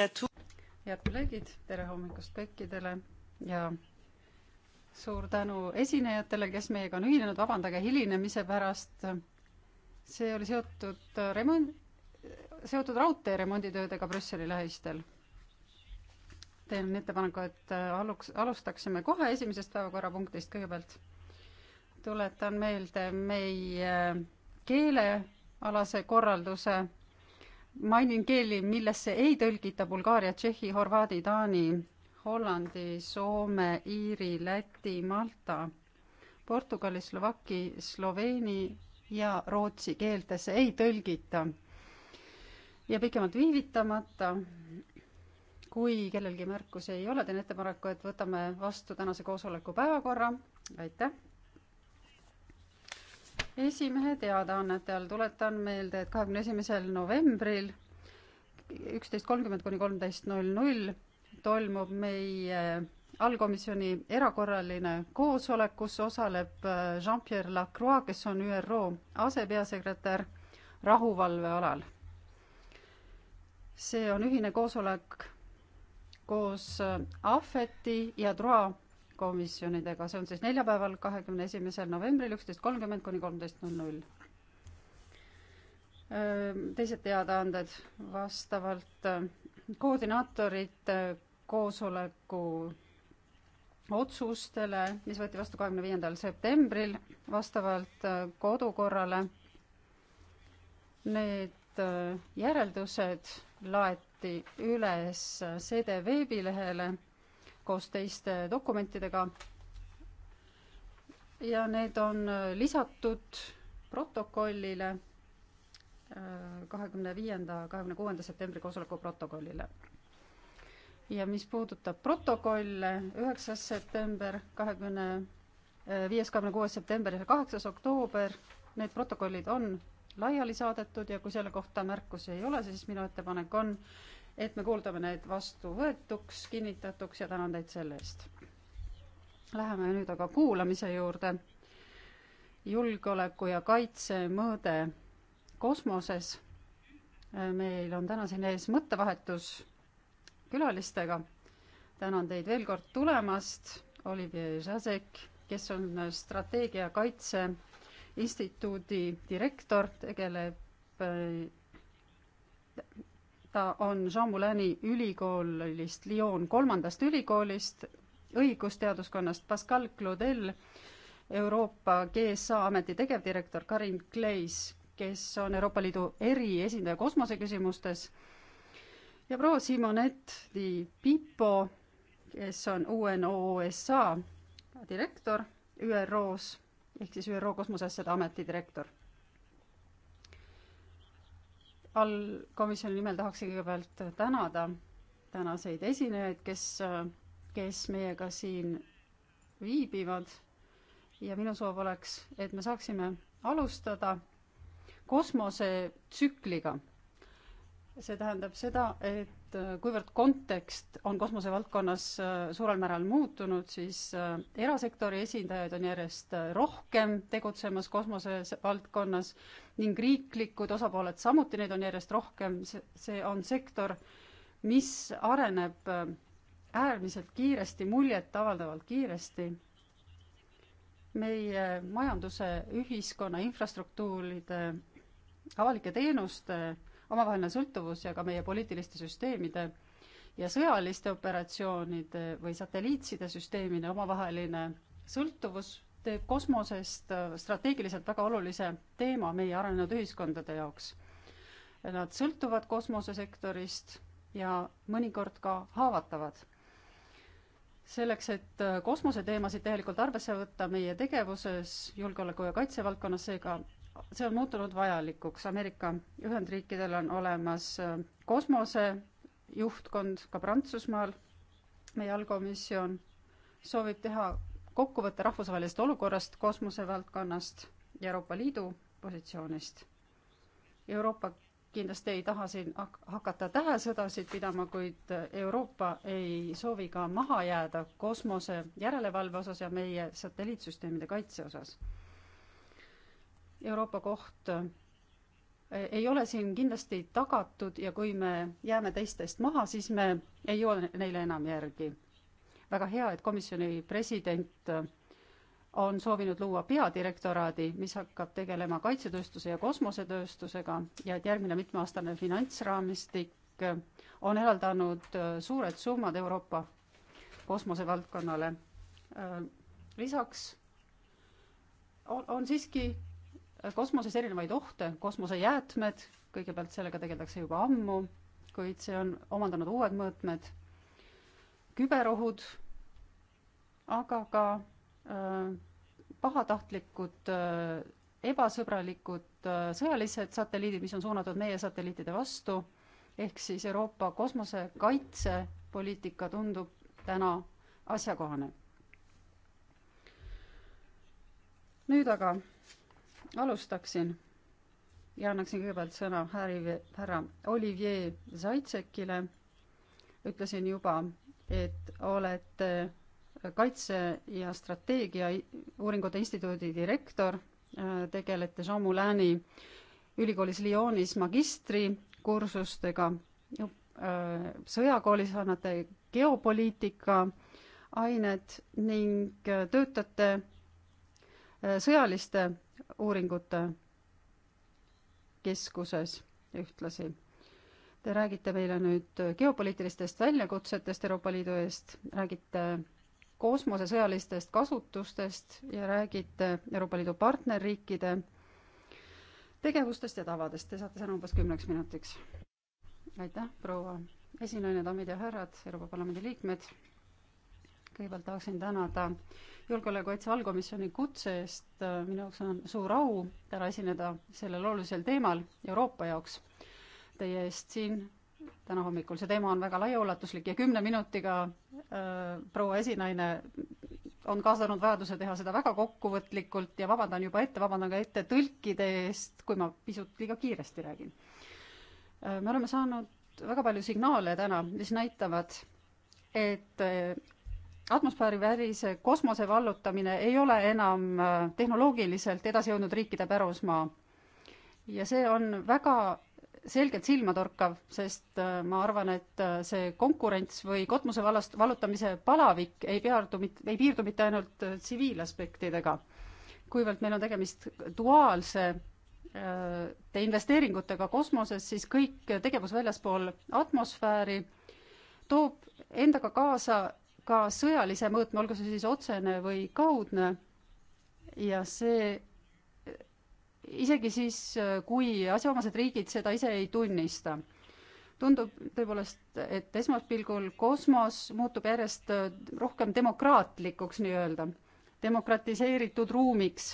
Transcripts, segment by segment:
head kolleegid, tere hommikust kõikidele ja suur tänu esinejatele, kes meiega on ühinenud, vabandage hilinemise pärast. see oli seotud remond, seotud raudtee remonditöödega Brüsseli lähistel. teen ettepaneku, et aluks, alustaksime kohe esimesest päevakorrapunktist kõigepealt. tuletan meelde meie keelealase korralduse mainin keeli, millesse ei tõlgita Bulgaaria, Tšehhi, Horvaadi, Taani, Hollandi, Soome, Iiri, Läti, Malta, Portugali, Slovaki, Sloveeni ja rootsi keeltesse ei tõlgita. ja pikemalt viivitamata, kui kellelgi märkusi ei ole, teen ettepaneku, et võtame vastu tänase koosoleku päevakorra. aitäh! esimehe teadaannetel tuletan meelde, et kahekümne esimesel novembril üksteist kolmkümmend kuni kolmteist null null toimub meie äh, allkomisjoni erakorraline koosolek, kus osaleb äh, Jean-Pierre Lacroix, kes on ÜRO asepeasekretär rahuvalvealal. see on ühine koosolek koos äh, Ahveti ja Droa komisjonidega, see on siis neljapäeval, kahekümne esimesel novembril, üksteist kolmkümmend kuni kolmteist null null. Teised teadaanded vastavalt koordinaatorite koosoleku otsustele, mis võeti vastu kahekümne viiendal septembril vastavalt kodukorrale. Need järeldused laeti üles sede veebilehele koos teiste dokumentidega. ja need on lisatud protokollile, äh, kahekümne viienda, kahekümne kuuenda septembri koosoleku protokollile. ja mis puudutab protokolle, üheksas september, kahekümne äh, viies, kahekümne kuues september ja kaheksas oktoober, need protokollid on laiali saadetud ja kui selle kohta märkusi ei ole, siis minu ettepanek on et me kuuldame need vastuvõetuks, kinnitatuks ja tänan teid selle eest. Läheme nüüd aga kuulamise juurde. julgeoleku ja kaitse mõõde kosmoses. meil on täna siin ees mõttevahetus külalistega. tänan teid veel kord tulemast, Olivier Žasek, kes on strateegia kaitse instituudi direktor, tegeleb ta on Jean Moulini ülikoolist Lyon kolmandast ülikoolist, õigusteaduskonnast Pascal Claudel, Euroopa GSA ameti tegevdirektor Karin Kleis, kes on Euroopa Liidu eriesindaja kosmoseküsimustes, ja proua Simonette Di Pipo, kes on UNOOSA direktor ÜRO-s ehk siis ÜRO kosmoseasjade ameti direktor all komisjoni nimel tahaksin kõigepealt tänada tänaseid esinejaid, kes, kes meiega siin viibivad. ja minu soov oleks, et me saaksime alustada kosmosetsükliga see tähendab seda, et äh, kuivõrd kontekst on kosmosevaldkonnas äh, suurel määral muutunud, siis äh, erasektori esindajaid on järjest rohkem tegutsemas kosmosevaldkonnas ning riiklikud osapooled samuti, neid on järjest rohkem, see on sektor, mis areneb äärmiselt kiiresti, muljetavaldavalt kiiresti. meie majanduse, ühiskonna, infrastruktuuride, avalike teenuste äh, omavaheline sõltuvus ja ka meie poliitiliste süsteemide ja sõjaliste operatsioonide või satelliitside süsteemide omavaheline sõltuvus teeb kosmosest äh, strateegiliselt väga olulise teema meie arenenud ühiskondade jaoks. Nad sõltuvad kosmosesektorist ja mõnikord ka haavatavad selleks, et äh, kosmoseteemasid täielikult arvesse võtta meie tegevuses julgeoleku ja kaitse valdkonnas, seega see on muutunud vajalikuks. Ameerika Ühendriikidel on olemas äh, kosmosejuhtkond ka Prantsusmaal. meie allkomisjon soovib teha kokkuvõtte rahvusvahelisest olukorrast kosmosevaldkonnast ja Euroopa Liidu positsioonist. Euroopa kindlasti ei taha siin hakata tähesõdasid pidama, kuid Euroopa ei soovi ka maha jääda kosmose järelevalve osas ja meie satelliitsüsteemide kaitse osas Euroopa koht äh, ei ole siin kindlasti tagatud ja kui me jääme teistest maha, siis me ei jõua neile enam järgi. väga hea, et komisjoni president äh, on soovinud luua peadirektoraadi, mis hakkab tegelema kaitsetööstuse ja kosmosetööstusega ja et järgmine mitmeaastane finantsraamistik äh, on eraldanud suured summad Euroopa kosmosevaldkonnale. lisaks on, on siiski kosmoses erinevaid ohte, kosmosejäätmed, kõigepealt sellega tegeldakse juba ammu, kuid see on omandanud uued mõõtmed, küberohud, aga ka äh, pahatahtlikud äh,, ebasõbralikud äh, sõjalised satelliidid, mis on suunatud meie satelliitide vastu, ehk siis Euroopa kosmosekaitsepoliitika tundub täna asjakohane. nüüd aga alustaksin ja annaksin kõigepealt sõna häri, härra Olivier Zaitsekile. ütlesin juba, et olete Kaitse- ja Strateegiauuringute Instituudi direktor, tegelete Jean Moulin'i ülikoolis Lyonis magistrikursustega, sõjakoolis annate geopoliitika ained ning töötate sõjaliste uuringute keskuses ühtlasi. Te räägite meile nüüd geopoliitilistest väljakutsetest Euroopa Liidu eest, räägite kosmosesõjalistest kasutustest ja räägite Euroopa Liidu partnerriikide tegevustest ja tavadest. Te saate sõna umbes kümneks minutiks. aitäh, proua esinaine, daamid ja härrad, Euroopa Parlamendi liikmed kõigepealt tahaksin tänada julgeolekukaitse allkomisjoni kutse eest, minu jaoks on suur au täna esineda sellel olulisel teemal Euroopa jaoks teie eest siin täna hommikul. see teema on väga laiaulatuslik ja kümne minutiga äh, proua esinaine on kaasanud vajaduse teha seda väga kokkuvõtlikult ja vabandan juba ette, vabandan ka ette tõlkide eest, kui ma pisut liiga kiiresti räägin äh,. me oleme saanud väga palju signaale täna, mis näitavad, et äh, atmosfäärivälise kosmose vallutamine ei ole enam äh, tehnoloogiliselt edasi jõudnud riikide pärusmaa. ja see on väga selgelt silmatorkav, sest äh, ma arvan, et äh, see konkurents või kotmuse vallast, vallutamise palavik ei peardu, ei piirdu mitte ainult tsiviilaspektidega, kuivõrd meil on tegemist duaalse te investeeringutega kosmoses, siis kõik tegevus väljaspool atmosfääri toob endaga kaasa ka sõjalise mõõtme, olgu see siis otsene või kaudne. ja see isegi siis, kui asjaomased riigid seda ise ei tunnista. tundub tõepoolest, et esmaspilgul kosmos muutub järjest rohkem demokraatlikuks nii-öelda, demokratiseeritud ruumiks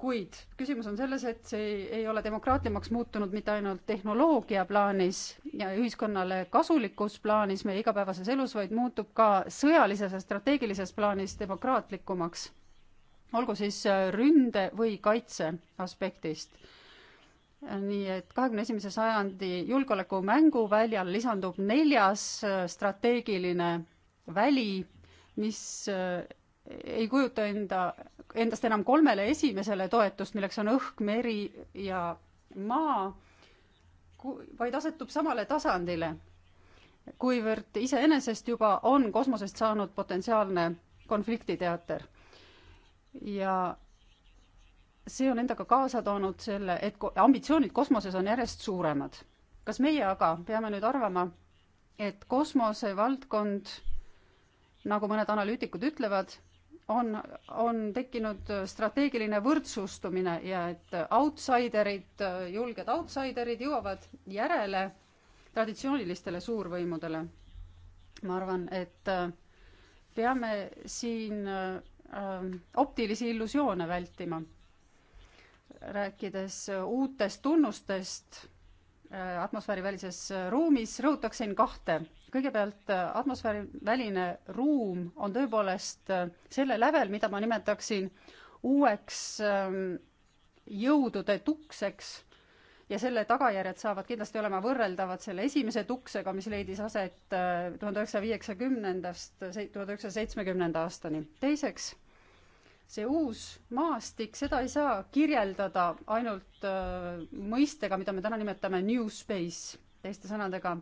kuid küsimus on selles, et see ei ole demokraatlimaks muutunud mitte ainult tehnoloogia plaanis ja ühiskonnale kasulikus plaanis meie igapäevases elus, vaid muutub ka sõjalises ja strateegilises plaanis demokraatlikumaks. olgu siis äh, ründe või kaitse aspektist. Äh, nii et kahekümne esimese sajandi julgeoleku mänguväljal lisandub neljas äh, strateegiline väli, mis ei kujuta enda, endast enam kolmele esimesele toetust, milleks on õhk, meri ja maa, vaid asetub samale tasandile, kuivõrd iseenesest juba on kosmosest saanud potentsiaalne konfliktiteater. ja see on endaga kaasa toonud selle, et ambitsioonid kosmoses on järjest suuremad. kas meie aga peame nüüd arvama, et kosmosevaldkond, nagu mõned analüütikud ütlevad, on, on tekkinud strateegiline võrdsustumine ja et outsiderid, julged outsiderid jõuavad järele traditsioonilistele suurvõimudele. ma arvan, et äh, peame siin äh, optilisi illusioone vältima. rääkides uutest tunnustest äh, atmosfäärivälises ruumis, rõhutaksin kahte kõigepealt äh, atmosfääriväline ruum on tõepoolest äh, selle lävel, mida ma nimetaksin uueks ähm, jõudude tukseks ja selle tagajärjed saavad kindlasti olema võrreldavad selle esimese tuksega, mis leidis aset äh, tuhande üheksasaja viieksakümnendast tuhande üheksasaja seitsmekümnenda aastani. teiseks, see uus maastik, seda ei saa kirjeldada ainult mõistega, mida me täna nimetame new space, teiste sõnadega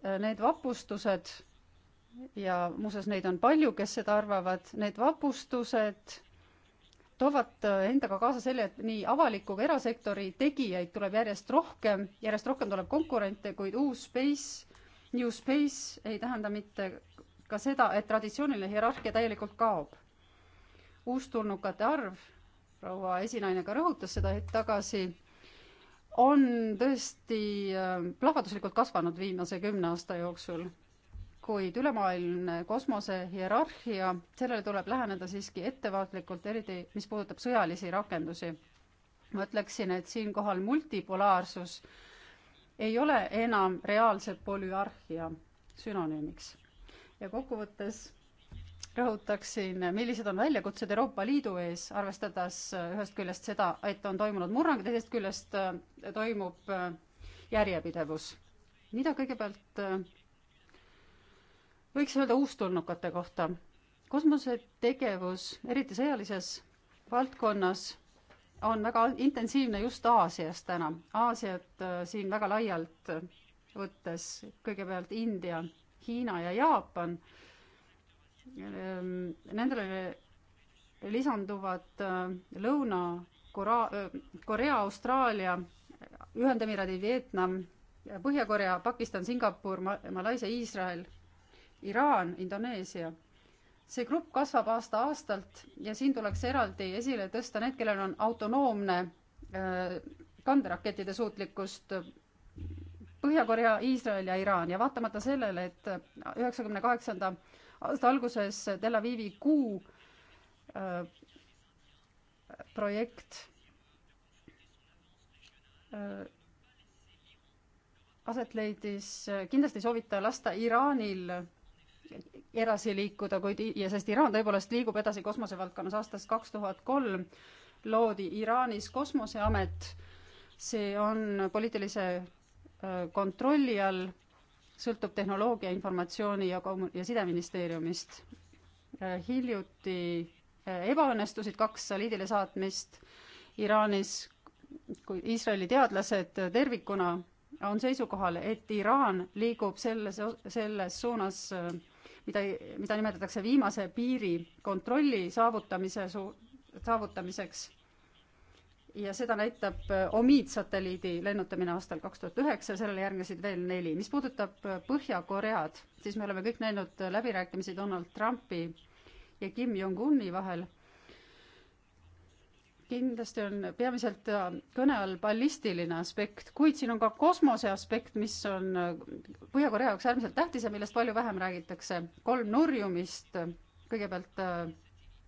Äh, need vapustused ja muuseas, neid on palju, kes seda arvavad, need vapustused toovad äh, endaga kaasa selle, et nii avaliku kui erasektori tegijaid tuleb järjest rohkem, järjest rohkem tuleb konkurente, kuid uus space, new space ei tähenda mitte ka seda, et traditsiooniline hierarhia täielikult kaob. uustulnukate arv, proua esinaine ka rõhutas seda hetk tagasi on tõesti äh, plahvatuslikult kasvanud viimase kümne aasta jooksul, kuid ülemaailmne kosmose hierarhia, sellele tuleb läheneda siiski ettevaatlikult, eriti mis puudutab sõjalisi rakendusi. ma ütleksin, et siinkohal multipolaarsus ei ole enam reaalse polüarhia sünonüümiks. ja kokkuvõttes rõhutaksin, millised on väljakutsed Euroopa Liidu ees, arvestades ühest küljest seda, et on toimunud murrang, teisest küljest äh, toimub äh, järjepidevus. mida kõigepealt äh, võiks öelda uustulnukate kohta? kosmosetegevus, eriti sõjalises valdkonnas, on väga intensiivne just Aasias täna. Aasiat siin väga laialt võttes, kõigepealt India, Hiina ja Jaapan Ehm, nendele lisanduvad äh, Lõuna-Korea, äh, Korea, Austraalia, Ühendemiraadid, Vietnam, Põhja-Korea, Pakistan, Singapur, Malaisia, Iisrael, Iraan, Indoneesia. see grupp kasvab aasta-aastalt ja siin tuleks eraldi esile tõsta need, kellel on autonoomne äh, kanderakettide suutlikkust Põhja-Korea, Iisrael ja Iraan ja vaatamata sellele, et üheksakümne kaheksanda aasta alguses Tel Avivi kuu äh, projekt äh, aset leidis, äh, kindlasti ei soovita lasta Iraanil edasi liikuda, kuid ja sest Iraan tõepoolest liigub edasi kosmosevaldkonnas aastast kaks tuhat kolm, loodi Iraanis kosmoseamet, see on poliitilise äh, kontrolli all sõltub tehnoloogia, informatsiooni ja kommu- ja sideministeeriumist. Äh, hiljuti äh, ebaõnnestusid kaks saliidile saatmist Iraanis, kui Iisraeli teadlased äh, tervikuna on seisukohal, et Iraan liigub selles, selles suunas, mida, mida nimetatakse viimase piiri kontrolli saavutamise su-, saavutamiseks ja seda näitab äh, omiidsatelliidi lennutamine aastal kaks tuhat üheksa, sellele järgnesid veel neli. mis puudutab äh, Põhja-Koread, siis me oleme kõik näinud äh, läbirääkimisi Donald Trumpi ja Kim Jong-uni vahel. kindlasti on peamiselt kõne all ballistiline aspekt, kuid siin on ka kosmose aspekt, mis on Põhja-Korea jaoks äärmiselt tähtis ja millest palju vähem räägitakse. kolm nurjumist, kõigepealt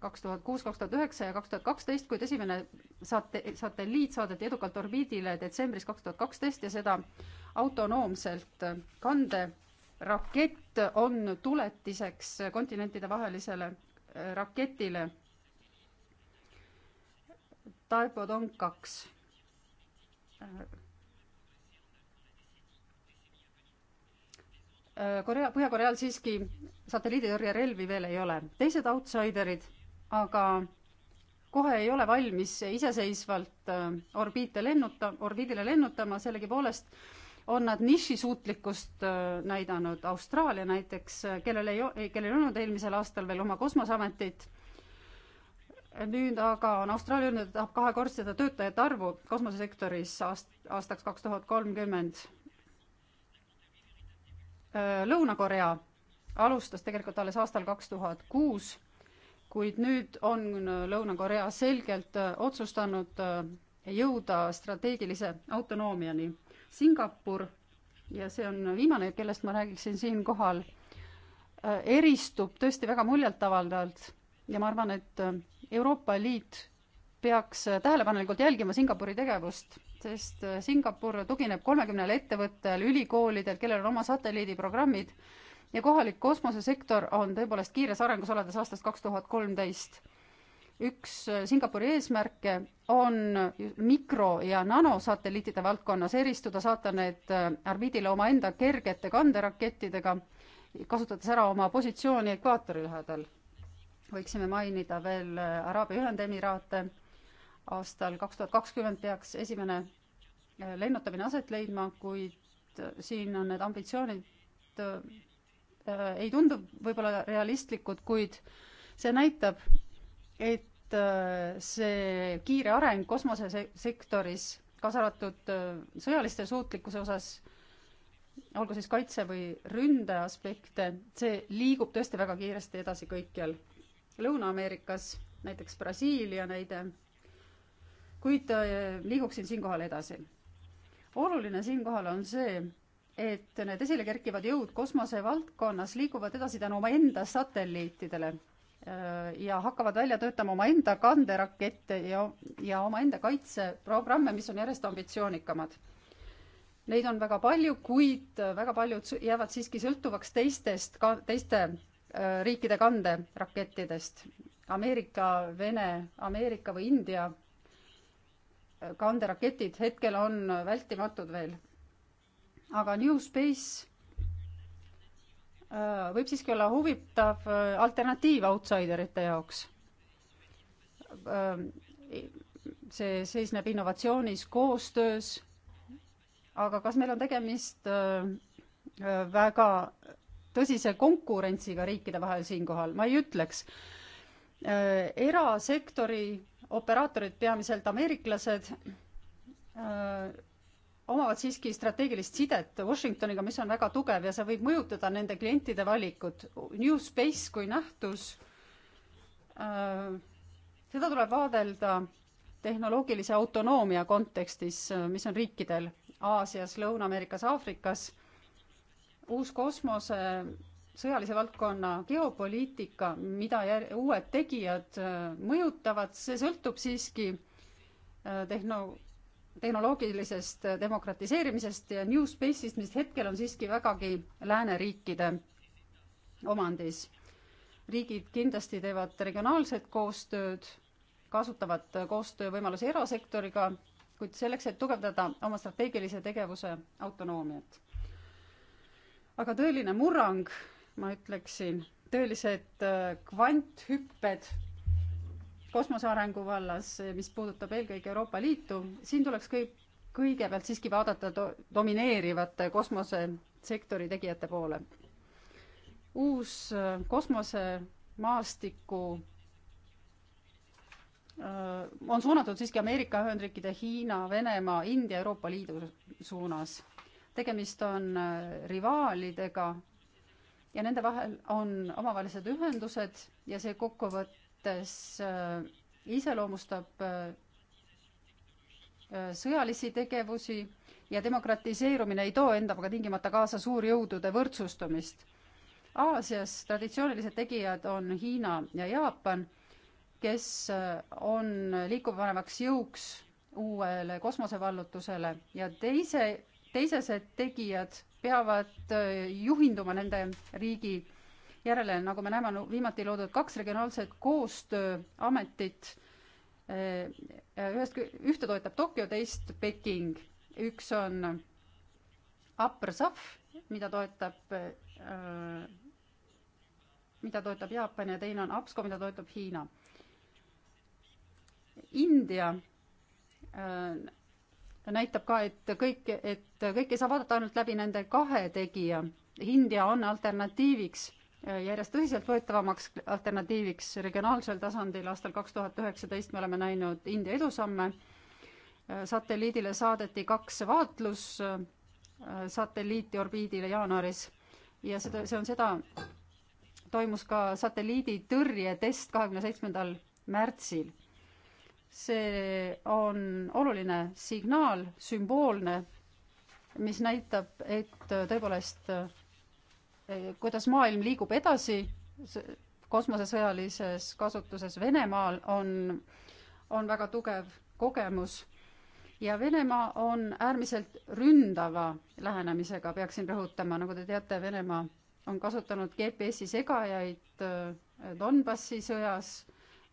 kaks tuhat kuus, kaks tuhat üheksa ja kaks tuhat kaksteist, kuid esimene sate-, satelliit saadeti edukalt orbiidile detsembris kaks tuhat kaksteist ja seda autonoomselt kanderakett on tuletiseks kontinentidevahelisele äh, raketile Taipodon kaks. Äh, Korea, Põhja-Koreal siiski satelliiditõrjerelvi veel ei ole. teised outsiderid aga kohe ei ole valmis iseseisvalt äh, orbiite lennuta, orbiidile lennutama, sellegipoolest on nad nišisuutlikkust äh, näidanud, Austraalia näiteks, äh, kellel ei, kellel ei olnud eelmisel aastal veel oma kosmoseametit, nüüd aga on Austraalia öelnud, et tahab kahekordseda töötajate arvu kosmosesektoris aast-, aastaks kaks tuhat kolmkümmend. Lõuna-Korea alustas tegelikult alles aastal kaks tuhat kuus kuid nüüd on äh, Lõuna-Korea selgelt äh, otsustanud äh, jõuda strateegilise autonoomiani. Singapur, ja see on viimane, kellest ma räägiksin siinkohal, eristub tõesti väga muljetavaldavalt ja ma arvan, et Euroopa Liit peaks tähelepanelikult jälgima Singapuri tegevust, sest Singapur tugineb kolmekümnele ettevõttele, ülikoolidel, kellel on oma satelliidiprogrammid ja kohalik kosmosesektor on tõepoolest kiires arengus alates aastast kaks tuhat kolmteist. üks äh, Singapuri eesmärke on mikro- ja nanosatelliitide valdkonnas eristuda, saata need orbiidile äh, omaenda kergete kanderakettidega, kasutades ära oma positsiooni ekvaatori lähedal. võiksime mainida veel äh, Araabia Ühendemiraate, aastal kaks tuhat kakskümmend peaks esimene lennutamine aset leidma, kuid siin on need ambitsioonid Äh, ei tundu võib-olla realistlikud, kuid see näitab, et äh, see kiire areng kosmosesektoris, kaasa arvatud äh, sõjaliste suutlikkuse osas, olgu siis kaitse või ründe aspekte, see liigub tõesti väga kiiresti edasi kõikjal. Lõuna-Ameerikas, näiteks Brasiilia näide, kuid liiguksin siinkohal edasi. oluline siinkohal on see, et need esile kerkivad jõud kosmosevaldkonnas liiguvad edasi tänu omaenda satelliitidele äh, ja hakkavad välja töötama omaenda kanderakette ja, ja omaenda kaitseprogramme, mis on järjest ambitsioonikamad. Neid on väga palju, kuid väga paljud jäävad siiski sõltuvaks teistest, ka teiste äh, riikide kanderakettidest. Ameerika, Vene, Ameerika või India äh, kanderaketid hetkel on vältimatud veel aga New Space äh, võib siiski olla huvitav äh, alternatiiv outsiderite jaoks. Äh, see seisneb innovatsioonis, koostöös, aga kas meil on tegemist väga tõsise konkurentsiga riikide vahel siinkohal, ma ei ütleks. erasektori operaatorid, peamiselt ameeriklased, omavad siiski strateegilist sidet Washingtoniga, mis on väga tugev ja see võib mõjutada nende klientide valikut. New Space kui nähtus äh,, seda tuleb vaadelda tehnoloogilise autonoomia kontekstis, äh, mis on riikidel Aasias, Lõuna-Ameerikas, Aafrikas. uus kosmose sõjalise valdkonna geopoliitika, mida uued tegijad äh, mõjutavad, see sõltub siiski äh, tehno-, tehnoloogilisest demokratiseerimisest ja New Space'ist, mis hetkel on siiski vägagi lääneriikide omandis. riigid kindlasti teevad regionaalset koostööd, kasutavad koostöövõimalusi erasektoriga, kuid selleks, et tugevdada oma strateegilise tegevuse autonoomiat. aga tõeline murrang, ma ütleksin, tõelised kvanthüpped kosmose arengu vallas, mis puudutab eelkõige Euroopa Liitu, siin tuleks kõik, kõigepealt siiski vaadata do, domineerivate kosmosesektori tegijate poole. uus äh, kosmosemaastiku äh, on suunatud siiski Ameerika Ühendriikide, Hiina, Venemaa, India, Euroopa Liidu suunas. tegemist on äh, rivaalidega ja nende vahel on omavahelised ühendused ja see kokkuvõtt mõttes äh, iseloomustab äh, äh, sõjalisi tegevusi ja demokratiseerumine ei too endaga tingimata kaasa suurjõudude võrdsustumist. Aasias traditsioonilised tegijad on Hiina ja Jaapan, kes on liikuvanevaks jõuks uuele kosmosevallutusele ja teise, teised tegijad peavad juhinduma nende riigi järele, nagu me näeme, on viimati loodud kaks regionaalset koostööametit, ühest, ühte toetab Tokyo, teist Peking. üks on APRSAF, mida toetab, äh, mida toetab Jaapan ja teine on APSCO, mida toetab Hiina. India äh, näitab ka, et kõik, et kõik ei saa vaadata ainult läbi nende kahe tegija. India on alternatiiviks Äh, järjest tõsiseltvõetavamaks alternatiiviks regionaalsel tasandil. aastal kaks tuhat üheksateist me oleme näinud India edusamme. Äh, satelliidile saadeti kaks vaatlussatelliiti äh, orbiidile jaanuaris ja seda, see on seda, toimus ka satelliiditõrjetest kahekümne seitsmendal märtsil. see on oluline signaal, sümboolne, mis näitab, et tõepoolest Eh, kuidas maailm liigub edasi kosmosesõjalises kasutuses Venemaal on, on väga tugev kogemus ja Venemaa on äärmiselt ründava lähenemisega, peaksin rõhutama, nagu te teate, Venemaa on kasutanud GPS-i segajaid eh, Donbassi sõjas,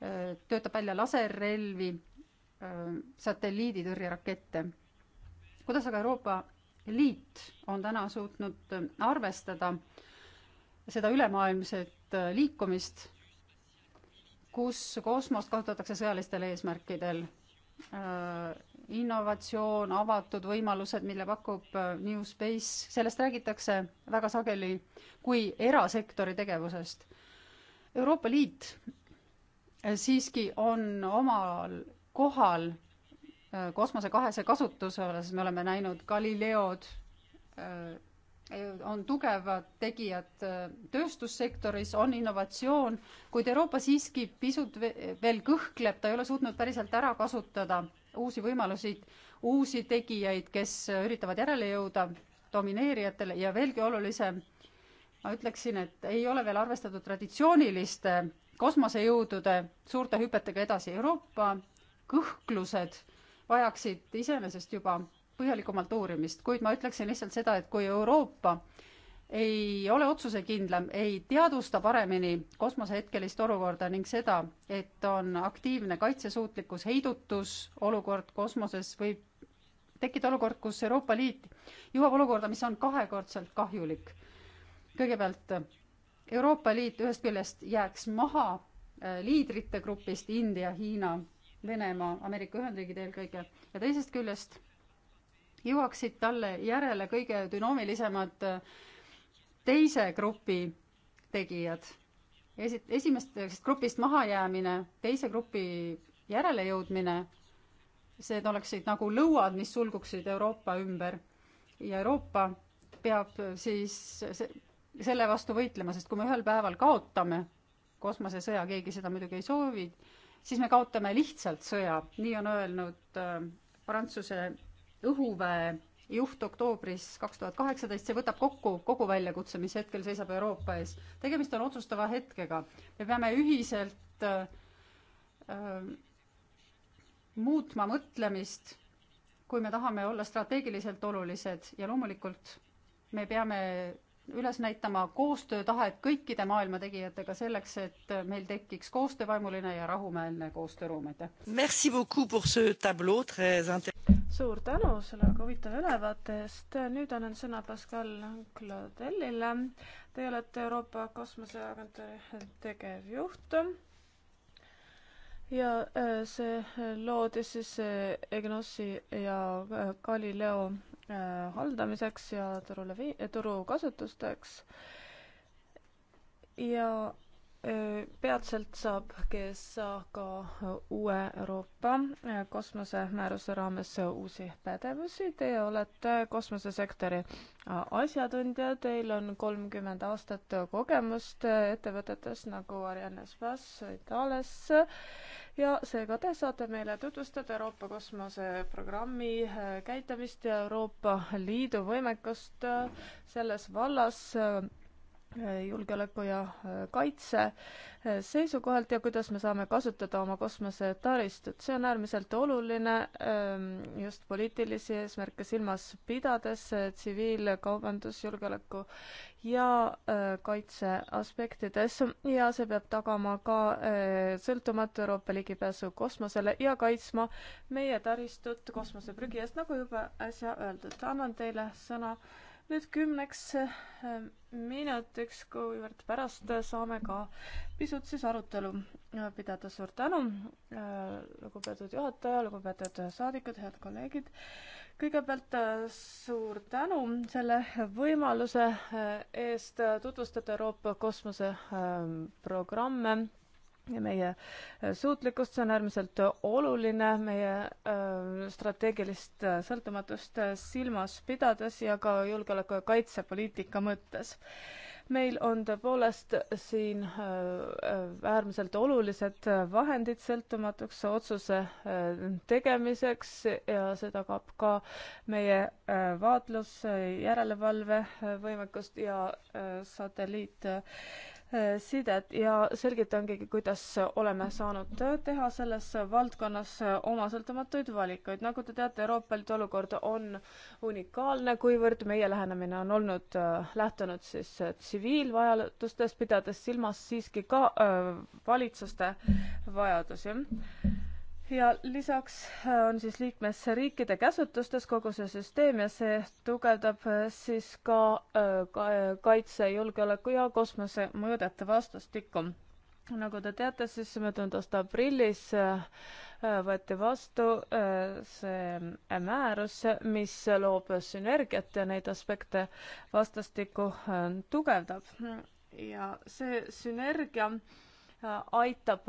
eh, töötab välja laserrelvi, satelliiditõrjerakette. kuidas aga Euroopa liit on täna suutnud arvestada seda ülemaailmset liikumist, kus kosmost kasutatakse sõjalistel eesmärkidel. Äh, innovatsioon, avatud võimalused, mille pakub äh, New Space, sellest räägitakse väga sageli kui erasektori tegevusest. Euroopa Liit äh, siiski on omal kohal Äh, kosmose kahese kasutuse osas me oleme näinud Galileod, äh, on tugevad tegijad äh, tööstussektoris, on innovatsioon, kuid Euroopa siiski pisut veel kõhkleb, ta ei ole suutnud päriselt ära kasutada uusi võimalusi, uusi tegijaid, kes üritavad järele jõuda domineerijatele ja veelgi olulisem, ma ütleksin, et ei ole veel arvestatud traditsiooniliste kosmosejõudude suurte hüpetega edasi. Euroopa kõhklused äh, vajaksid iseenesest juba põhjalikumalt uurimist, kuid ma ütleksin lihtsalt seda, et kui Euroopa ei ole otsusekindlam, ei teadvusta paremini kosmose hetkelist olukorda ning seda, et on aktiivne kaitsesuutlikkus, heidutus, olukord kosmoses võib tekkida olukord, kus Euroopa Liit jõuab olukorda, mis on kahekordselt kahjulik. kõigepealt Euroopa Liit ühest küljest jääks maha eh, liidrite grupist India, Hiina Venemaa, Ameerika Ühendriigid eelkõige, ja teisest küljest jõuaksid talle järele kõige dünaamilisemad äh, teise grupi tegijad. esi-, esimestest grupist mahajäämine, teise grupi järelejõudmine, see oleksid nagu lõuad, mis sulguksid Euroopa ümber. ja Euroopa peab siis se-, selle vastu võitlema, sest kui me ühel päeval kaotame kosmosesõja, keegi seda muidugi ei soovi, siis me kaotame lihtsalt sõja, nii on öelnud äh, Prantsuse õhuväe juht oktoobris kaks tuhat kaheksateist, see võtab kokku kogu väljakutse, mis hetkel seisab Euroopa ees. tegemist on otsustava hetkega, me peame ühiselt äh, äh muutma mõtlemist, kui me tahame olla strateegiliselt olulised ja loomulikult me peame üles näitama koostöötahet kõikide maailma tegijatega selleks, et meil tekiks koostöövaimuline ja rahumeelne koostööruum, aitäh! suur tänu selle väga huvitava ülevaate eest, nüüd annan sõna Pascal Claudellile. Te olete Euroopa Kosmoseagentuuri tegevjuht ja äh, see loodi siis äh, EGNOS-i ja äh, Galileo Äh, haldamiseks ja turule vii-, äh, turukasutusteks. ja äh, peatselt saab GSA ka uue Euroopa kosmosemääruse raames uusi pädevusi. Teie olete kosmosesektori asjatundja, teil on kolmkümmend aastat kogemust ettevõtetes nagu Arianes Bass, Itales ja seega te saate meile tutvustada Euroopa kosmoseprogrammi äh, käitamist ja Euroopa Liidu võimekust äh, selles vallas äh, Äh, julgeoleku ja äh, kaitse äh, seisukohalt ja kuidas me saame kasutada oma kosmosetaristut. see on äärmiselt oluline ähm, just poliitilisi eesmärke silmas pidades tsiviilkaubandus, julgeoleku ja kaitse aspektides ja see peab tagama ka sõltumatu Euroopa ligipääsu kosmosele ja kaitsma meie taristut kosmoseprügi eest, nagu juba äsja öeldud. annan teile sõna nüüd kümneks äh, minutiks, kuivõrd pärast äh, saame ka pisut siis arutelu äh, pidada. suur tänu, lugupeetud juhataja, lugupeetud saadikud, head kolleegid. kõigepealt suur tänu selle võimaluse eest tutvustada Euroopa kosmoseprogramme ja meie äh, suutlikkust, see on äärmiselt oluline meie äh, strateegilist äh, sõltumatust silmas pidades ja ka julgeoleku- ja kaitsepoliitika mõttes. meil on tõepoolest siin äärmiselt olulised vahendid sõltumatuks otsuse tegemiseks ja see tagab ka meie vaatlus, järelevalvevõimekust ja satelliit sidet ja selgitangi, kuidas oleme saanud teha selles valdkonnas oma sõltumatuid valikuid. nagu te teate, Euroopa Liidu olukord on unikaalne, kuivõrd meie lähenemine on olnud äh, lähtunud siis äh, tsiviilvajadustest, pidades silmas siiski ka öö, äh, valitsuste vajadusi ja lisaks äh, on siis liikmesriikide käsutustes kogu see süsteem ja see tugevdab äh, siis ka, äh, ka kaitse, julgeoleku ja kosmose mõõdete vastastikku. nagu te teate, siis möödunud aasta aprillis võeti vastu see määrus, mis loob sünergiat ja neid aspekte vastastikku tugevdab. ja see sünergia äh, aitab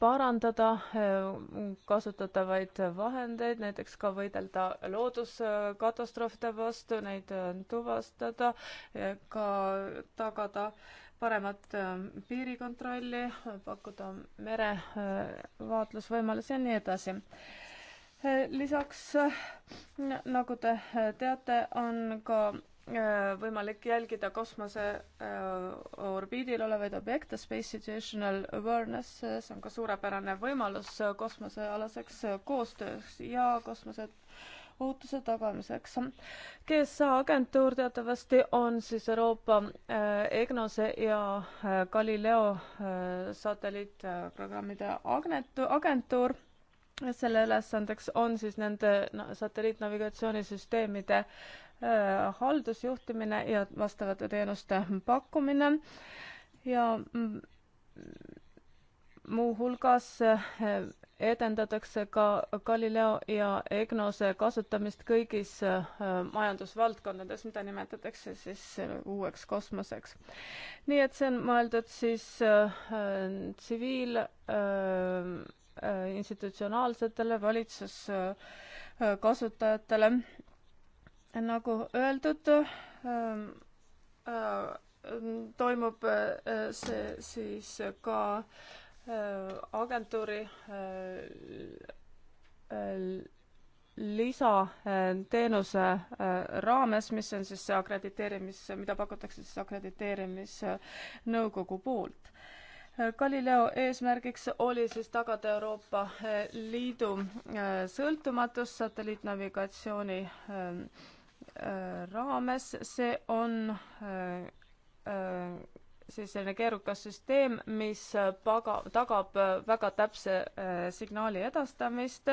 parandada äh, kasutatavaid vahendeid, näiteks ka võidelda looduskatastroofide vastu, neid äh, tuvastada, äh, ka tagada paremat piirikontrolli, pakkuda merevaatlusvõimalusi ja nii edasi lisaks, nagu te teate, on ka Äh, võimalik jälgida kosmose äh, orbiidil olevaid objekte, Space Situational Awareness, see on ka suurepärane võimalus äh, kosmosealaseks koostööks ja kosmose ohutuse tagamiseks. GSA agentuur teatavasti on siis Euroopa EGNOS-e ja Galileo satelliitprogrammide agentuur selle ülesandeks on siis nende satelliitnavigatsioonisüsteemide Äh, haldusjuhtimine ja vastavate teenuste pakkumine ja mm, muuhulgas äh, edendatakse ka Galileo ja EGNOS-e kasutamist kõigis äh, majandusvaldkondades, mida nimetatakse siis uueks kosmoseks. nii et see on mõeldud siis tsiviil äh, äh, institutsionaalsetele valitsuskasutajatele äh, nagu öeldud, ähm, äh, toimub äh, see siis ka äh, agentuuri lisateenuse raames, mis on siis see akrediteerimis, mida pakutakse siis akrediteerimisnõukogu poolt Galileo eesmärgiks oli siis tagada Euroopa Liidu sõltumatus satelliitnavigatsiooni ähm, raames, see on äh, äh, siis selline keerukas süsteem, mis paga-, tagab väga täpse äh, signaali edastamist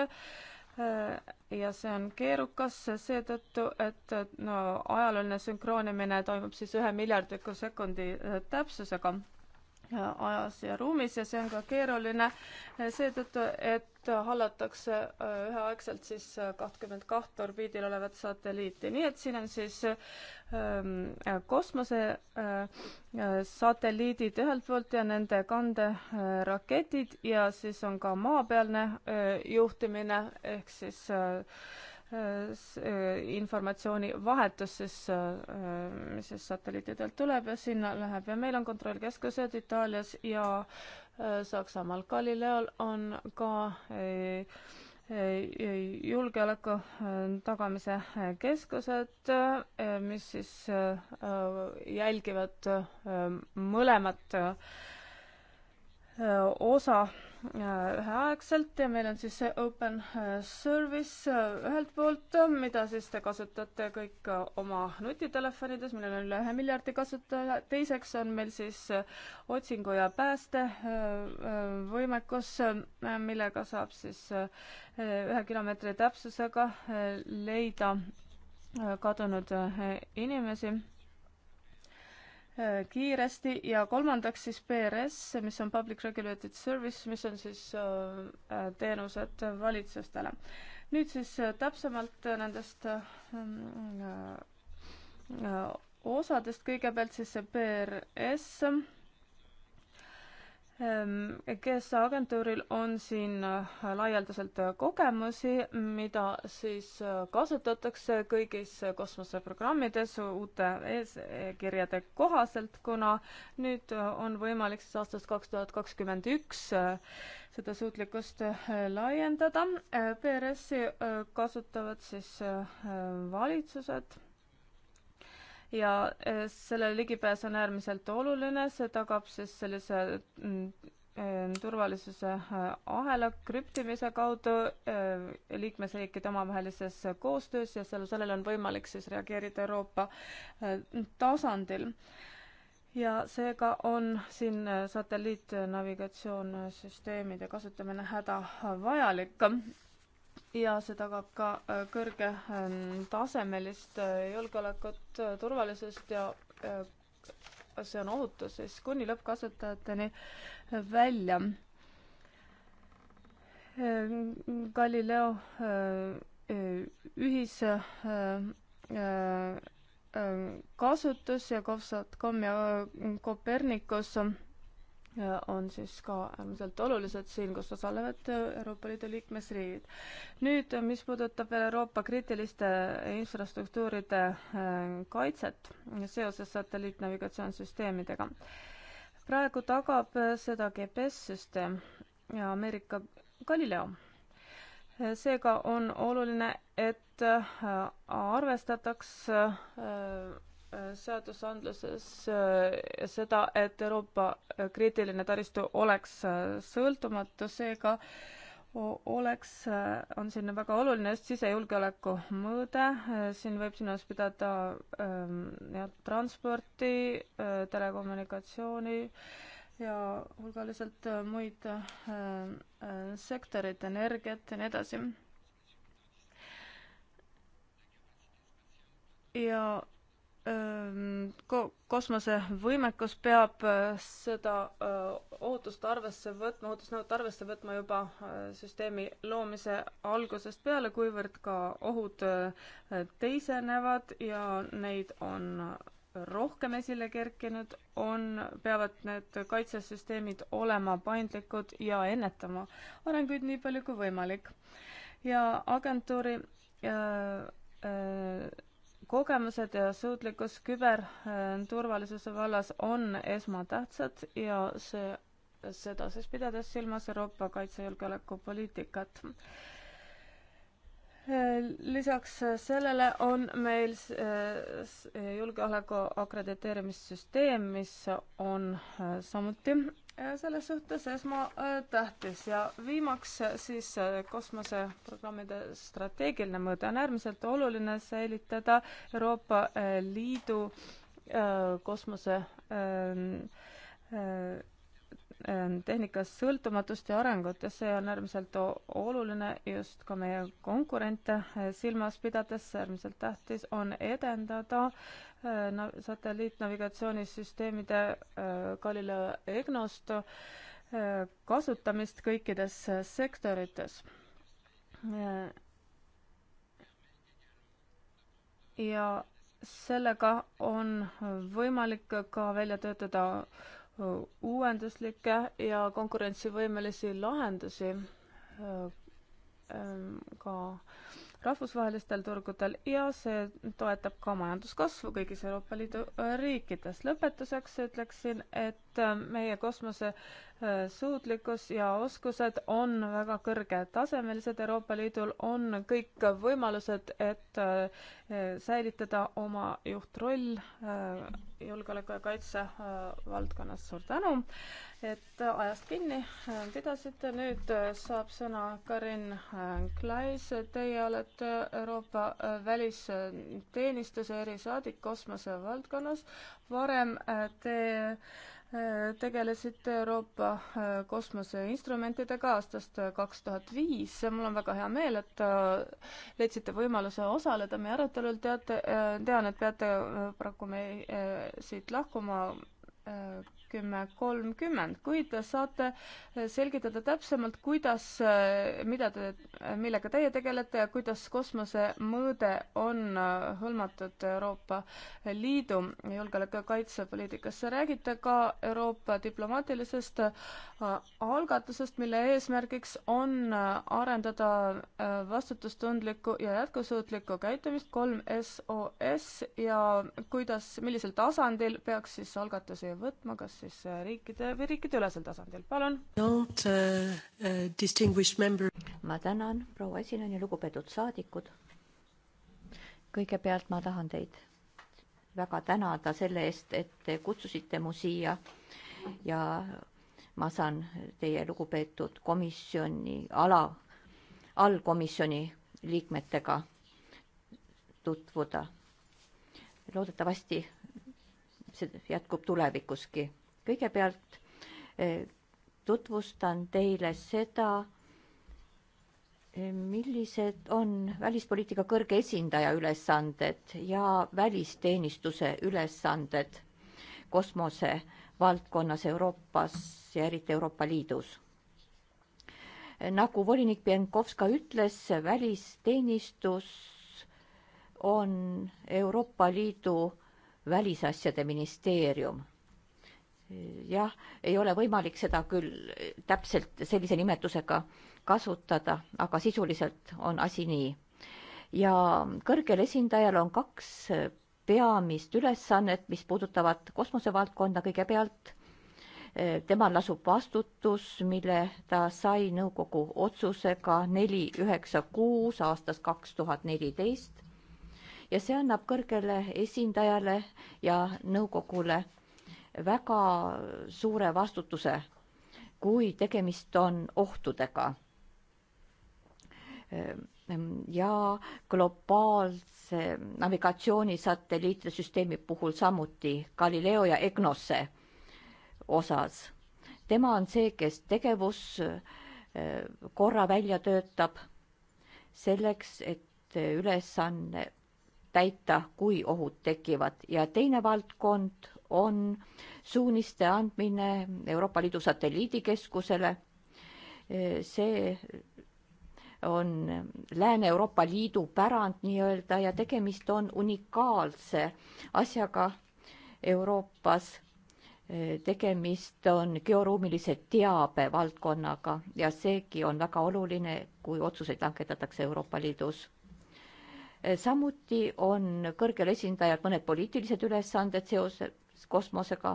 ja see on keerukas seetõttu, et no ajalooline sünkroonimine toimub siis ühe miljardiku sekundi täpsusega ajas ja ruumis ja see on ka keeruline eh, seetõttu, et hallatakse eh, üheaegselt siis eh, kahtkümmend kahte orbiidil olevat satelliiti, nii et siin on siis ähm, kosmose äh, satelliidid ühelt poolt ja nende kanderaketid ja siis on ka maapealne äh, juhtimine ehk siis äh, Äh, informatsioonivahetus siis, äh, mis siis satelliitidelt tuleb ja sinna läheb ja meil on kontrollkeskused Itaalias ja äh, Saksamaal. Galileol on ka julgeoleku tagamise keskused, mis siis jälgivad mõlemat osa Äh, üheaegselt ja meil on siis see open äh, service äh, ühelt poolt, mida siis te kasutate kõik oma nutitelefonides, millel on üle ühe miljardi kasutaja, teiseks on meil siis otsingu ja pääste võimekus, millega saab siis ühe kilomeetri täpsusega leida kadunud inimesi Äh, kiiresti ja kolmandaks siis PRS, mis on Public Regulated Service, mis on siis äh, äh, teenused valitsustele. nüüd siis täpsemalt nendest mm, osadest, kõigepealt siis see PRS GSA ehm, agentuuril on siin äh, laialdaselt äh, kogemusi, mida siis äh, kasutatakse kõigis kosmoseprogrammides uute eeskirjade kohaselt, kuna nüüd on võimalik siis aastast kaks tuhat kakskümmend üks seda suutlikkust laiendada. PRS-i kasutavad siis valitsused ja äh, selle ligipääs on äärmiselt oluline, see tagab siis sellise mm, äh, turvalisuse äh, ahela krüptimise kaudu liikmesriikide omavahelises koostöös ja seal, sellele on võimalik siis reageerida Euroopa tasandil. ja seega on siin satelliitnavigatsioonsüsteemide kasutamine hädavajalik ja see tagab ka äh, kõrgetasemelist ähm, äh, julgeolekut, äh, turvalisust ja see on ohutus siis kuni lõppkasutajateni välja. Ähm, Galileo ühise kasutus ja Kovsatkom ja Kopernikus on on siis ka äärmiselt olulised siin, kus osalevad Euroopa Liidu liikmesriigid. nüüd, mis puudutab veel Euroopa kriitiliste infrastruktuuride äh, kaitset seoses satelliitnavigatsioonisüsteemidega. praegu tagab seda GPS-süsteem ja Ameerika Galileo. seega on oluline, et äh, arvestataks äh, seadusandluses äh, seda, et Euroopa kriitiline taristu oleks äh, sõltumatu, seega oleks, äh, on siin väga oluline just sisejulgeoleku mõõde, siin võib silmas pidada ähm, jah, transporti, telekommunikatsiooni ja hulgaliselt muid sektoreid, energiat ja nii edasi. ja ko-, kosmosevõimekus peab seda ootust arvesse võtma, ootusnõuet arvesse võtma juba süsteemi loomise algusest peale, kuivõrd ka ohud teisenevad ja neid on rohkem esile kerkinud, on, peavad need kaitsesüsteemid olema paindlikud ja ennetama arenguid nii palju kui võimalik. ja agentuuri äh, äh, kogemused ja suutlikkus küberturvalisuse vallas on esmatähtsad ja see, seda siis pidades silmas Euroopa kaitsejulgeolekupoliitikat. lisaks sellele on meil julgeoleku akrediteerimissüsteem, mis on samuti Äh, selles suhtes esmatähtis ja viimaks äh, siis äh, kosmoseprogrammide strateegiline mõõde on äärmiselt oluline säilitada Euroopa Liidu kosmose ähm, ähm, tehnikas sõltumatust ja arengut ja see on äärmiselt oluline just ka meie konkurente silmas pidades, äärmiselt tähtis on edendada äh, Äh, satelliitnavigatsioonisüsteemide äh, Galileo EGNOS-t äh, kasutamist kõikides sektorites. ja sellega on võimalik ka välja töötada uuenduslikke ja konkurentsivõimelisi lahendusi ka äh, rahvusvahelistel turgudel ja see toetab ka majanduskasvu kõigis Euroopa Liidu äh, riikides. lõpetuseks ütleksin, et et äh, meie kosmosesuutlikkus äh, ja oskused on väga kõrgetasemelised, Euroopa Liidul on kõik võimalused, et äh, säilitada oma juhtroll julgeoleku ja kaitse valdkonnas. suur tänu, et ajast kinni pidasite. nüüd saab sõna Karin Klais, teie olete Euroopa välisteenistuse erisaadik kosmose valdkonnas. varem te tegelesite Euroopa äh, kosmoseinstrumentidega aastast äh, kaks tuhat viis. mul on väga hea meel, et äh, leidsite võimaluse osaleda meie arutelul. teate, tean, et peate paraku me siit lahkuma kümme kolmkümmend, kui te saate selgitada täpsemalt, kuidas, mida te, millega teie tegelete ja kuidas kosmosemõõde on hõlmatud Euroopa Liidu julgeoleku- ja kaitsepoliitikasse. räägite ka Euroopa diplomaatilisest äh, algatusest, mille eesmärgiks on äh, arendada äh, vastutustundlikku ja jätkusuutlikku käitumist, kolm SOS ja kuidas, millisel tasandil peaks siis algatusi võtma, kas siis äh, riikide või riikideülesel tasandil, palun. Uh, uh, ma tänan, proua esinaine, lugupeetud saadikud. kõigepealt ma tahan teid väga tänada selle eest, et te kutsusite mu siia ja ma saan teie lugupeetud komisjoni ala, allkomisjoni liikmetega tutvuda. loodetavasti see jätkub tulevikuski kõigepealt eh, tutvustan teile seda, eh, millised on välispoliitika kõrge esindaja ülesanded ja välisteenistuse ülesanded kosmose valdkonnas Euroopas ja eriti Euroopa Liidus. Eh, nagu volinik Pienkovska ütles, välisteenistus on Euroopa Liidu välisasjade ministeerium jah, ei ole võimalik seda küll täpselt sellise nimetusega kasutada, aga sisuliselt on asi nii. ja kõrgel esindajal on kaks peamist ülesannet, mis puudutavad kosmosevaldkonda kõigepealt. temal lasub vastutus, mille ta sai nõukogu otsusega neli üheksa kuus aastast kaks tuhat neliteist ja see annab kõrgele esindajale ja nõukogule väga suure vastutuse, kui tegemist on ohtudega. ja globaalse navigatsioonisatelliitsüsteemi puhul samuti Galileo ja EGNOS-e osas. tema on see, kes tegevuskorra eh, välja töötab selleks, et ülesanne täita, kui ohud tekivad ja teine valdkond on suuniste andmine Euroopa Liidu satelliidikeskusele. see on Lääne-Euroopa Liidu pärand nii-öelda ja tegemist on unikaalse asjaga Euroopas. tegemist on georuumilise teabe valdkonnaga ja seegi on väga oluline, kui otsuseid langetatakse Euroopa Liidus Eh, samuti on kõrgel esindajal mõned poliitilised ülesanded seoses kosmosega.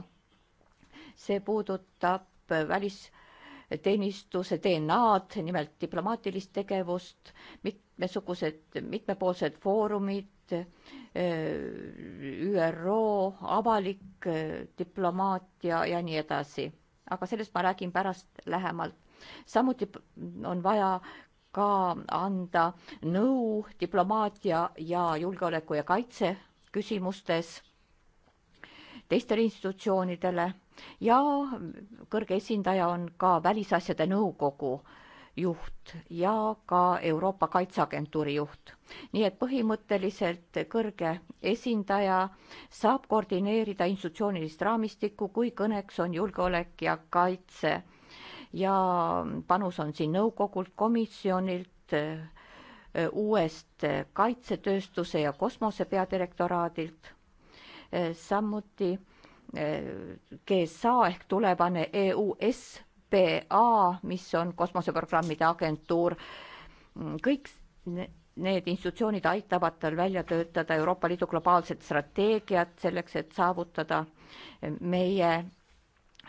see puudutab välisteenistuse DNA-d, nimelt diplomaatilist tegevust, mitmesugused mitmepoolsed foorumid, eh, ÜRO, avalik eh, diplomaatia ja nii edasi. aga sellest ma räägin pärast lähemalt. samuti on vaja ka anda nõu diplomaatia ja julgeoleku ja kaitse küsimustes teistele institutsioonidele ja kõrge esindaja on ka Välisasjade Nõukogu juht ja ka Euroopa Kaitseagentuuri juht. nii et põhimõtteliselt kõrge esindaja saab koordineerida institutsioonilist raamistikku, kui kõneks on julgeolek ja kaitse ja panus on siin nõukogult, komisjonilt, uuest kaitsetööstuse ja kosmose peadirektoraadilt, samuti GSA ehk tulevane EUSPA, mis on kosmoseprogrammide agentuur, kõik need institutsioonid aitavad tal välja töötada Euroopa Liidu globaalset strateegiat selleks, et saavutada meie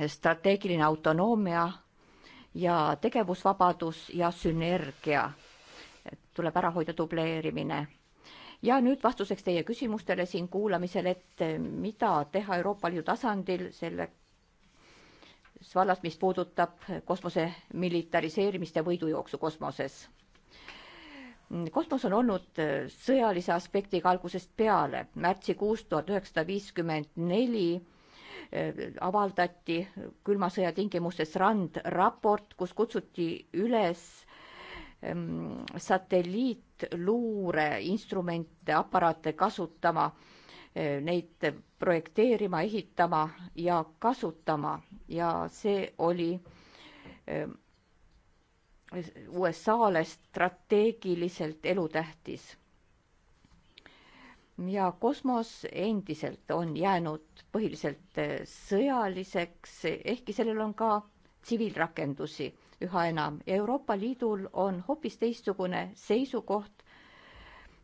strateegiline autonoomia ja tegevusvabadus ja sünergia. tuleb ära hoida dubleerimine. ja nüüd vastuseks teie küsimustele siin kuulamisel, et mida teha Euroopa Liidu tasandil selle vallas, mis puudutab kosmose militariseerimist ja võidujooksu kosmoses. kosmos on olnud sõjalise aspektiga algusest peale, märtsikuus tuhat üheksasada viiskümmend neli avaldati külma sõja tingimustes randraport, kus kutsuti üles ehm, satelliitluure instrumente, aparaate kasutama, eh, neid projekteerima, ehitama ja kasutama ja see oli ehm, USA-le strateegiliselt elutähtis ja kosmos endiselt on jäänud põhiliselt eh, sõjaliseks, ehkki sellel on ka tsiviilrakendusi üha enam. Euroopa Liidul on hoopis teistsugune seisukoht.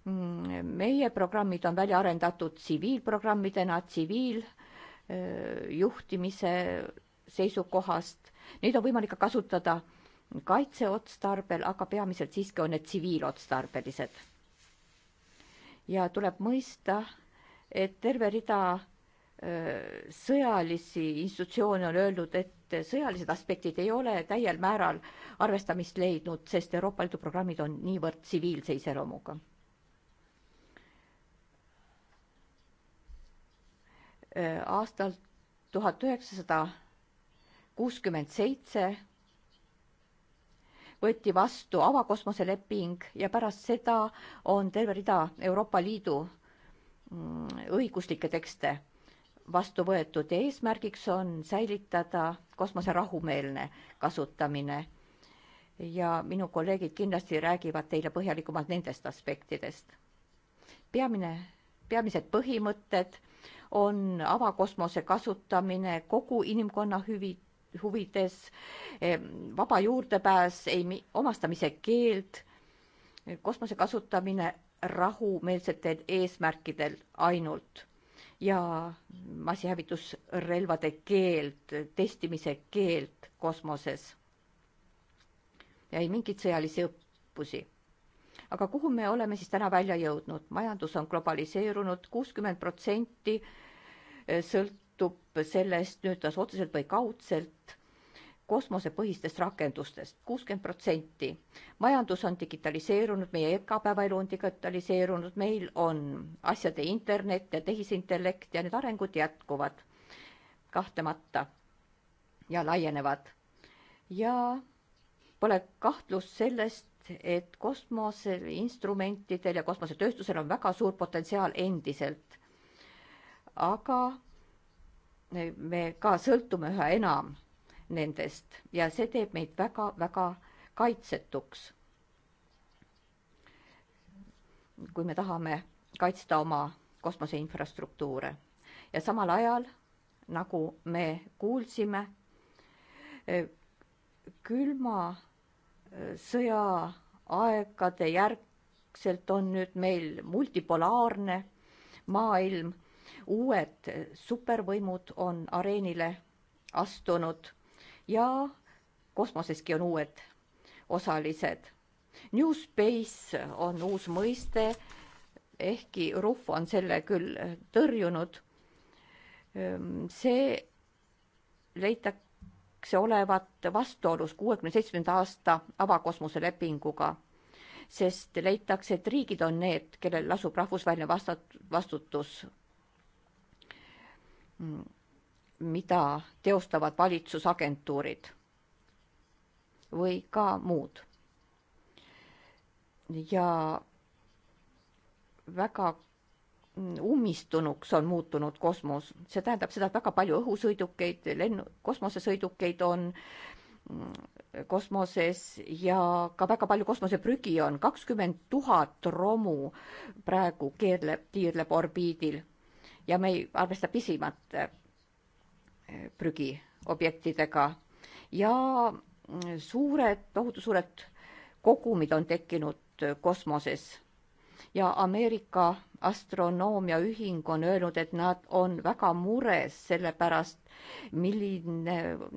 Mm, meie programmid on välja arendatud tsiviilprogrammidena, tsiviiljuhtimise eh, seisukohast. Neid on võimalik ka kasutada kaitseotstarbel, aga peamiselt siiski on need tsiviilotstarbelised ja tuleb mõista, et terve rida sõjalisi institutsioone on öelnud, et sõjalised aspektid ei ole täiel määral arvestamist leidnud, sest Euroopa Liidu programmid on niivõrd tsiviilse iseloomuga. aastal tuhat üheksasada kuuskümmend seitse võeti vastu avakosmoseleping ja pärast seda on terve rida Euroopa Liidu mm, õiguslikke tekste vastu võetud ja eesmärgiks on säilitada kosmose rahumeelne kasutamine. ja minu kolleegid kindlasti räägivad teile põhjalikumalt nendest aspektidest. peamine, peamised põhimõtted on avakosmose kasutamine kogu inimkonna hüvi, huvides, eh, vaba juurdepääs, ei omastamise keeld, kosmose kasutamine rahumeelsetel eesmärkidel ainult ja massihävitusrelvade keeld, testimise keeld kosmoses. ja ei mingeid sõjalisi õppusi. aga kuhu me oleme siis täna välja jõudnud? majandus on globaliseerunud, kuuskümmend protsenti eh, sõlt-, sõltub sellest nüüd kas otseselt või kaudselt kosmosepõhistest rakendustest, kuuskümmend protsenti. majandus on digitaliseerunud, meie igapäevaelu on digitaliseerunud, meil on asjade internet ja tehisintellekt ja need arengud jätkuvad kahtlemata ja laienevad. ja pole kahtlust sellest, et kosmoseinstrumentidel ja kosmosetööstusel on väga suur potentsiaal endiselt. aga me ka sõltume üha enam nendest ja see teeb meid väga-väga kaitsetuks. kui me tahame kaitsta oma kosmoseinfrastruktuure ja samal ajal, nagu me kuulsime, eh, külmasõja eh, aegade järgselt on nüüd meil multipolaarne maailm uued supervõimud on areenile astunud ja kosmoseski on uued osalised. New Space on uus mõiste, ehkki Ruff on selle küll tõrjunud. Ehm, see leitakse olevat vastuolus kuuekümne seitsmenda aasta avakosmose lepinguga sest leitakse, et riigid on need, kellel lasub rahvusvaheline vastutus Mm. mida teostavad valitsusagentuurid või ka muud. ja väga ummistunuks on muutunud kosmos, see tähendab seda, et väga palju õhusõidukeid, lennu, kosmosesõidukeid on mm, kosmoses ja ka väga palju kosmoseprügi on, kakskümmend tuhat romu praegu keerleb, tiirleb orbiidil ja me ei arvesta pisimate eh, prügiobjektidega ja mm, suured, tohutu suured kogumid on tekkinud eh, kosmoses ja Ameerika astronoomiaühing on öelnud, et nad on väga mures selle pärast, milline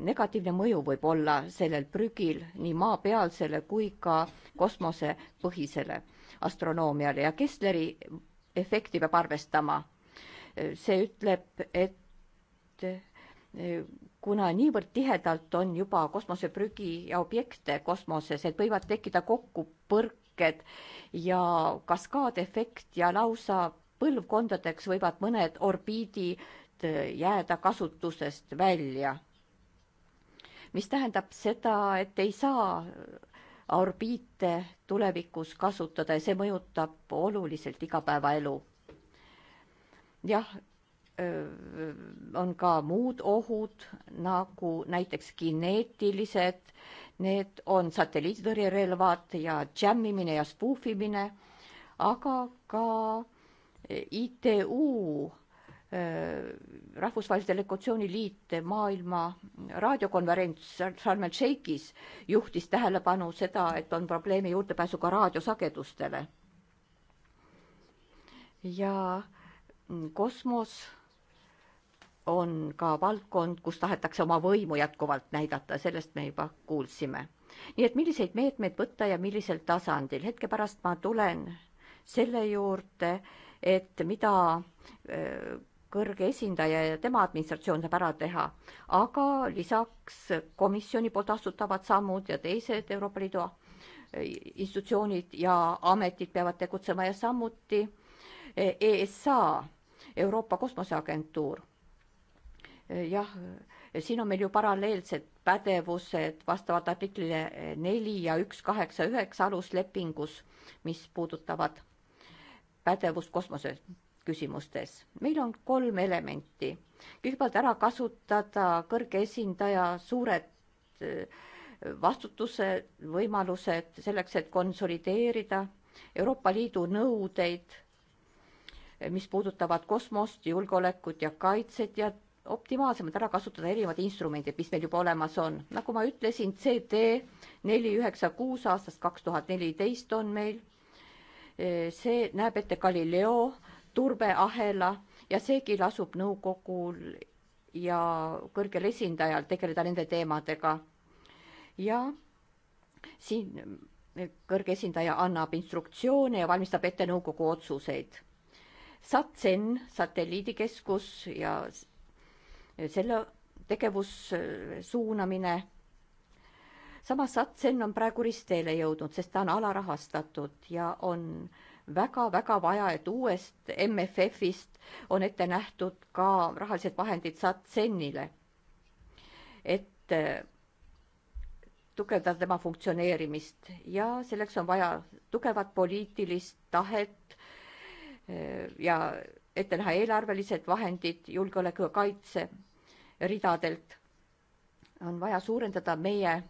negatiivne mõju võib olla sellel prügil nii maapealsele kui ka kosmosepõhisele astronoomiale ja Kessleri efekti peab arvestama see ütleb, et eh, kuna niivõrd tihedalt on juba kosmoseprügi ja objekte kosmoses, et võivad tekkida kokkupõrked ja kaskaadefekt ja lausa põlvkondadeks võivad mõned orbiidid eh, jääda kasutusest välja. mis tähendab seda, et ei saa eh, orbiite tulevikus kasutada ja see mõjutab oluliselt igapäevaelu jah, on ka muud ohud nagu näiteks kineetilised, need on satelliittõrjerelvad ja džämmimine ja spuufimine, aga ka ITU Rahvusvahelise Telekomputsiooni Liit maailma raadiokonverents Sharm el Sheikhis juhtis tähelepanu seda, et on probleeme juurdepääsuga raadiosagedustele. ja äh, kosmos on ka valdkond, kus tahetakse oma võimu jätkuvalt näidata, sellest me juba kuulsime. nii et milliseid meetmeid võtta ja millisel tasandil, hetke pärast ma tulen selle juurde, et mida kõrge esindaja ja tema administratsioon saab ära teha, aga lisaks komisjoni poolt astutavad sammud ja teised Euroopa Liidu institutsioonid ja ametid peavad tegutsema ja samuti ESA Euroopa Kosmoseagentuur. jah, siin on meil ju paralleelsed pädevused vastavalt artiklile neli ja üks kaheksa üheksa aluslepingus, mis puudutavad pädevust kosmose küsimustes. meil on kolm elementi. kõigepealt ära kasutada kõrge esindaja suured eh, vastutuse võimalused selleks, et konsolideerida Euroopa Liidu nõudeid mis puudutavad kosmost, julgeolekut ja kaitset ja optimaalsemalt ära kasutada erinevad instrumendid, mis meil juba olemas on. nagu ma ütlesin, CD neli üheksa kuus aastast kaks tuhat neliteist on meil. see näeb ette Galileo turbeahela ja seegi lasub nõukogul ja kõrgel esindajal tegeleda nende teemadega. ja siin kõrge esindaja annab instruktsioone ja valmistab ette nõukogu otsuseid SatSen satelliidikeskus ja selle tegevus äh, suunamine. samas SatSen on praegu ristteele jõudnud, sest ta on alarahastatud ja on väga-väga vaja, et uuest MFF-ist on ette nähtud ka rahalised vahendid SatSenile. et äh, tugevdada tema funktsioneerimist ja selleks on vaja tugevat poliitilist tahet ja ette näha eelarvelised vahendid julgeoleku ja kaitse ridadelt. on vaja suurendada meie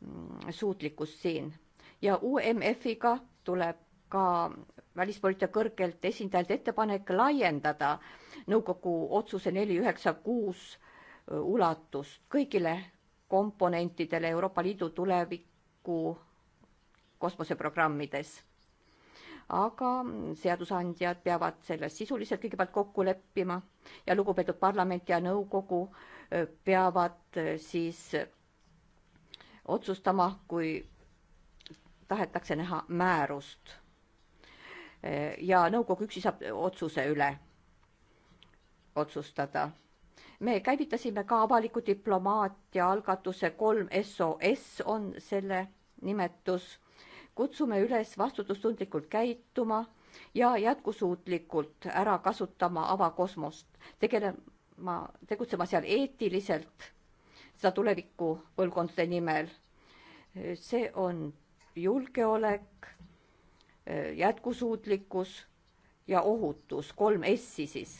mm, suutlikkust siin ja UMF-iga tuleb ka välispoliitika kõrgelt esindajalt ettepanek laiendada nõukogu otsuse neli üheksa kuus ulatust kõigile komponentidele Euroopa Liidu tuleviku kosmoseprogrammides aga seadusandjad peavad selles sisuliselt kõigepealt kokku leppima ja lugupeetud parlament ja nõukogu peavad siis otsustama, kui tahetakse näha määrust. ja nõukogu üksi saab otsuse üle otsustada me käivitasime ka avaliku diplomaatia algatuse, kolm SOS on selle nimetus kutsume üles vastutustundlikult käituma ja jätkusuutlikult ära kasutama avakosmost, tegelema, tegutsema seal eetiliselt, seda tuleviku põlvkondade nimel. see on julgeolek, jätkusuutlikkus ja ohutus, kolm S-i siis.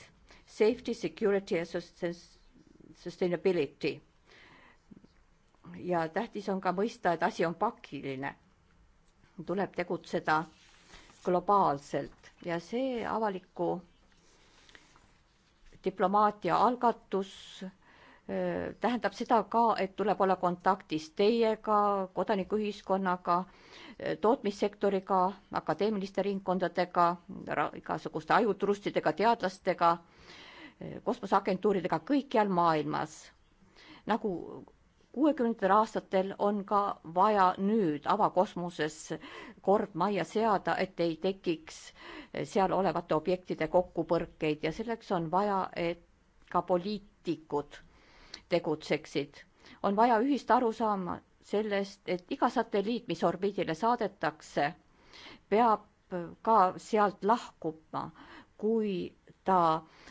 Safety, security ja sustainability. ja tähtis on ka mõista, et asi on pakiline tuleb tegutseda globaalselt ja see avaliku diplomaatia algatus äh, tähendab seda ka, et tuleb olla kontaktis teiega, kodanikuühiskonnaga, äh, tootmissektoriga, akadeemiliste ringkondadega, igasuguste ajutrustidega, teadlastega, äh, kosmoseagentuuridega kõikjal maailmas. nagu kuuekümnendatel aastatel on ka vaja nüüd avakosmoses kord majja seada, et ei tekiks seal olevate objektide kokkupõrkeid ja selleks on vaja, et ka poliitikud tegutseksid. on vaja ühist arusaama sellest, et iga satelliit, mis orbiidile saadetakse, peab ka sealt lahkuma, kui ta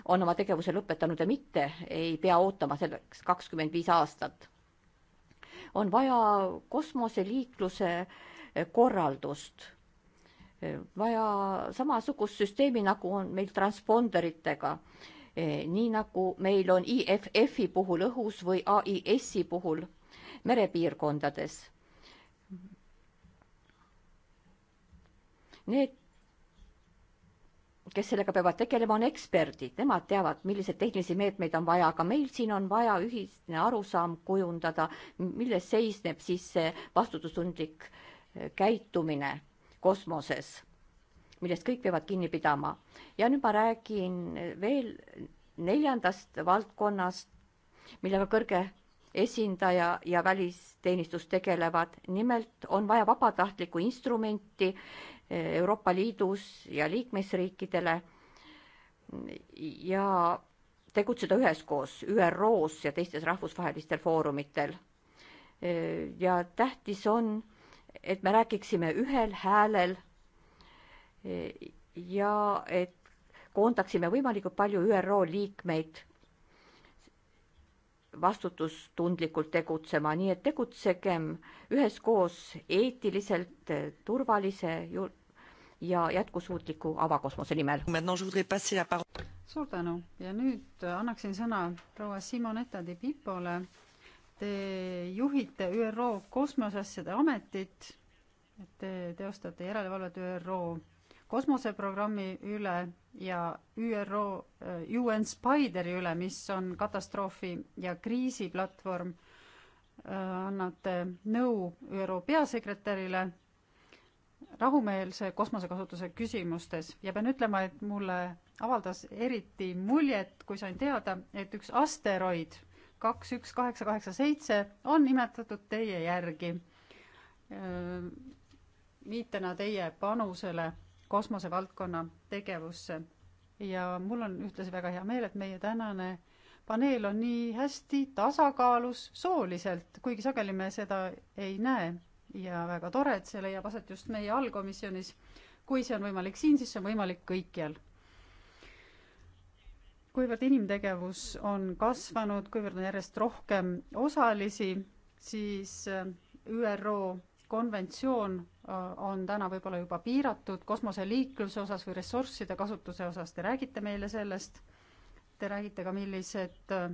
on oma tegevuse lõpetanud ja mitte ei pea ootama selleks kakskümmend viis aastat on vaja kosmoseliikluse eh, korraldust, eh, vaja samasugust süsteemi, nagu on meil transponderitega. Eh, nii nagu meil on IFF-i puhul õhus või AIS-i puhul merepiirkondades. Need kes sellega peavad tegelema, on eksperdid, nemad teavad, milliseid tehnilisi meetmeid on vaja, aga meil siin on vaja ühine arusaam kujundada, milles seisneb siis see vastutustundlik eh, käitumine kosmoses, millest kõik peavad kinni pidama. ja nüüd ma räägin veel neljandast valdkonnast, millega kõrge esindaja ja välisteenistus tegelevad. nimelt on vaja vabatahtlikku instrumenti, Euroopa Liidus ja liikmesriikidele ja tegutseda üheskoos ÜRO-s ja teistes rahvusvahelistel foorumitel. ja tähtis on, et me räägiksime ühel häälel ja et koondaksime võimalikult palju ÜRO liikmeid vastutustundlikult tegutsema, nii et tegutsegem üheskoos eetiliselt, turvalise ja jätkusuutliku avakosmose nimel. suur tänu ja nüüd annaksin sõna proua Simonetta di Pipole. Te juhite ÜRO kosmoseasjade ametit, te teostate järelevalvet ÜRO kosmoseprogrammi üle ja ÜRO, eh, UN Spideri üle, mis on katastroofi ja kriisiplatvorm. Eh, annate nõu ÜRO peasekretärile rahumeelse kosmosekasutuse küsimustes ja pean ütlema, et mulle avaldas eriti muljet, kui sain teada, et üks asteroid kaks, üks, kaheksa, kaheksa, seitse on nimetatud teie järgi. Eh, viitena teie panusele kosmosevaldkonna tegevusse. ja mul on ühtlasi väga hea meel, et meie tänane paneel on nii hästi tasakaalus sooliselt, kuigi sageli me seda ei näe ja väga tore, et see leiab aset just meie allkomisjonis. kui see on võimalik siin, siis see on võimalik kõikjal. kuivõrd inimtegevus on kasvanud, kuivõrd on järjest rohkem osalisi, siis äh, ÜRO konventsioon äh, on täna võib-olla juba piiratud kosmoseliikluse osas või ressursside kasutuse osas, te räägite meile sellest, te räägite ka, millised äh,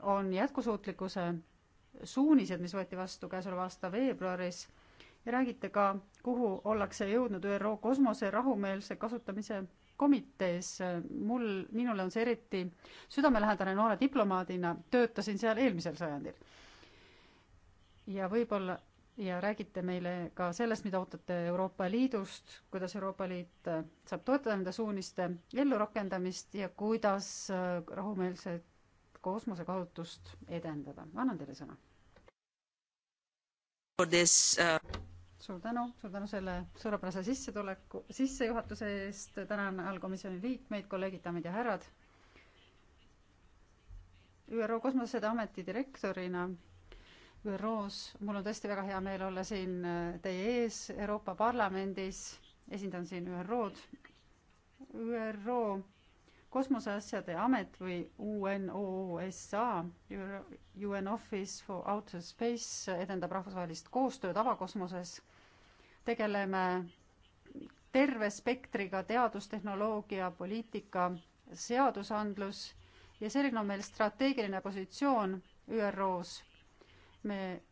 on jätkusuutlikkuse suunised, mis võeti vastu käesoleva aasta veebruaris, ja räägite ka, kuhu ollakse jõudnud ÜRO kosmose rahumeelse kasutamise komitees, mul, minule on see eriti südamelähedane noore diplomaadina, töötasin seal eelmisel sajandil. ja võib-olla ja räägite meile ka sellest, mida ootate Euroopa Liidust, kuidas Euroopa Liit äh, saab toetada nende suuniste ellurakendamist ja kuidas äh, rahumeelset kosmosekasutust edendada. annan teile sõna. Uh... suur tänu, suur tänu selle suurepärase sissetuleku, sissejuhatuse eest, tänan allkomisjoni liikmeid, kolleegid, daamid ja härrad. ÜRO Kosmoseameti direktorina ÜRO-s. mul on tõesti väga hea meel olla siin äh, teie ees Euroopa Parlamendis, esindan siin ÜRO-d. ÜRO kosmoseasjade amet või UNOOSA, UN Office for Outer Space edendab rahvusvahelist koostööd avakosmoses. tegeleme terve spektriga teadustehnoloogia, poliitika, seadusandlus ja selline on meil strateegiline positsioon ÜRO-s me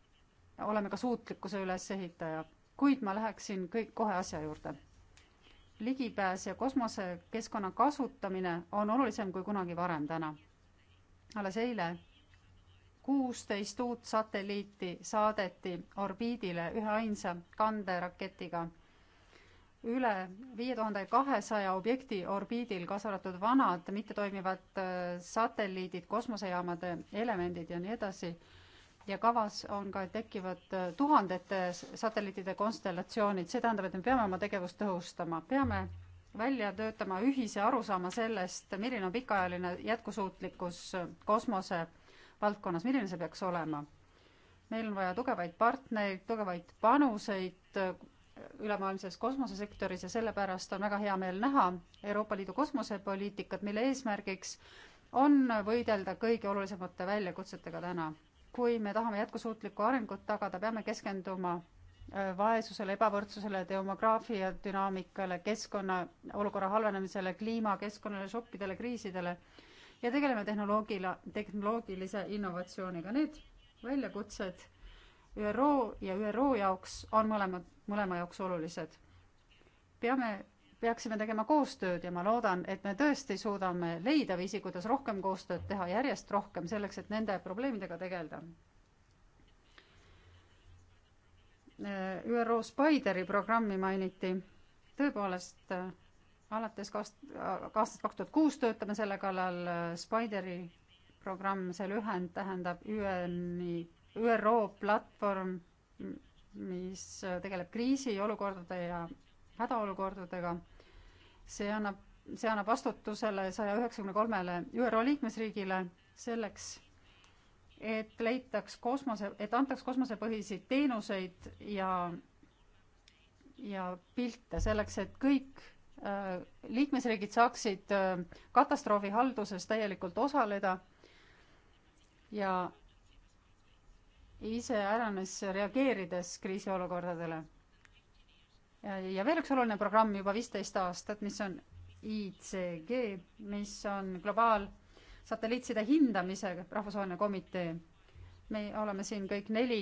oleme ka suutlikkuse ülesehitaja, kuid ma läheksin kõik kohe asja juurde. ligipääs ja kosmosekeskkonna kasutamine on olulisem kui kunagi varem täna. alles eile kuusteist uut satelliiti saadeti orbiidile üheainsa kanderaketiga üle viie tuhande kahesaja objekti orbiidil, kaasa arvatud vanad mittetoimivad äh, satelliidid, kosmosejaamade elemendid ja nii edasi ja kavas on ka, et tekivad äh, tuhandete satelliitide konstellatsioonid, see tähendab, et me peame oma tegevust tõhustama, peame välja töötama ühise arusaama sellest, milline on pikaajaline jätkusuutlikkus äh, kosmose valdkonnas, milline see peaks olema. meil on vaja tugevaid partnereid, tugevaid panuseid äh, ülemaailmses kosmosesektoris ja sellepärast on väga hea meel näha Euroopa Liidu kosmosepoliitikat, mille eesmärgiks on võidelda kõige olulisemate väljakutsetega täna kui me tahame jätkusuutlikku arengut tagada, peame keskenduma äh, vaesusele, ebavõrdsusele, demograafia dünaamikale, keskkonna olukorra halvenemisele, kliimakeskkonnale, šokkidele, kriisidele ja tegeleme tehnoloogila, tehnoloogilise innovatsiooniga. Need väljakutsed ÜRO ja ÜRO jaoks on mõlemad, mõlema jaoks olulised. peame peaksime tegema koostööd ja ma loodan, et me tõesti suudame leida viisi, kuidas rohkem koostööd teha, järjest rohkem, selleks et nende probleemidega tegeleda. Äh, ÜRO Spideri programmi mainiti, tõepoolest äh, alates kast-, äh, aastast kaks tuhat kuus töötame selle kallal, Spideri programm, see lühend tähendab ÜRO-ni, ÜRO platvorm, mis tegeleb kriisiolukordade ja hädaolukordadega. see annab, see annab vastutusele saja üheksakümne kolmele ÜRO liikmesriigile selleks, et leitaks kosmose, et antaks kosmosepõhiseid teenuseid ja, ja pilte selleks, et kõik äh, liikmesriigid saaksid äh, katastroofi halduses täielikult osaleda ja iseäranis reageerides kriisiolukordadele ja veel üks oluline programm juba viisteist aastat, mis on ICG, mis on globaalsatelliitside hindamise rahvusvaheline komitee. me oleme siin kõik neli,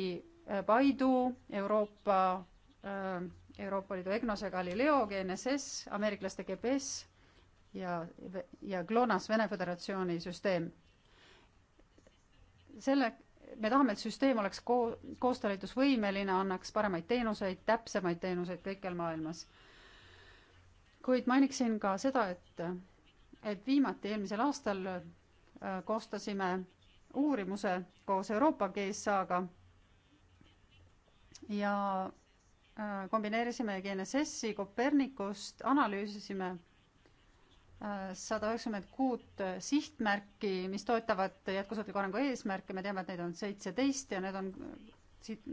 äh, Paidu, Euroopa, äh, Euroopa Liidu EGNOS ja Galileo, GNSS, ameeriklaste GPS ja, ja GLONASS, Vene Föderatsiooni süsteem. selle me tahame, et süsteem oleks ko-, koostalitusvõimeline, annaks paremaid teenuseid, täpsemaid teenuseid kõikjal maailmas. kuid mainiksin ka seda, et, et viimati eelmisel aastal äh, koostasime uurimuse koos Euroopa GSA-ga ja äh, kombineerisime GNSS-i, Kopernikust, analüüsisime sada üheksakümmend kuut sihtmärki, mis toetavad jätkusuutliku arengu eesmärke, me teame, et neid on seitseteist ja need on,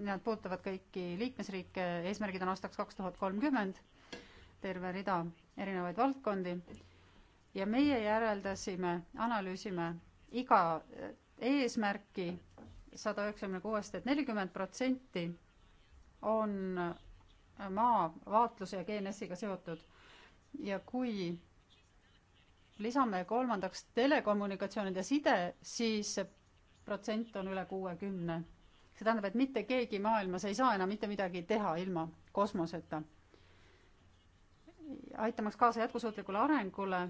nad puudutavad kõiki liikmesriike, eesmärgid on aastaks kaks tuhat kolmkümmend, terve rida erinevaid valdkondi. ja meie järeldasime, analüüsime iga eesmärki sada üheksakümne kuuest, et nelikümmend protsenti on maa vaatluse ja GNS-iga seotud ja kui lisame kolmandaks telekommunikatsioonid ja side, siis see protsent on üle kuuekümne. see tähendab, et mitte keegi maailmas ei saa enam mitte midagi teha ilma kosmoseta. aitamaks kaasa jätkusuutlikule arengule,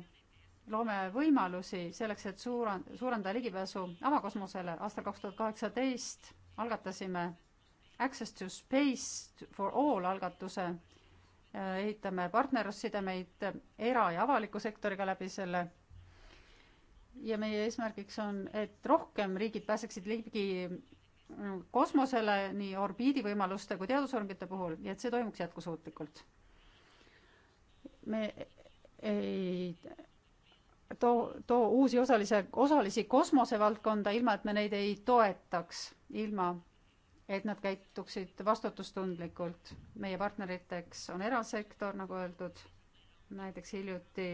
loome võimalusi selleks, et suura, suurendada ligipääsu avakosmosele. aastal kaks tuhat kaheksateist algatasime Access to Space for All algatuse ehitame partnerlussidemeid era- ja avaliku sektoriga läbi selle. ja meie eesmärgiks on, et rohkem riigid pääseksid ligi mm, kosmosele nii orbiidivõimaluste kui teadusuuringute puhul ja et see toimuks jätkusuutlikult. me ei too, too uusi osalise, osalisi kosmosevaldkonda, ilma et me neid ei toetaks, ilma et nad käituksid vastutustundlikult. meie partneriteks on erasektor, nagu öeldud, näiteks hiljuti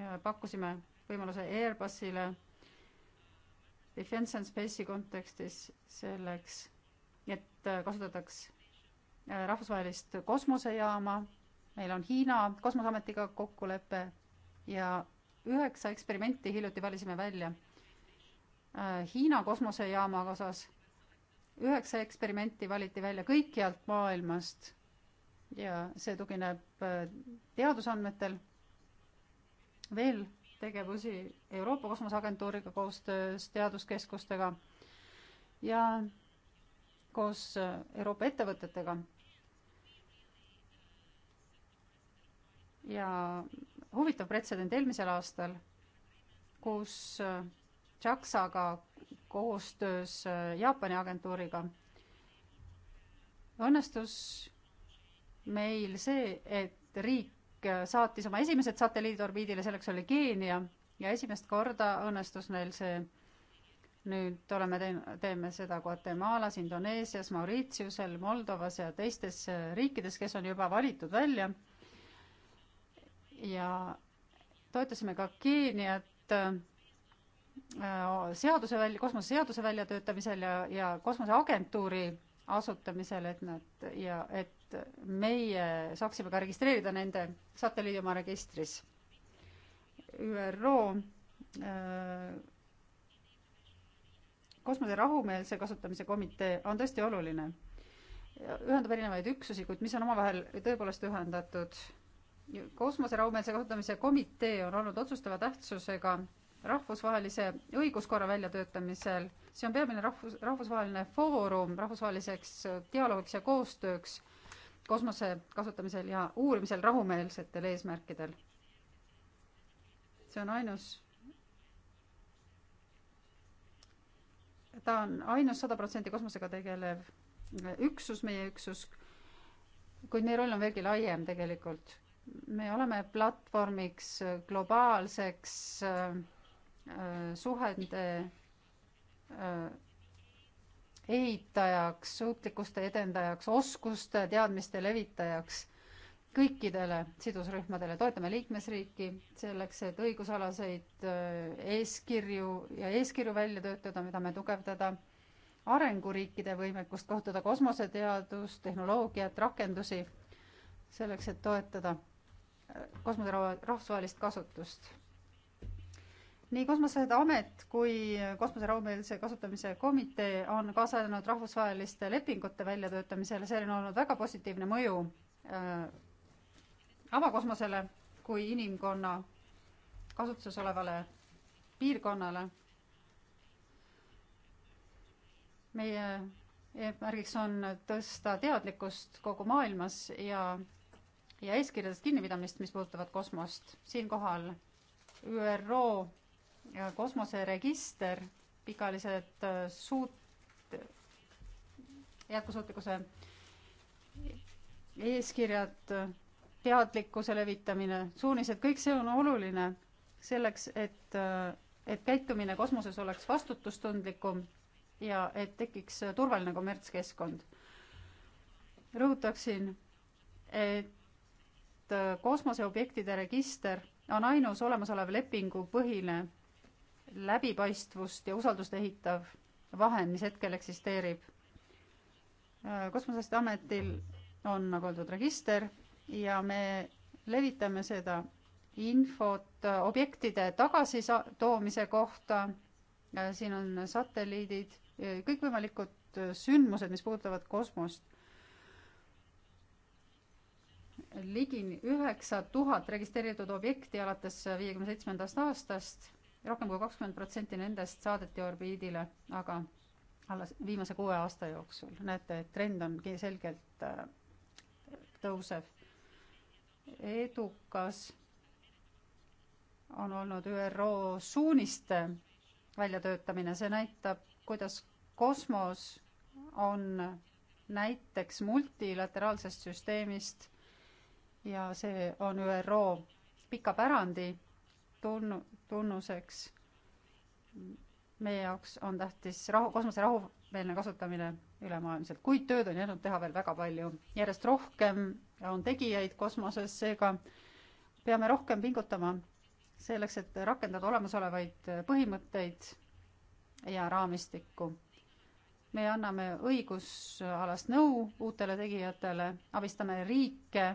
äh, pakkusime võimaluse Airbusile Defense and Space'i kontekstis selleks, et äh, kasutataks äh, rahvusvahelist kosmosejaama, meil on Hiina kosmoseametiga kokkulepe ja üheksa eksperimenti hiljuti valisime välja Hiina kosmosejaama osas üheksa eksperimenti valiti välja kõikjalt maailmast ja see tugineb äh, teadusandmetel. veel tegevusi Euroopa Kosmoseagentuuriga koostöös teaduskeskustega ja koos äh, Euroopa ettevõtetega. ja huvitav pretsedent eelmisel aastal, kus äh, JAXA-ga koostöös äh, Jaapani agentuuriga. õnnestus meil see, et riik äh, saatis oma esimesed satelliidid orbiidile, selleks oli Keenia ja esimest korda õnnestus neil see. nüüd oleme teinud, teeme seda Guatemalas, Indoneesias, Mauritiusel, Moldovas ja teistes äh, riikides, kes on juba valitud välja. ja toetasime ka Keeniat Äh, seaduse välja, kosmoseseaduse väljatöötamisel ja, ja kosmoseagentuuri asutamisel, et nad ja et meie saaksime ka registreerida nende satelliidi oma registris. ÜRO äh, kosmose rahumeelse kasutamise komitee on tõesti oluline. ühendab erinevaid üksusi, kuid mis on omavahel tõepoolest ühendatud. kosmose rahumeelse kasutamise komitee on olnud otsustava tähtsusega rahvusvahelise õiguskorra väljatöötamisel. see on peamine rahvus, rahvusvaheline foorum rahvusvaheliseks dialoogiks ja koostööks kosmose kasutamisel ja uurimisel rahumeelsetel eesmärkidel. see on ainus, ta on ainus sada protsenti kosmosega tegelev üksus, meie üksus, kuid meie roll on veelgi laiem tegelikult. me oleme platvormiks globaalseks äh, suhete äh, ehitajaks, suutlikkuste edendajaks, oskuste, teadmiste levitajaks kõikidele sidusrühmadele, toetame liikmesriiki selleks, et õigusalaseid äh, eeskirju ja eeskirju välja töötada, mida me tugevdada, arenguriikide võimekust kohtuda kosmoseteadust, tehnoloogiat, rakendusi, selleks, et toetada äh, kosmose rahvusvahelist kasutust nii Kosmoseamet kui Kosmose rahumeelse kasutamise komitee on kaasa aidanud rahvusvaheliste lepingute väljatöötamisele, sellel on olnud väga positiivne mõju äh, avakosmosele kui inimkonna kasutuses olevale piirkonnale. meie eesmärgiks on tõsta teadlikkust kogu maailmas ja, ja eeskirjadest kinnipidamist, mis puudutavad kosmost. siinkohal ÜRO kosmoseregister, pikaajalised äh, suut-, jätkusuutlikkuse eeskirjad, teadlikkuse levitamine, suunised, kõik see on oluline selleks, et, äh, et käitumine kosmoses oleks vastutustundlikum ja et tekiks turvaline kommertskeskkond. rõhutaksin, et äh, kosmoseobjektide register on ainus olemasolev lepingupõhine läbipaistvust ja usaldust ehitav vahend, mis hetkel eksisteerib. kosmoseste ametil on, nagu öeldud, register ja me levitame seda infot objektide tagasitoomise kohta. siin on satelliidid, kõikvõimalikud sündmused, mis puudutavad kosmost. ligi üheksa tuhat registreeritud objekti alates viiekümne seitsmendast aastast rohkem kui kakskümmend protsenti nendest saadeti orbiidile, aga alles viimase kuue aasta jooksul. näete, et trend on selgelt äh, tõusev. edukas on olnud ÜRO suuniste väljatöötamine, see näitab, kuidas kosmos on näiteks multilateraalsest süsteemist ja see on ÜRO pika pärandi tunnu, tunnuseks meie jaoks on tähtis rahu, kosmose rahumeelne kasutamine ülemaailmselt, kuid tööd on jäänud teha veel väga palju. järjest rohkem on tegijaid kosmoses, seega peame rohkem pingutama selleks, et rakendada olemasolevaid põhimõtteid ja raamistikku. me anname õigusalast nõu uutele tegijatele, abistame riike,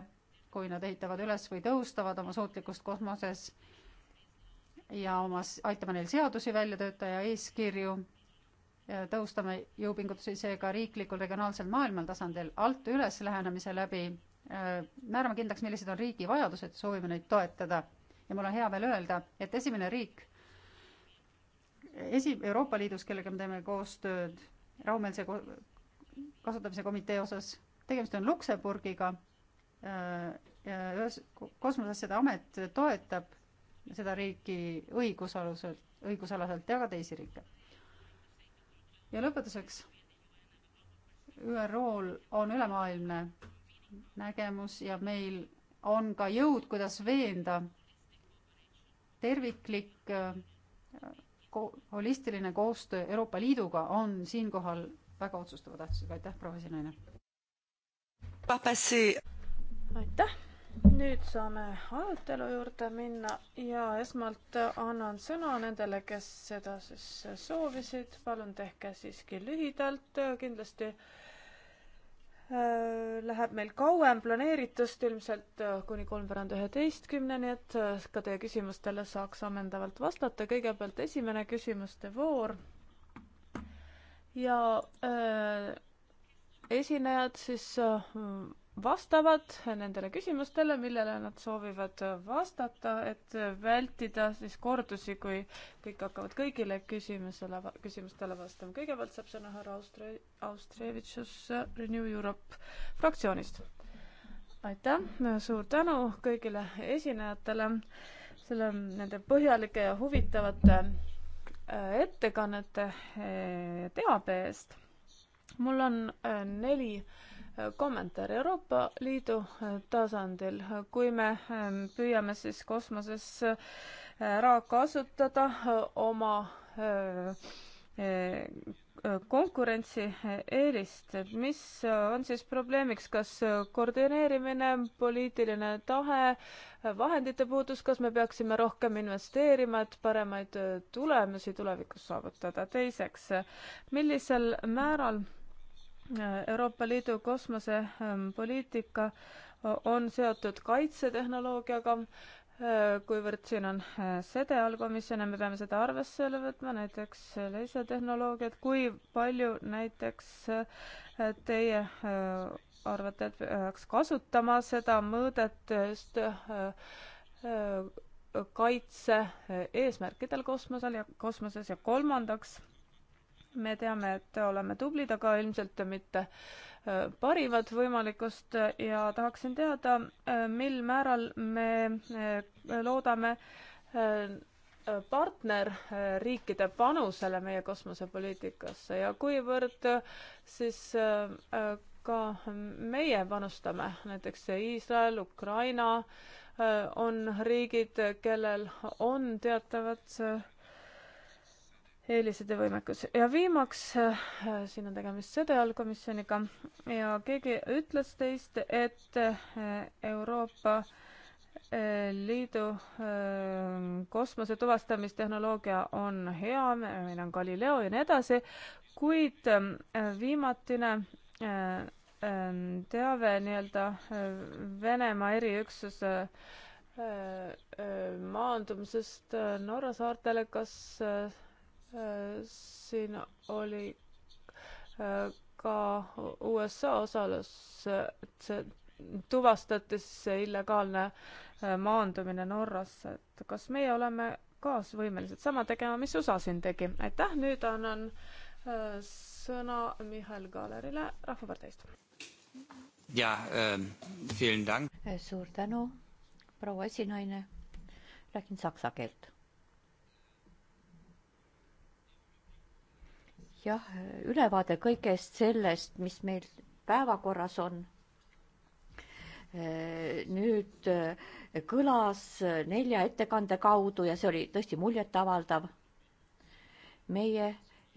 kui nad ehitavad üles või tõhustavad oma suutlikkust kosmoses ja oma, aitame neil seadusi välja töötada ja eeskirju, tõhustame jõupingutusi seega riiklikul, regionaalsel, maailmal tasandil alt üles lähenemise läbi, äh, määrame kindlaks, millised on riigi vajadused, soovime neid toetada. ja mul on hea meel öelda, et esimene riik esi-, Euroopa Liidus, kellega me teeme koostööd rahumeelse ko kasutamise komitee osas, tegemist on Luksemburgiga, äh, ühes kosmoseasjade amet toetab seda riiki õigusalaselt, õigusalaselt ja ka teisi riike. ja lõpetuseks, ÜRO-l on ülemaailmne nägemus ja meil on ka jõud, kuidas veenda terviklik äh, ko-, holistiline koostöö Euroopa Liiduga on siinkohal väga otsustava tähtsusega, aitäh, proua Sinine! aitäh! nüüd saame arutelu juurde minna ja esmalt annan sõna nendele, kes seda siis soovisid. palun tehke siiski lühidalt, kindlasti äh, läheb meil kauem planeeritust, ilmselt äh, kuni kolmveerand üheteistkümneni, et äh, ka teie küsimustele saaks ammendavalt vastata. kõigepealt esimene küsimuste voor. ja öö, esinejad siis vastavad nendele küsimustele, millele nad soovivad vastata, et vältida siis kordusi, kui kõik hakkavad kõigile küsimusele, küsimustele vastama. kõigepealt saab sõna härra Austre-, Austrevitšus Renew Europe fraktsioonist. aitäh, suur tänu kõigile esinejatele selle, nende põhjalike ja huvitavate äh, ettekannete äh, teabe eest. mul on äh, neli äh, kommentaar Euroopa Liidu äh, tasandil, kui me ähm, püüame siis kosmoses ära äh, kasutada äh, oma konkurentsieelist, mis on siis probleemiks, kas koordineerimine, poliitiline tahe, vahendite puudus, kas me peaksime rohkem investeerima, et paremaid tulemusi tulevikus saavutada? teiseks, millisel määral Euroopa Liidu kosmosepoliitika ähm, äh, on seotud kaitsetehnoloogiaga, äh, kuivõrd siin on äh, sede all komisjon ja me peame seda arvesse võtma, näiteks lasertehnoloogiat, kui palju näiteks teie arvate, et peaks kasutama seda mõõdet just kaitse eesmärkidel kosmosel ja kosmoses ja kolmandaks me teame, et oleme tublid, aga ilmselt mitte äh, parivad võimalikust ja tahaksin teada, äh, mil määral me äh, loodame partnerriikide panusele meie kosmosepoliitikasse ja kuivõrd siis ka meie panustame, näiteks Iisrael, Ukraina on riigid, kellel on teatavad eelised ja võimekus. ja viimaks, äh, siin on tegemist sõdealkomisjoniga ja keegi ütles teist, et äh, Euroopa äh, Liidu kosmose tuvastamistehnoloogia on hea, meil on Galileo ja nii edasi, kuid viimatine teave nii-öelda Venemaa eriüksuse maandumisest Norra saartele, kas Äh, siin oli äh, ka USA osalus, et see tuvastati siis illegaalne äh, maandumine Norrasse, et kas meie oleme kaasvõimelised sama tegema, mis USA siin tegi. aitäh, nüüd annan sõna Mihhail Kaalerile Rahvaparteist. jaa äh,, vielen dank. suur tänu, proua esinaine. räägin saksa keelt jah, ülevaade kõigest sellest, mis meil päevakorras on. Äh, nüüd äh, kõlas äh, nelja ettekande kaudu ja see oli tõesti muljetavaldav. meie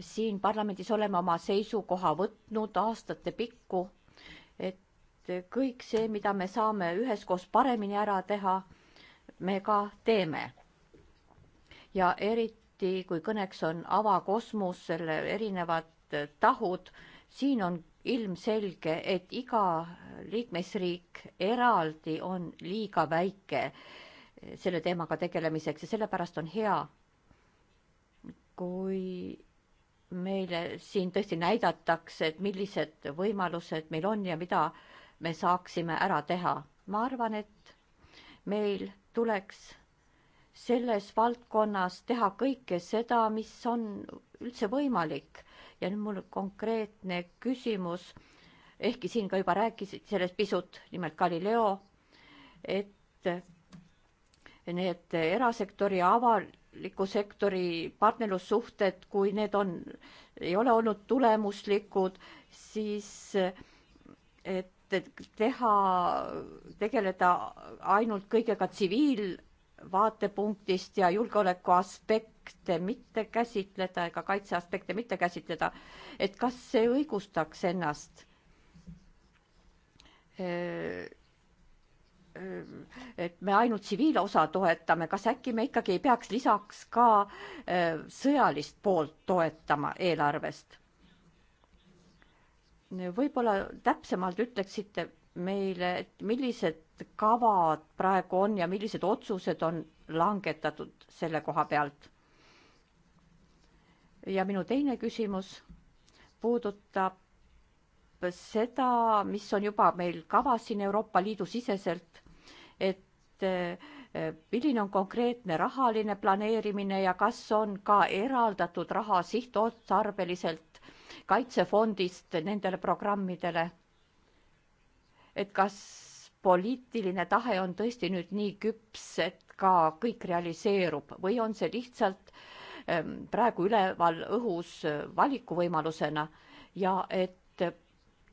siin parlamendis oleme oma seisukoha võtnud aastate pikku, et kõik see, mida me saame üheskoos paremini ära teha, me ka teeme. ja eriti eriti kui kõneks on avakosmos, selle erinevad äh, tahud, siin on ilmselge, et iga liikmesriik eraldi on liiga väike äh, selle teemaga tegelemiseks ja sellepärast on hea, kui meile siin tõesti näidatakse, et millised võimalused meil on ja mida me saaksime ära teha. ma arvan, et meil tuleks selles valdkonnas teha kõike seda, mis on üldse võimalik. ja nüüd mul konkreetne küsimus, ehkki siin ka juba rääkisid sellest pisut, nimelt Galileo, et need erasektori ja avaliku sektori partnerlussuhted, kui need on, ei ole olnud tulemuslikud, siis et teha, tegeleda ainult kõigega tsiviil vaatepunktist ja julgeoleku aspekte mitte käsitleda ega kaitseaspekte mitte käsitleda, et kas see õigustaks ennast? et me ainult tsiviilosa toetame, kas äkki me ikkagi ei peaks lisaks ka e, sõjalist poolt toetama eelarvest? võib-olla täpsemalt ütleksite meile, et millised kavad praegu on ja millised otsused on langetatud selle koha pealt. ja minu teine küsimus puudutab seda, mis on juba meil kavas siin Euroopa Liidu siseselt, et eh, milline on konkreetne rahaline planeerimine ja kas on ka eraldatud raha sihtotstarbeliselt kaitsefondist nendele programmidele et kas poliitiline tahe on tõesti nüüd nii küps, et ka kõik realiseerub või on see lihtsalt ähm, praegu üleval õhus valikuvõimalusena ja et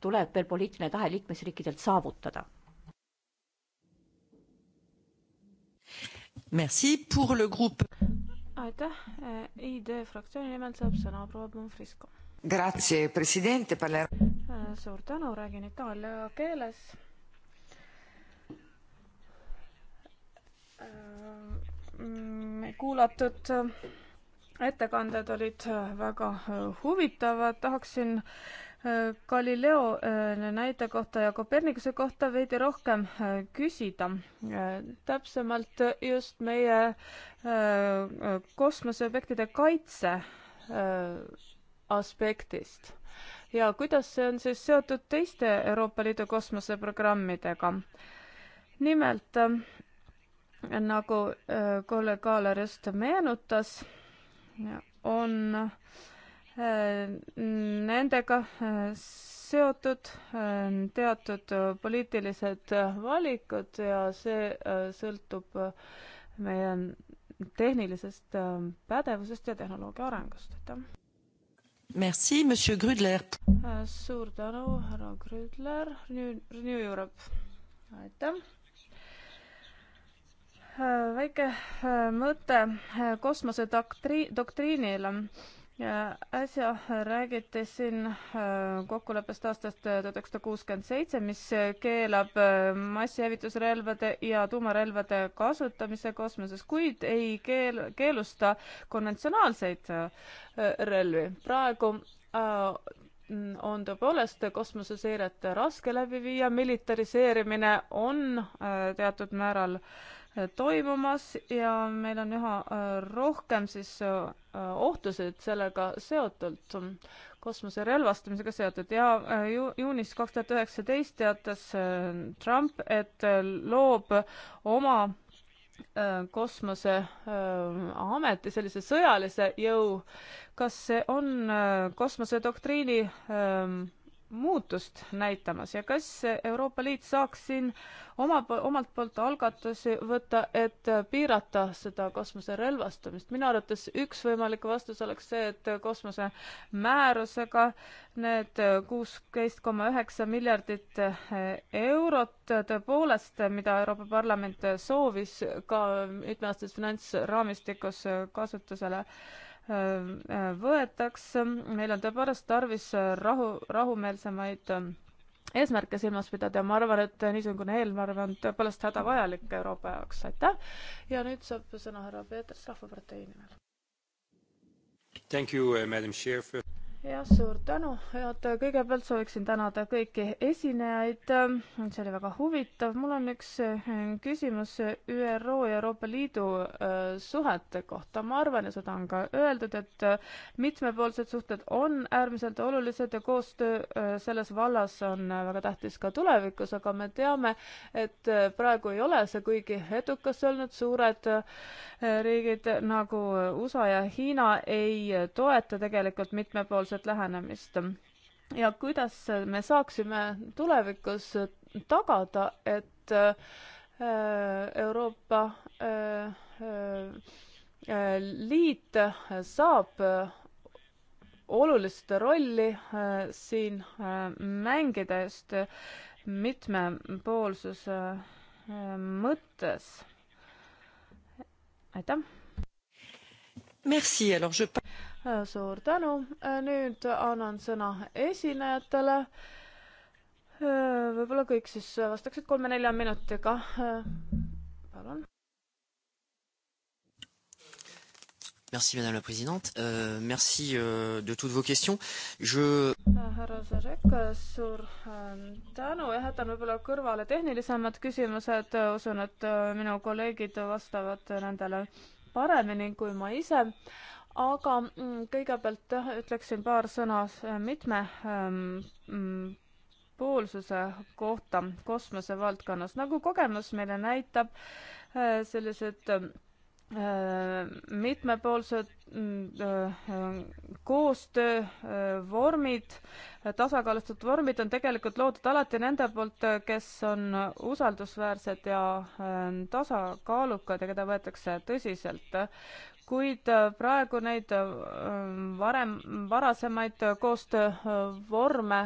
tuleb veel poliitiline tahe liikmesriikidelt saavutada. Merci pour le groupe. aitäh, äh, ID fraktsiooni nimel saab sõna proua Bonfrisco. Grazie, president. Äh, suur tänu, räägin itaalia keeles. Äh, mm, kuulatud äh, ettekanded olid väga huvitavad, tahaksin Galileo näite kohta ja Kopernikuse kohta veidi rohkem küsida. täpsemalt just meie kosmoseobjektide kaitse aspektist ja kuidas see on siis seotud teiste Euroopa Liidu kosmoseprogrammidega? nimelt äh, nagu äh, kolleeg Kaaler just meenutas, on äh, nendega seotud teatud poliitilised valikud ja see sõltub meie tehnilisest pädevusest ja tehnoloogia arengust, aitäh! Merci, monsieur Grüdler. Äh, suur tänu, härra Grüdler, Renew Europe. aitäh. Äh, väike äh, mõte kosmose doktri-, doktriinile ja äsja räägiti siin äh, kokkuleppest aastast äh, tuhat üheksasada kuuskümmend seitse, mis äh, keelab massihävitusrelvade ja tuumarelvade kasutamise kosmoses, kuid ei keel-, keelusta konventsionaalseid relvi. praegu on tõepoolest kosmoseseiret raske läbi viia, militariseerimine on teatud määral äh, toimumas ja meil on üha äh, rohkem siis äh, äh, ohtusid sellega seotult, kosmose relvastamisega seotud ja ju-, juunis kaks tuhat üheksateist teatas Trump, et loob oma kosmoseameti, sellise sõjalise jõu. kas see on kosmosedoktriini ähm, muutust näitamas ja kas Euroopa Liit saaks siin oma, omalt poolt algatusi võtta, et piirata seda kosmose relvastumist? minu arvates üks võimalik vastus oleks see, et kosmose määrusega need kuusteist koma üheksa miljardit eurot tõepoolest, mida Euroopa Parlament soovis ka mitmeaastases finantsraamistikus kasutusele Äh, äh, võetakse. meil on tõepoolest tarvis äh, rahu, rahumeelsemaid ähm, eesmärke silmas pidada ja ma arvan, et niisugune eelarve on tõepoolest hädavajalik Euroopa jaoks, aitäh. ja nüüd saab sõna härra Peeters Rahvapartei nimel. Thank you, uh, madam chair for jah, suur tänu, head, kõigepealt sooviksin tänada kõiki esinejaid, see oli väga huvitav, mul on üks eh, küsimus ÜRO ja Euroopa Liidu eh, suhete kohta, ma arvan ja seda on ka öeldud, et eh, mitmepoolsed suhted on äärmiselt olulised ja koostöö selles vallas on väga tähtis ka tulevikus, aga me teame, et praegu ei ole see kuigi edukas olnud, suured riigid nagu USA ja Hiina ei toeta tegelikult mitmepoolset teistsugused lähenemist. ja kuidas me saaksime tulevikus tagada, et äh, Euroopa äh, äh, Liit saab olulist rolli siin mängida just mitmepoolsuse mõttes. aitäh! Merci, alors je suur tänu, nüüd annan sõna esinejatele. võib-olla kõik siis vastaksid kolme-nelja minutiga. palun. Merci Madame la Présidente, euh, merci euh, de toutes vos questions. Je... härra Sarek, suur ähm, tänu, jah, jätan võib-olla kõrvale tehnilisemad küsimused, usun, et äh, minu kolleegid vastavad nendele paremini kui ma ise aga mm, kõigepealt jah, ütleksin paar sõna äh, mitmepoolsuse ähm, mm, kohta kosmosevaldkonnas. nagu kogemus meile näitab, äh, sellised äh, mitmepoolsed mm, koostöövormid, tasakaalustatud vormid on tegelikult loodud alati nende poolt, kes on usaldusväärsed ja tasakaalukad ja keda võetakse tõsiselt kuid äh, praegu neid äh, varem, varasemaid äh, koostöövorme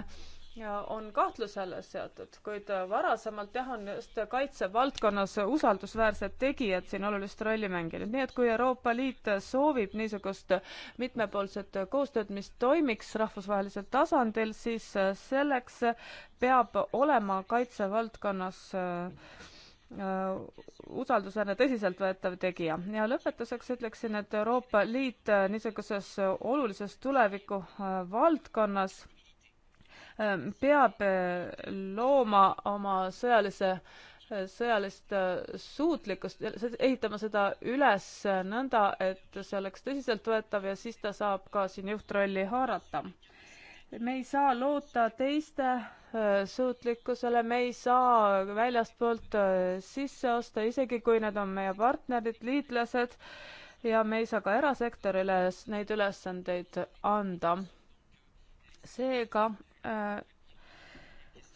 on kahtluse alla seatud, kuid varasemalt jah, on just kaitsevaldkonnas usaldusväärsed tegijad siin olulist rolli mänginud, nii et kui Euroopa Liit soovib niisugust mitmepoolset koostööd, mis toimiks rahvusvahelisel tasandil, siis selleks peab olema kaitsevaldkonnas äh, Äh, usaldusväärne, tõsiseltvõetav tegija. ja lõpetuseks ütleksin, et Euroopa Liit äh, niisuguses äh, olulises tuleviku valdkonnas peab looma oma sõjalise, sõjalist suutlikkust, ehitama seda üles nõnda, et see oleks tõsiseltvõetav ja siis ta saab ka siin juhtrolli haarata me ei saa loota teiste äh, suutlikkusele, me ei saa väljastpoolt äh, sisse osta, isegi kui need on meie partnerid, liitlased ja me ei saa ka erasektorile neid ülesandeid anda. seega äh,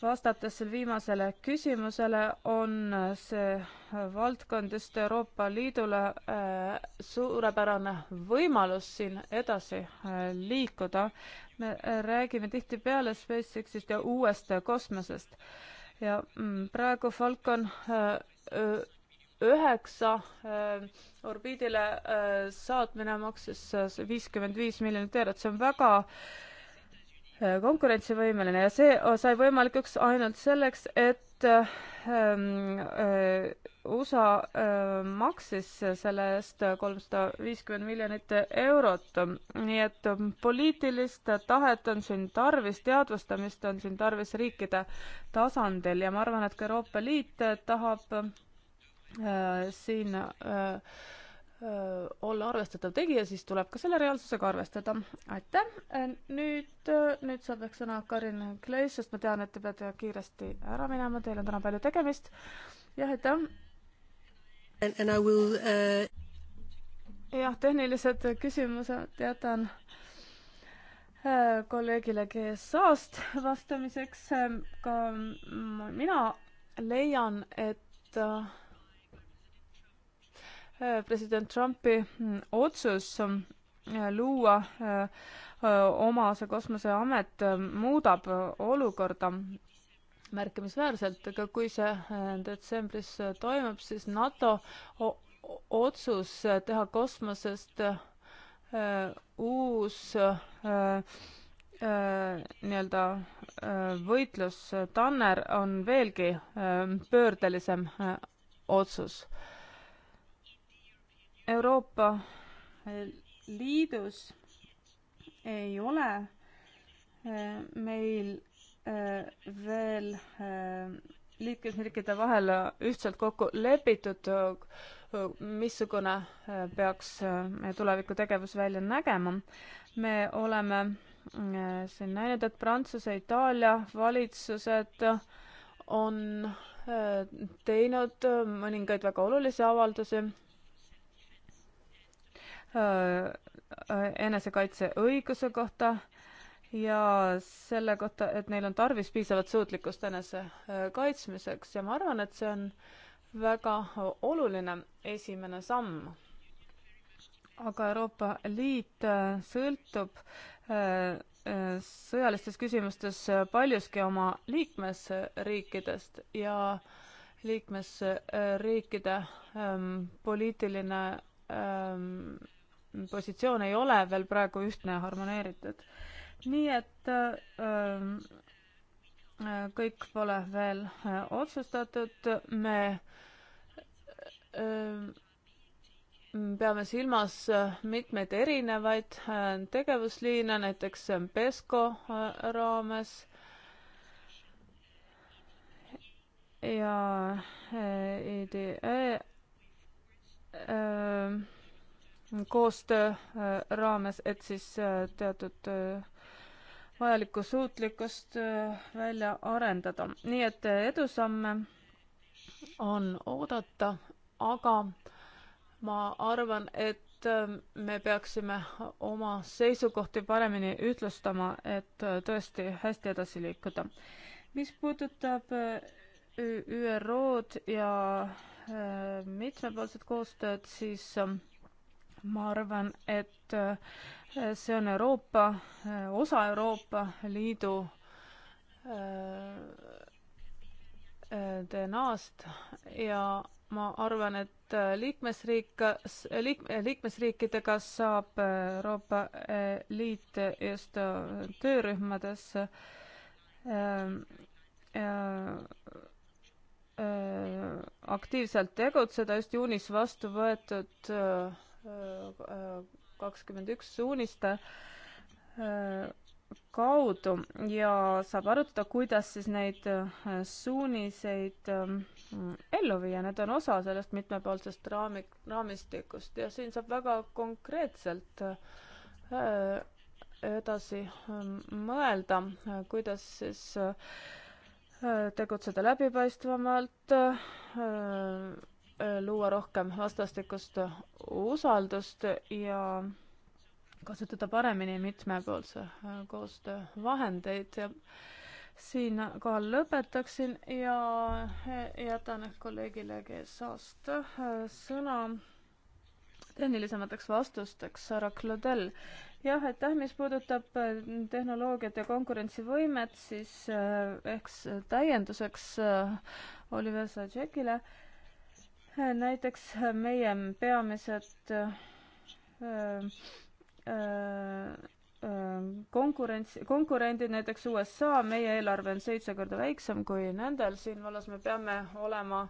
vastates viimasele küsimusele, on see valdkond just Euroopa Liidule suurepärane võimalus siin edasi liikuda me räägime tihtipeale SpaceX-ist ja uuest kosmosest ja mm, praegu Falcon äh, üheksa äh, orbiidile äh, saatmine maksis viiskümmend viis miljonit eurot, see on väga Äh, konkurentsivõimeline ja see sai võimalikuks ainult selleks, et ähm, äh, USA äh, maksis selle eest kolmsada viiskümmend miljonit eurot. nii et poliitilist tahet on siin tarvis, teadvustamist on siin tarvis riikide tasandil ja ma arvan, et ka Euroopa Liit tahab äh, siin äh, Äh, olla arvestatav tegija, siis tuleb ka selle reaalsusega arvestada. aitäh, äh, nüüd, äh, nüüd saab ehk sõna Karin Kleis, sest ma tean, et te peate kiiresti ära minema, teil on täna palju tegemist. jah, aitäh. jah, tehnilised küsimused jätan kolleegile GSA-st vastamiseks. ka mina leian, et Äh, president Trumpi mm, otsus mm, äh, luua äh, oma see kosmoseamet muudab olukorda märkimisväärselt, aga kui see detsembris toimub, siis NATO otsus teha kosmosest uus nii-öelda võitlus Tanner on veelgi pöördelisem otsus Euroopa Liidus ei ole eh, meil eh, veel eh, liikmesriikide vahel ühtselt kokku lepitud, missugune peaks meie tuleviku tegevus välja nägema. me oleme siin näinud, et Prantsuse, Itaalia valitsused on teinud mõningaid väga olulisi avaldusi enesekaitseõiguse kohta ja selle kohta, et neil on tarvis piisavat suutlikkust enese kaitsmiseks ja ma arvan, et see on väga oluline esimene samm. aga Euroopa Liit sõltub sõjalistes küsimustes paljuski oma liikmesriikidest ja liikmesriikide poliitiline positsioon ei ole veel praegu ühtne ja harmoneeritud. nii et ähm, äh, kõik pole veel äh, otsustatud, me ähm, peame silmas äh, mitmeid erinevaid tegevusliine, näiteks PESCO raames ja EDE koostöö äh, raames, et siis äh, teatud äh, vajalikku suutlikkust välja arendada. nii et edusamme on oodata, aga ma arvan, et me peaksime oma seisukohti paremini ühtlustama, et tõesti hästi edasi liikuda. mis puudutab ÜRO-d ja mitmepoolset koostööd, siis ma arvan, et äh, see on Euroopa, äh, osa Euroopa Liidu äh, DNA-st ja ma arvan, et liikmesriik, liik-, liikmesriikidega saab Euroopa Liit just töörühmades ähm, aktiivselt tegutseda just juunis vastu võetud öö, kakskümmend üks suuniste äh, kaudu ja saab arutada, kuidas siis neid äh, suuniseid äh, ellu viia, need on osa sellest mitmepoolsest raami, raamistikust ja siin saab väga konkreetselt edasi mõelda, kuidas siis tegutseda läbipaistvamalt, luua rohkem vastastikust usaldust ja kasutada paremini mitmepoolse äh, koostöö vahendeid ja siinkohal lõpetaksin ja äh, jätan kolleegile GSA-st äh, sõna tehnilisemateks vastusteks, härra Claudel. jah, aitäh, mis puudutab tehnoloogiat ja konkurentsivõimet, siis ehk täienduseks Oliver Sajekile äh, näiteks meie peamised äh, äh, äh, konkurents, konkurendid, näiteks USA, meie eelarve on seitse korda väiksem kui nendel, siin vallas me peame olema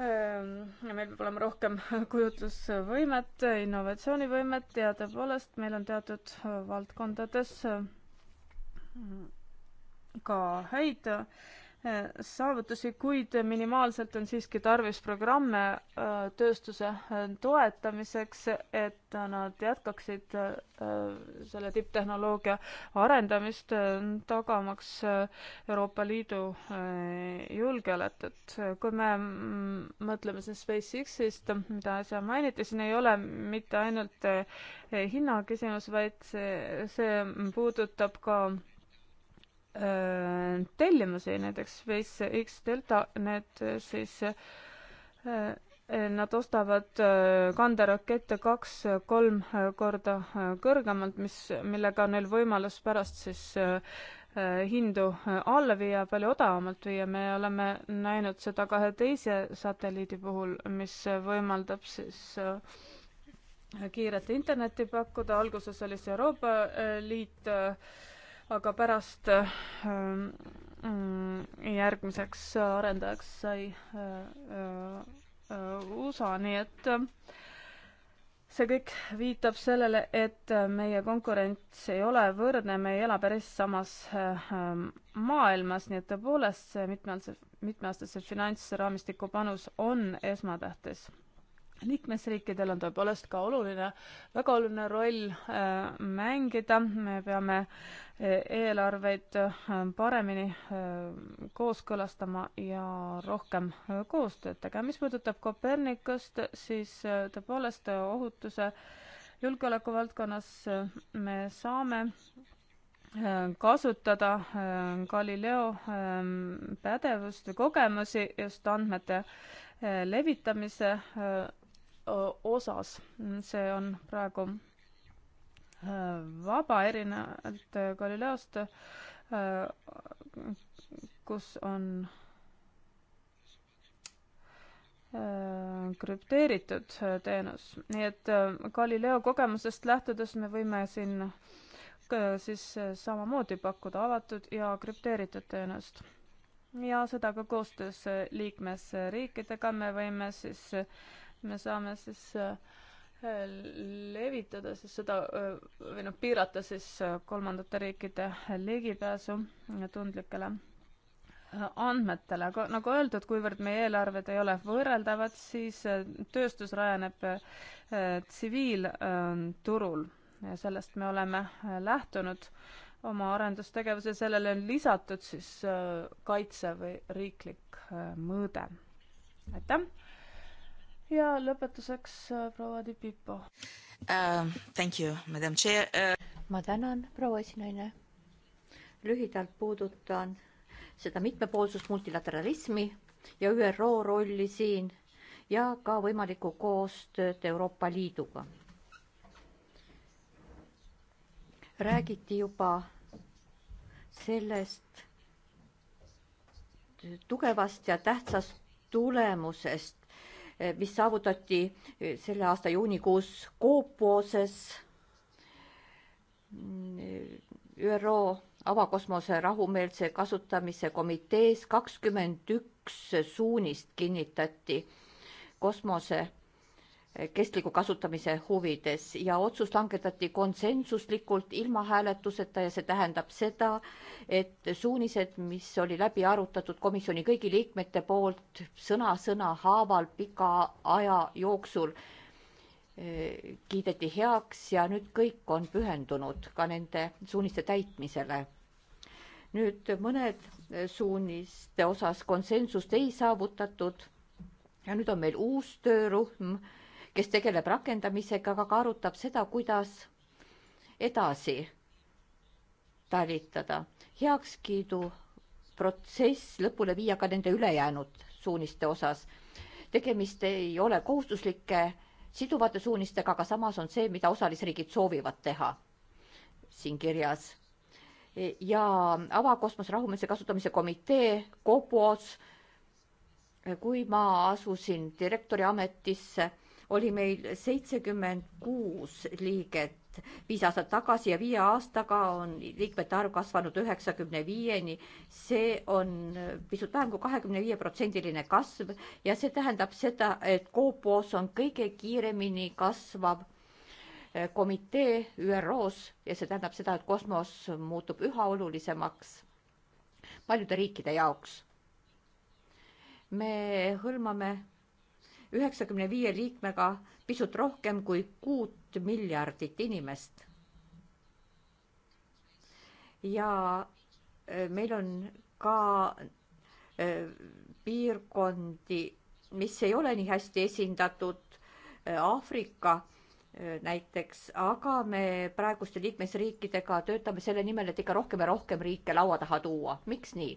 meil peab olema rohkem kujutlusvõimet, innovatsioonivõimet ja tõepoolest, meil on teatud valdkondades ka häid äh, Äh, saavutusi, kuid minimaalselt on siiski tarvis programme äh, tööstuse äh, toetamiseks, et nad jätkaksid selle tipptehnoloogia arendamist, tagamaks Euroopa Liidu julgeolek, et kui me mm, mõtleme siin SpaceX-ist, mida äsja mainiti, siin ei ole mitte ainult hinna küsimus, vaid see, see puudutab ka Äh, tellimusi, näiteks Wise X Delta, need siis äh, Nad ostavad äh, kanderakette kaks-kolm korda kõrgemalt, mis, millega on neil võimalus pärast siis hindu alla viia, palju odavamalt viia. me oleme näinud seda kahe teise satelliidi puhul, mis võimaldab siis kiiret internetti pakkuda. alguses oli see Euroopa Liit aga pärast ähm, mm, järgmiseks arendajaks sai äh, äh, USA, nii et äh, see kõik viitab sellele, et meie konkurents ei ole võrdne, me ei ela päris samas maailmas, nii et tõepoolest see mitmeaastase, mitmeaastase finantsraamistiku panus on esmatähtis liikmesriikidel on tõepoolest ka oluline, väga oluline roll äh, mängida, me peame äh, eelarveid äh, paremini äh, kooskõlastama ja rohkem äh, koostööd tegema. mis puudutab Kopernikust, siis äh, tõepoolest ohutuse julgeoleku valdkonnas me saame kasutada Galileo pädevust või kogemusi just andmete levitamise osas. see on praegu vaba, erinevalt Galileost, kus on krüpteeritud teenus, nii et Galileo kogemusest lähtudes me võime siin siis samamoodi pakkuda avatud ja krüpteeritud teenust. ja seda ka koostöös liikmesriikidega me võime siis me saame siis äh, levitada siis seda äh, või noh, piirata siis äh, kolmandate riikide ligipääsu tundlikele andmetele, aga nagu öeldud, kuivõrd meie eelarved ei ole võrreldavad, siis tööstus rajaneb tsiviilturul ja sellest me oleme lähtunud oma arendustegevuse, sellele on lisatud siis kaitse või riiklik mõõde. aitäh! ja lõpetuseks äh, proua Di Pipo uh,. Thank you, madam chair uh.... ma tänan, proua esinaine. lühidalt puudutan seda mitmepoolsust, multilateralismi ja ÜRO rolli siin ja ka võimalikku koostööd Euroopa Liiduga. räägiti juba sellest tugevast ja tähtsast tulemusest Eh, mis saavutati eh, selle aasta juunikuus Koopioses mm, ÜRO avakosmose rahumeelse kasutamise komitees kakskümmend üks suunist kinnitati kosmose kestliku kasutamise huvides ja otsus langetati konsensuslikult ilma hääletuseta ja see tähendab seda, et suunised, mis oli läbi arutatud komisjoni kõigi liikmete poolt sõna-sõna haaval pika aja jooksul eh,, kiideti heaks ja nüüd kõik on pühendunud ka nende suuniste täitmisele. nüüd mõned eh, suuniste osas konsensust ei saavutatud ja nüüd on meil uus töörühm kes tegeleb rakendamisega, aga ka arutab seda, kuidas edasi talitada. heakskiidu protsess lõpule viia ka nende ülejäänud suuniste osas. tegemist ei ole kohustuslike siduvate suunistega, aga samas on see, mida osalisriigid soovivad teha siin kirjas. ja avakosmose rahumeelse kasutamise komitee, KOPOS, kui ma asusin direktori ametisse oli meil seitsekümmend kuus liiget viis aastat tagasi ja viie aastaga on liikmete arv kasvanud üheksakümne viieni. see on pisut vähem kui kahekümne viie protsendiline kasv ja see tähendab seda, et Koopos on kõige kiiremini kasvav eh, komitee ÜRO-s ja see tähendab seda, et kosmos muutub üha olulisemaks paljude riikide jaoks. me hõlmame üheksakümne viie liikmega pisut rohkem kui kuut miljardit inimest. ja äh, meil on ka äh, piirkondi, mis ei ole nii hästi esindatud, äh, Aafrika näiteks, aga me praeguste liikmesriikidega töötame selle nimel, et ikka rohkem ja rohkem riike laua taha tuua. miks nii?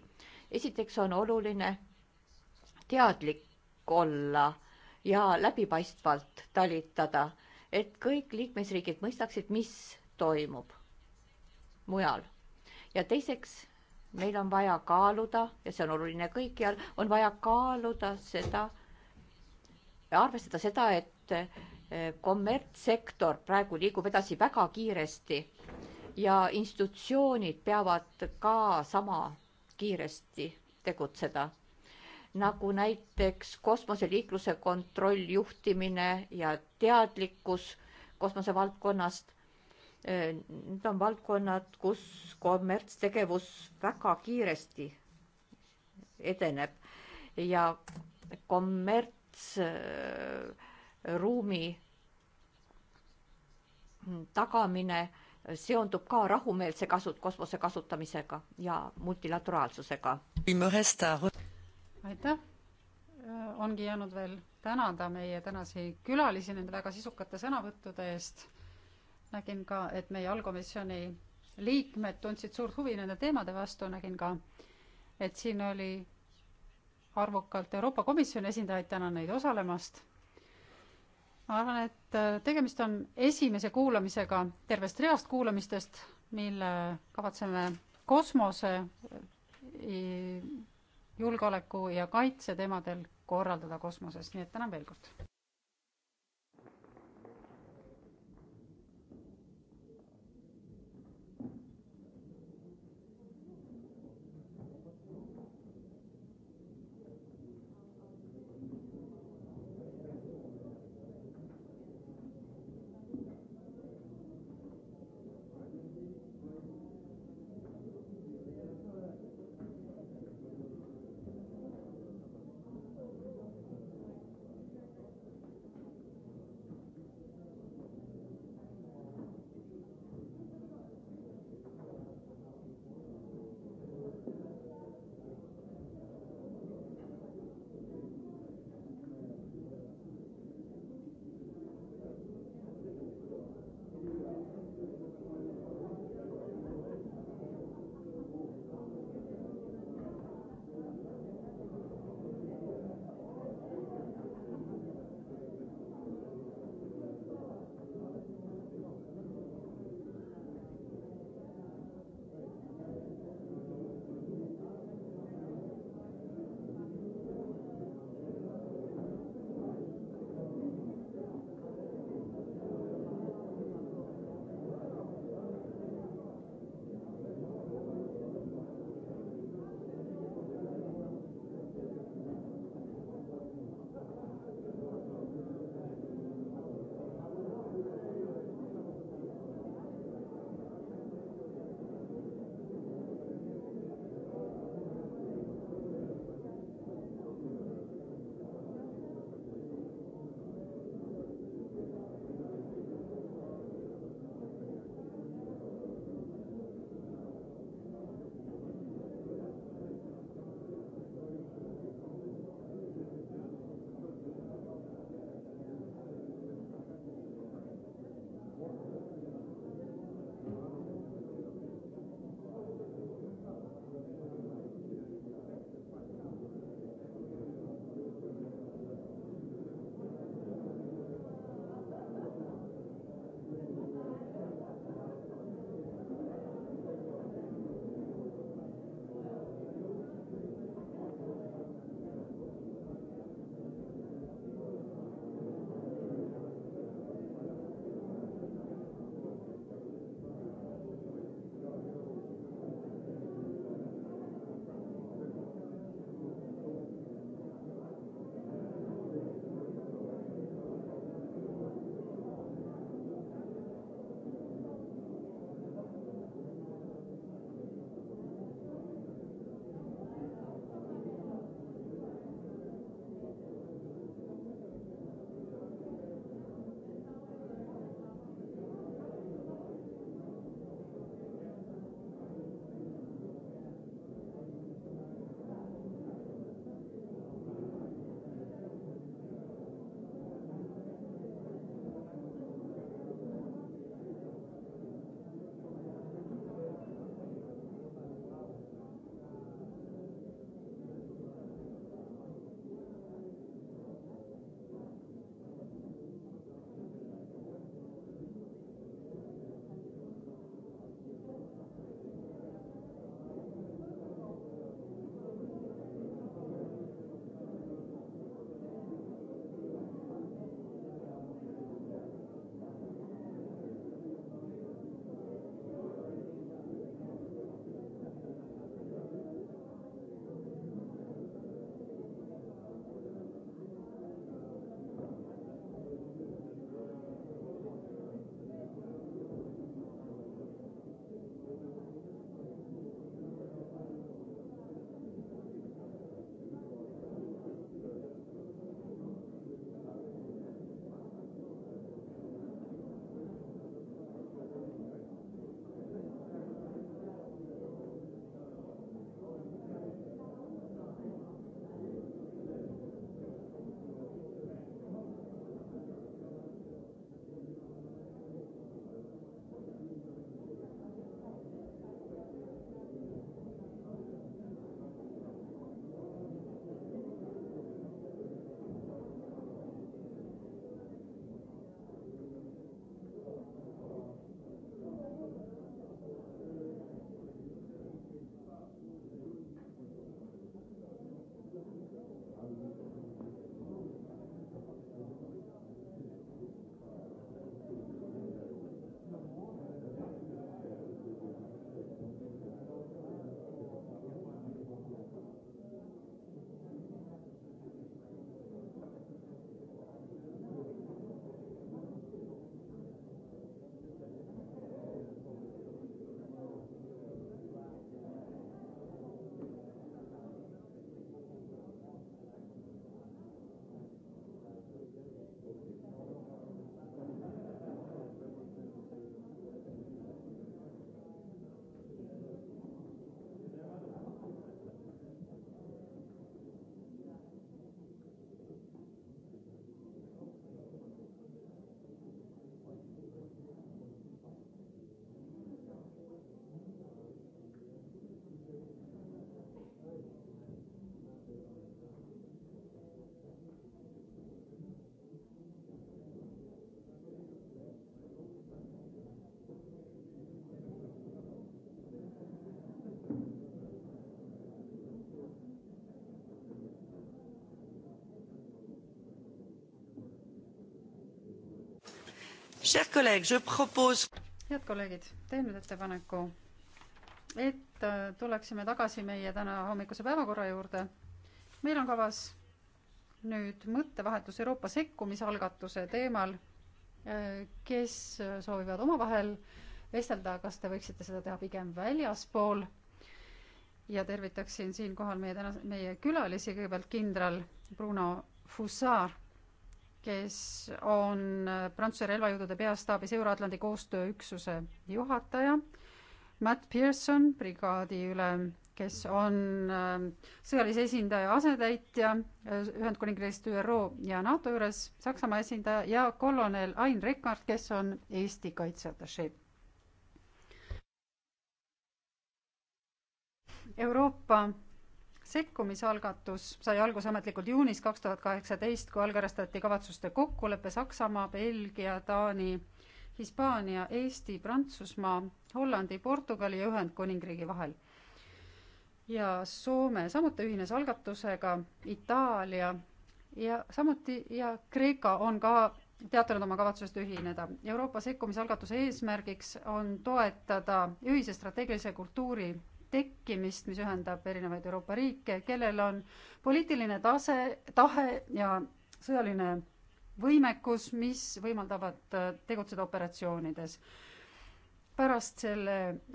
esiteks on oluline teadlik olla ja läbipaistvalt talitada, et kõik liikmesriigid mõistaksid, mis toimub mujal. ja teiseks, meil on vaja kaaluda ja see on oluline kõikjal, on vaja kaaluda seda, arvestada seda, et e, kommertssektor praegu liigub edasi väga kiiresti ja institutsioonid peavad ka sama kiiresti tegutseda nagu näiteks kosmoseliikluse kontroll, juhtimine ja teadlikkus kosmosevaldkonnast. Eh, need on valdkonnad, kus kommertstegevus väga kiiresti edeneb ja kommertsruumi eh, tagamine seondub ka rahumeelse kasut-, kosmose kasutamisega ja multilateraalsusega aitäh, äh, ongi jäänud veel tänada meie tänasi külalisi nende väga sisukate sõnavõttude eest. nägin ka, et meie allkomisjoni liikmed tundsid suurt huvi nende teemade vastu, nägin ka, et siin oli arvukalt Euroopa Komisjoni esindajaid, tänan neid osalemast. ma arvan, et äh, tegemist on esimese kuulamisega tervest reast kuulamistest, mille kavatseme kosmose äh, julgeoleku ja kaitse teemadel korraldada kosmoses, nii et tänan veel kord! head kolleegid, teen nüüd ettepaneku, et äh, tuleksime tagasi meie täna hommikuse päevakorra juurde. meil on kavas nüüd mõttevahetus Euroopa sekkumisalgatuse teemal, äh, kes soovivad omavahel vestelda, kas te võiksite seda teha pigem väljaspool. ja tervitaksin siinkohal meie täna, meie külalisi, kõigepealt kindral Bruno Fussar kes on Prantsuse relvajõudude peastaabis Euro-Atlandi koostööüksuse juhataja, Matt Pearson, brigaadiülem, kes on äh, sõjalise esindaja asetäitja äh, Ühendkuningriigist ÜRO ja NATO juures, Saksamaa esindaja ja kolonel Ain Rekard, kes on Eesti kaitseatašee. Euroopa sekkumisalgatus sai alguse ametlikult juunis kaks tuhat kaheksateist, kui allkirjastati kavatsuste kokkulepe Saksamaa, Belgia, Taani, Hispaania, Eesti, Prantsusmaa, Hollandi, Portugali ja Ühendkuningriigi vahel. ja Soome samuti ühines algatusega, Itaalia ja samuti ja Kreeka on ka teatanud oma kavatsusest ühineda. Euroopa sekkumisalgatuse eesmärgiks on toetada ühise strateegilise kultuuri tekkimist, mis ühendab erinevaid Euroopa riike, kellel on poliitiline tase, tahe ja sõjaline võimekus, mis võimaldavad äh, tegutseda operatsioonides. pärast selle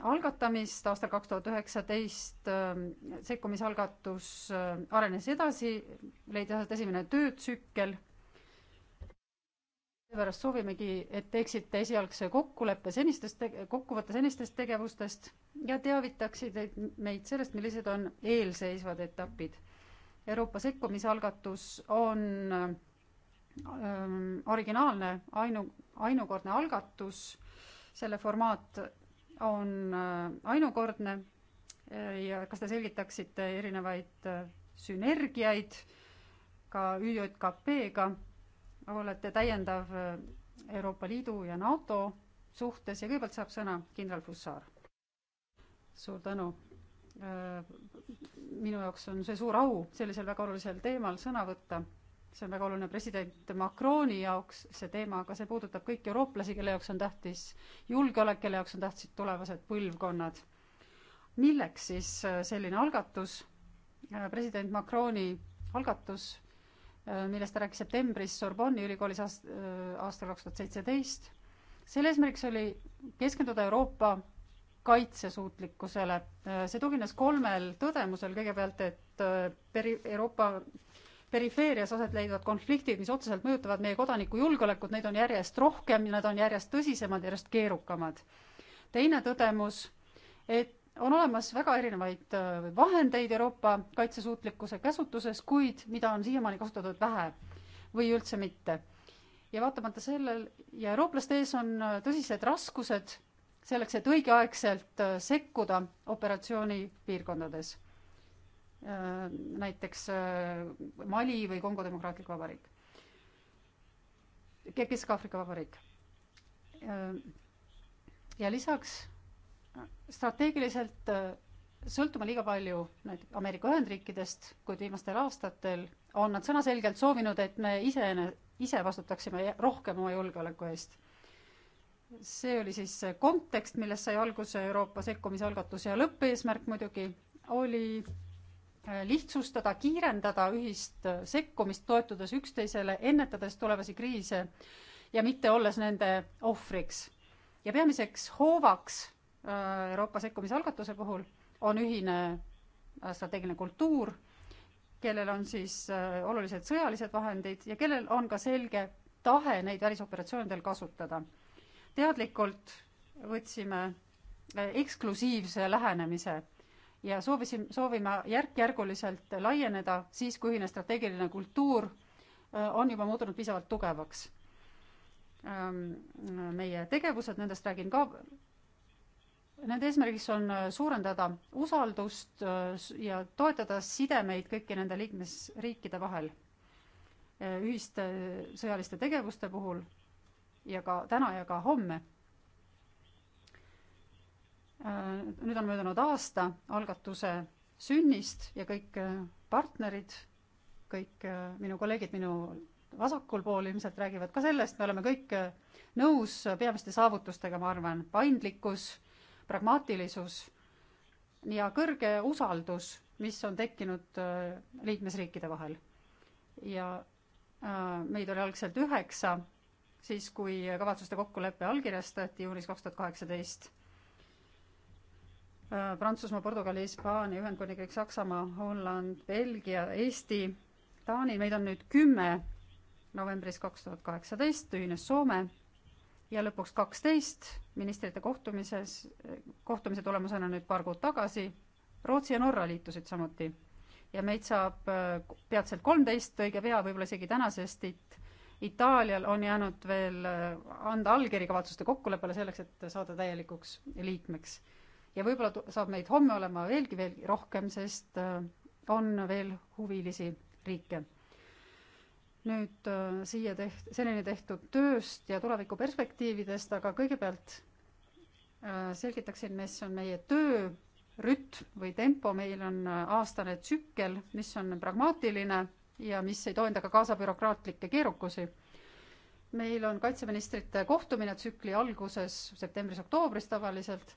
algatamist aastal kaks tuhat üheksateist äh, sekkumisalgatus äh, arenes edasi, leidis aset esimene töötsükkel seepärast soovimegi, et teeksite esialgse kokkuleppe senistest, kokkuvõtte senistest tegevustest ja teavitaksid meid sellest, millised on eelseisvad etapid. Euroopa sekkumisalgatus on ähm, originaalne, ainu, ainukordne algatus, selle formaat on äh, ainukordne ja kas te selgitaksite erinevaid äh, sünergiaid ka ÜJKP-ga olete täiendav äh, Euroopa Liidu ja NATO suhtes ja kõigepealt saab sõna kindral Hussar. suur tänu. Äh, minu jaoks on see suur au sellisel väga olulisel teemal sõna võtta. see on väga oluline president Macroni jaoks, see teema, aga see puudutab kõiki eurooplasi, kelle jaoks on tähtis julgeolek, kelle jaoks on tähtsad tulevased põlvkonnad. milleks siis äh, selline algatus? president Macroni algatus Äh, millest ta rääkis septembris Sorbonni ülikoolis aast-, äh, aastal kaks tuhat seitseteist. selle eesmärgiks oli keskenduda Euroopa kaitsesuutlikkusele. Äh, see tugines kolmel tõdemusel, kõigepealt, et peri-, Euroopa perifeerias aset leidvad konfliktid, mis otseselt mõjutavad meie kodaniku julgeolekut, neid on järjest rohkem ja nad on järjest tõsisemad, järjest keerukamad. teine tõdemus, et on olemas väga erinevaid äh, vahendeid Euroopa kaitsesuutlikkuse käsutuses, kuid mida on siiamaani kasutatud vähe või üldse mitte. ja vaatamata sellel ja eurooplaste ees on äh, tõsised raskused selleks, et õigeaegselt äh, sekkuda operatsioonipiirkondades. näiteks Mali või Kongo Demokraatlik Vabariik. Kesk-Aafrika Vabariik. ja lisaks strateegiliselt äh, sõltume liiga palju näiteks Ameerika Ühendriikidest, kuid viimastel aastatel on nad sõnaselgelt soovinud, et me ise, ise vastutaksime rohkem oma julgeoleku eest. see oli siis see kontekst, millest sai alguse Euroopa sekkumisalgatus ja lõppeesmärk muidugi oli äh, lihtsustada, kiirendada ühist äh, sekkumist, toetudes üksteisele, ennetades tulevasi kriise ja mitte olles nende ohvriks. ja peamiseks hoovaks Äh, Euroopa sekkumisalgatuse puhul on ühine äh, strateegiline kultuur, kellel on siis äh, olulised sõjalised vahendid ja kellel on ka selge tahe neid välisoperatsioonidel kasutada. teadlikult võtsime eksklusiivse lähenemise ja soovisin, soovime järk-järguliselt laieneda siis, kui ühine strateegiline kultuur on juba muutunud piisavalt tugevaks. Ähm, meie tegevused, nendest räägin ka Nende eesmärgiks on äh, suurendada usaldust äh, ja toetada sidemeid kõiki nende liikmesriikide vahel äh, ühiste sõjaliste tegevuste puhul ja ka täna ja ka homme. nüüd on möödunud aasta algatuse sünnist ja kõik partnerid, kõik minu kolleegid minu vasakul pool ilmselt räägivad ka sellest, me oleme kõik nõus peamiste saavutustega, ma arvan, paindlikkus pragmaatilisus ja kõrge usaldus, mis on tekkinud äh, liikmesriikide vahel. ja äh, meid oli algselt üheksa, siis kui kavatsuste kokkulepe allkirjastati juunis kaks tuhat kaheksateist. Äh, Prantsusmaa, Portugal, Hispaania, Ühendkuningriik, Saksamaa, Holland, Belgia, Eesti, Taani, meid on nüüd kümme novembris kaks tuhat kaheksateist, ühines Soome ja lõpuks kaksteist ministrite kohtumises, kohtumise tulemusena nüüd paar kuud tagasi, Rootsi ja Norra liitusid samuti. ja meid saab äh, peatselt kolmteist, õige pea, võib-olla isegi täna, sest it-, Itaalial on jäänud veel äh, anda allkiri kavatsuste kokkuleppele selleks, et saada täielikuks liikmeks. ja võib-olla saab meid homme olema veelgi, veelgi rohkem, sest äh, on veel huvilisi riike nüüd äh, siia teht-, senini tehtud tööst ja tulevikuperspektiividest, aga kõigepealt äh, selgitaksin, mis on meie töörütm või tempo, meil on äh, aastane tsükkel, mis on pragmaatiline ja mis ei too endaga kaasa bürokraatlikke keerukusi. meil on kaitseministrite kohtumine tsükli alguses septembris-oktoobris tavaliselt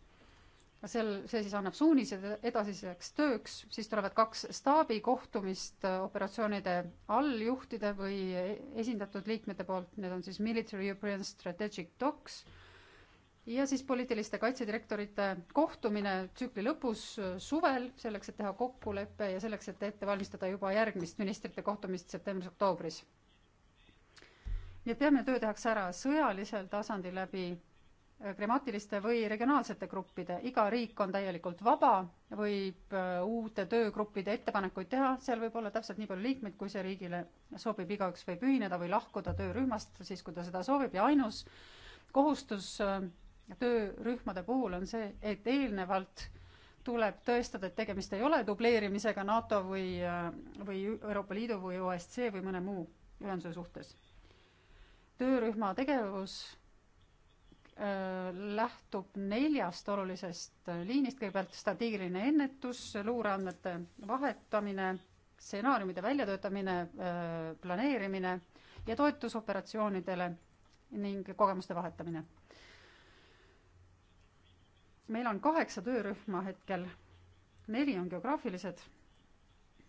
sel, see siis annab suunised edasiseks tööks, siis tulevad kaks staabikohtumist äh, operatsioonide alljuhtide või e-, esindatud liikmete poolt, need on siis Military European Strategic Docs, ja siis poliitiliste kaitsedirektorite kohtumine tsükli lõpus äh, suvel, selleks et teha kokkulepe ja selleks, et ette valmistada juba järgmist ministrite kohtumist septembris-oktoobris. nii et peamine töö tehakse ära sõjalisel tasandil läbi grammatiliste või regionaalsete gruppide, iga riik on täielikult vaba, võib äh, uute töögruppide ettepanekuid teha, seal võib olla täpselt nii palju liikmeid, kui see riigile sobib, igaüks võib ühineda või lahkuda töörühmast siis, kui ta seda soovib ja ainus kohustus äh, töörühmade puhul on see, et eelnevalt tuleb tõestada, et tegemist ei ole dubleerimisega NATO või, äh, või Euroopa Liidu või OSCE või mõne muu ühenduse suhtes. töörühma tegevus lähtub neljast olulisest äh, liinist, kõigepealt strateegiline ennetus, luureandmete vahetamine, stsenaariumide väljatöötamine, planeerimine ja toetus operatsioonidele ning kogemuste vahetamine. meil on kaheksa töörühma hetkel, neli on geograafilised,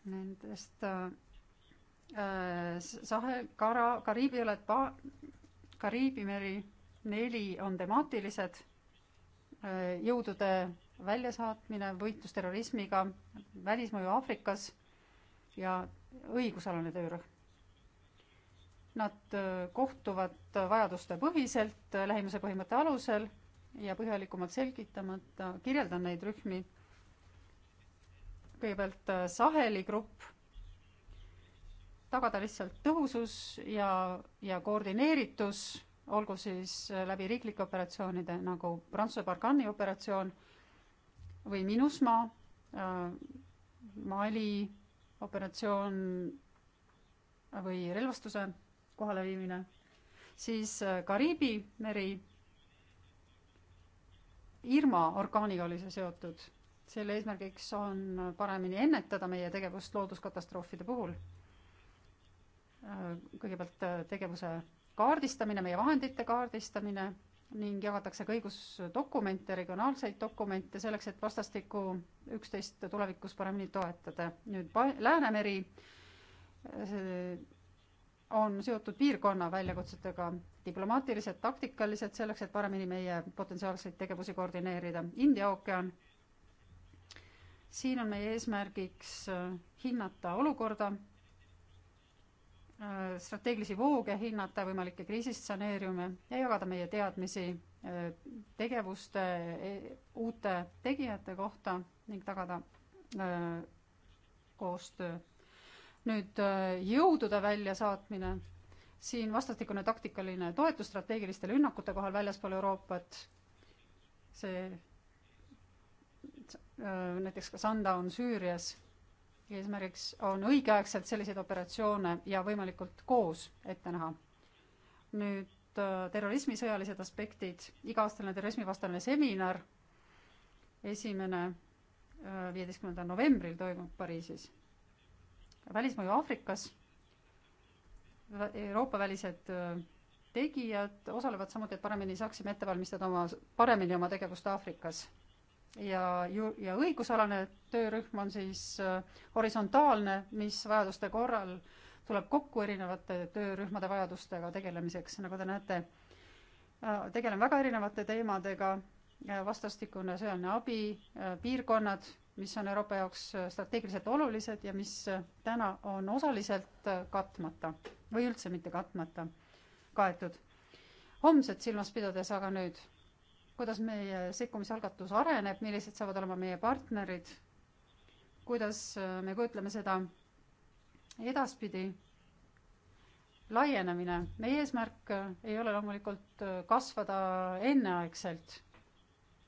nendest äh, äh Sahel, Kara-, Kariibi jõled, Kariibi meri neli on temaatilised, jõudude väljasaatmine, võitlus terrorismiga, välismõju Aafrikas ja õigusalane töörühm. Nad äh, kohtuvad vajadustepõhiselt äh, lähimuse põhimõtte alusel ja põhjalikumalt selgitamata kirjeldan neid rühmi. kõigepealt äh, Saheli grupp, tagada lihtsalt tõhusus ja, ja koordineeritus olgu siis äh, läbi riiklike operatsioonide nagu Prantsuse Barkani operatsioon või Minusma, äh, Mali operatsioon või relvastuse kohaleviimine, siis äh, Kariibi meri, Irma orkaaniga oli see seotud, selle eesmärgiks on paremini ennetada meie tegevust looduskatastroofide puhul. kõigepealt tegevuse kaardistamine, meie vahendite kaardistamine ning jagatakse ka õigusdokumente, regionaalseid dokumente selleks, et vastastikku üksteist tulevikus paremini toetada. nüüd Läänemeri eh, on seotud piirkonna väljakutsetega, diplomaatilised, taktikalised, selleks, et paremini meie potentsiaalseid tegevusi koordineerida. India ookean, siin on meie eesmärgiks eh, hinnata olukorda Äh, strateegilisi vooge hinnata, võimalikke kriisist saneeriume ja jagada meie teadmisi äh, tegevuste e, uute tegijate kohta ning tagada äh, koostöö. nüüd jõudude väljasaatmine, siin vastastikune taktikaline toetus strateegiliste rünnakute kohal väljaspool Euroopat, see näiteks ka Sundown Süürias eesmärgiks on õigeaegselt selliseid operatsioone ja võimalikult koos ette näha. nüüd äh, terrorismi sõjalised aspektid, iga-aastane terrorismivastane seminar, esimene äh, viieteistkümnendal novembril toimub Pariisis. välismõju Aafrikas, Euroopa välised äh, tegijad osalevad samuti, et paremini saaksime ette valmistada oma, paremini oma tegevust Aafrikas ja ju-, ja õigusalane töörühm on siis äh, horisontaalne, mis vajaduste korral tuleb kokku erinevate töörühmade vajadustega tegelemiseks, nagu te näete, äh, tegelen väga erinevate teemadega, äh, vastastikune sõjaline abi, piirkonnad, mis on Euroopa jaoks strateegiliselt olulised ja mis täna on osaliselt katmata või üldse mitte katmata, kaetud. homset silmas pidades aga nüüd kuidas meie sekkumisalgatus areneb, millised saavad olema meie partnerid, kuidas äh, me kujutleme seda edaspidi, laienemine, meie eesmärk äh, ei ole loomulikult äh, kasvada enneaegselt.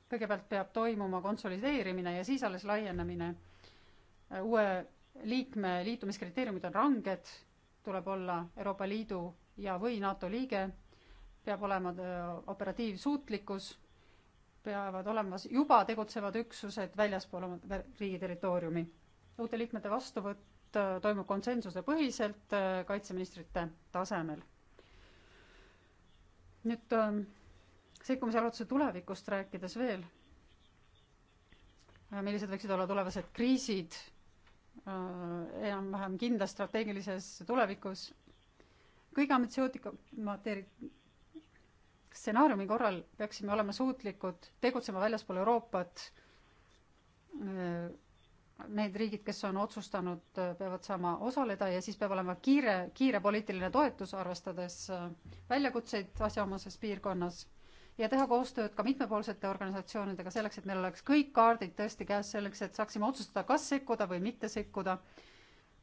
kõigepealt peab toimuma konsolideerimine ja siis alles laienemine. uue liikme liitumiskriteeriumid on ranged, tuleb olla Euroopa Liidu ja, või NATO liige, peab olema operatiivsuutlikkus peavad olema juba tegutsevad üksused väljaspool oma riigi territooriumi. uute liikmete vastuvõtt äh, toimub konsensusepõhiselt äh, kaitseministrite tasemel. nüüd ähm, sekkumise arvutuse tulevikust rääkides veel, äh, millised võiksid olla tulevased kriisid enam-vähem kindlas strateegilises tulevikus, kõige ambitsioonikamad stsenaariumi korral peaksime olema suutlikud tegutsema väljaspool Euroopat. Need riigid, kes on otsustanud, peavad saama osaleda ja siis peab olema kiire, kiire poliitiline toetus, arvestades väljakutseid asjaomases piirkonnas ja teha koostööd ka mitmepoolsete organisatsioonidega selleks, et meil oleks kõik kaardid tõesti käes selleks, et saaksime otsustada, kas sekkuda või mitte sekkuda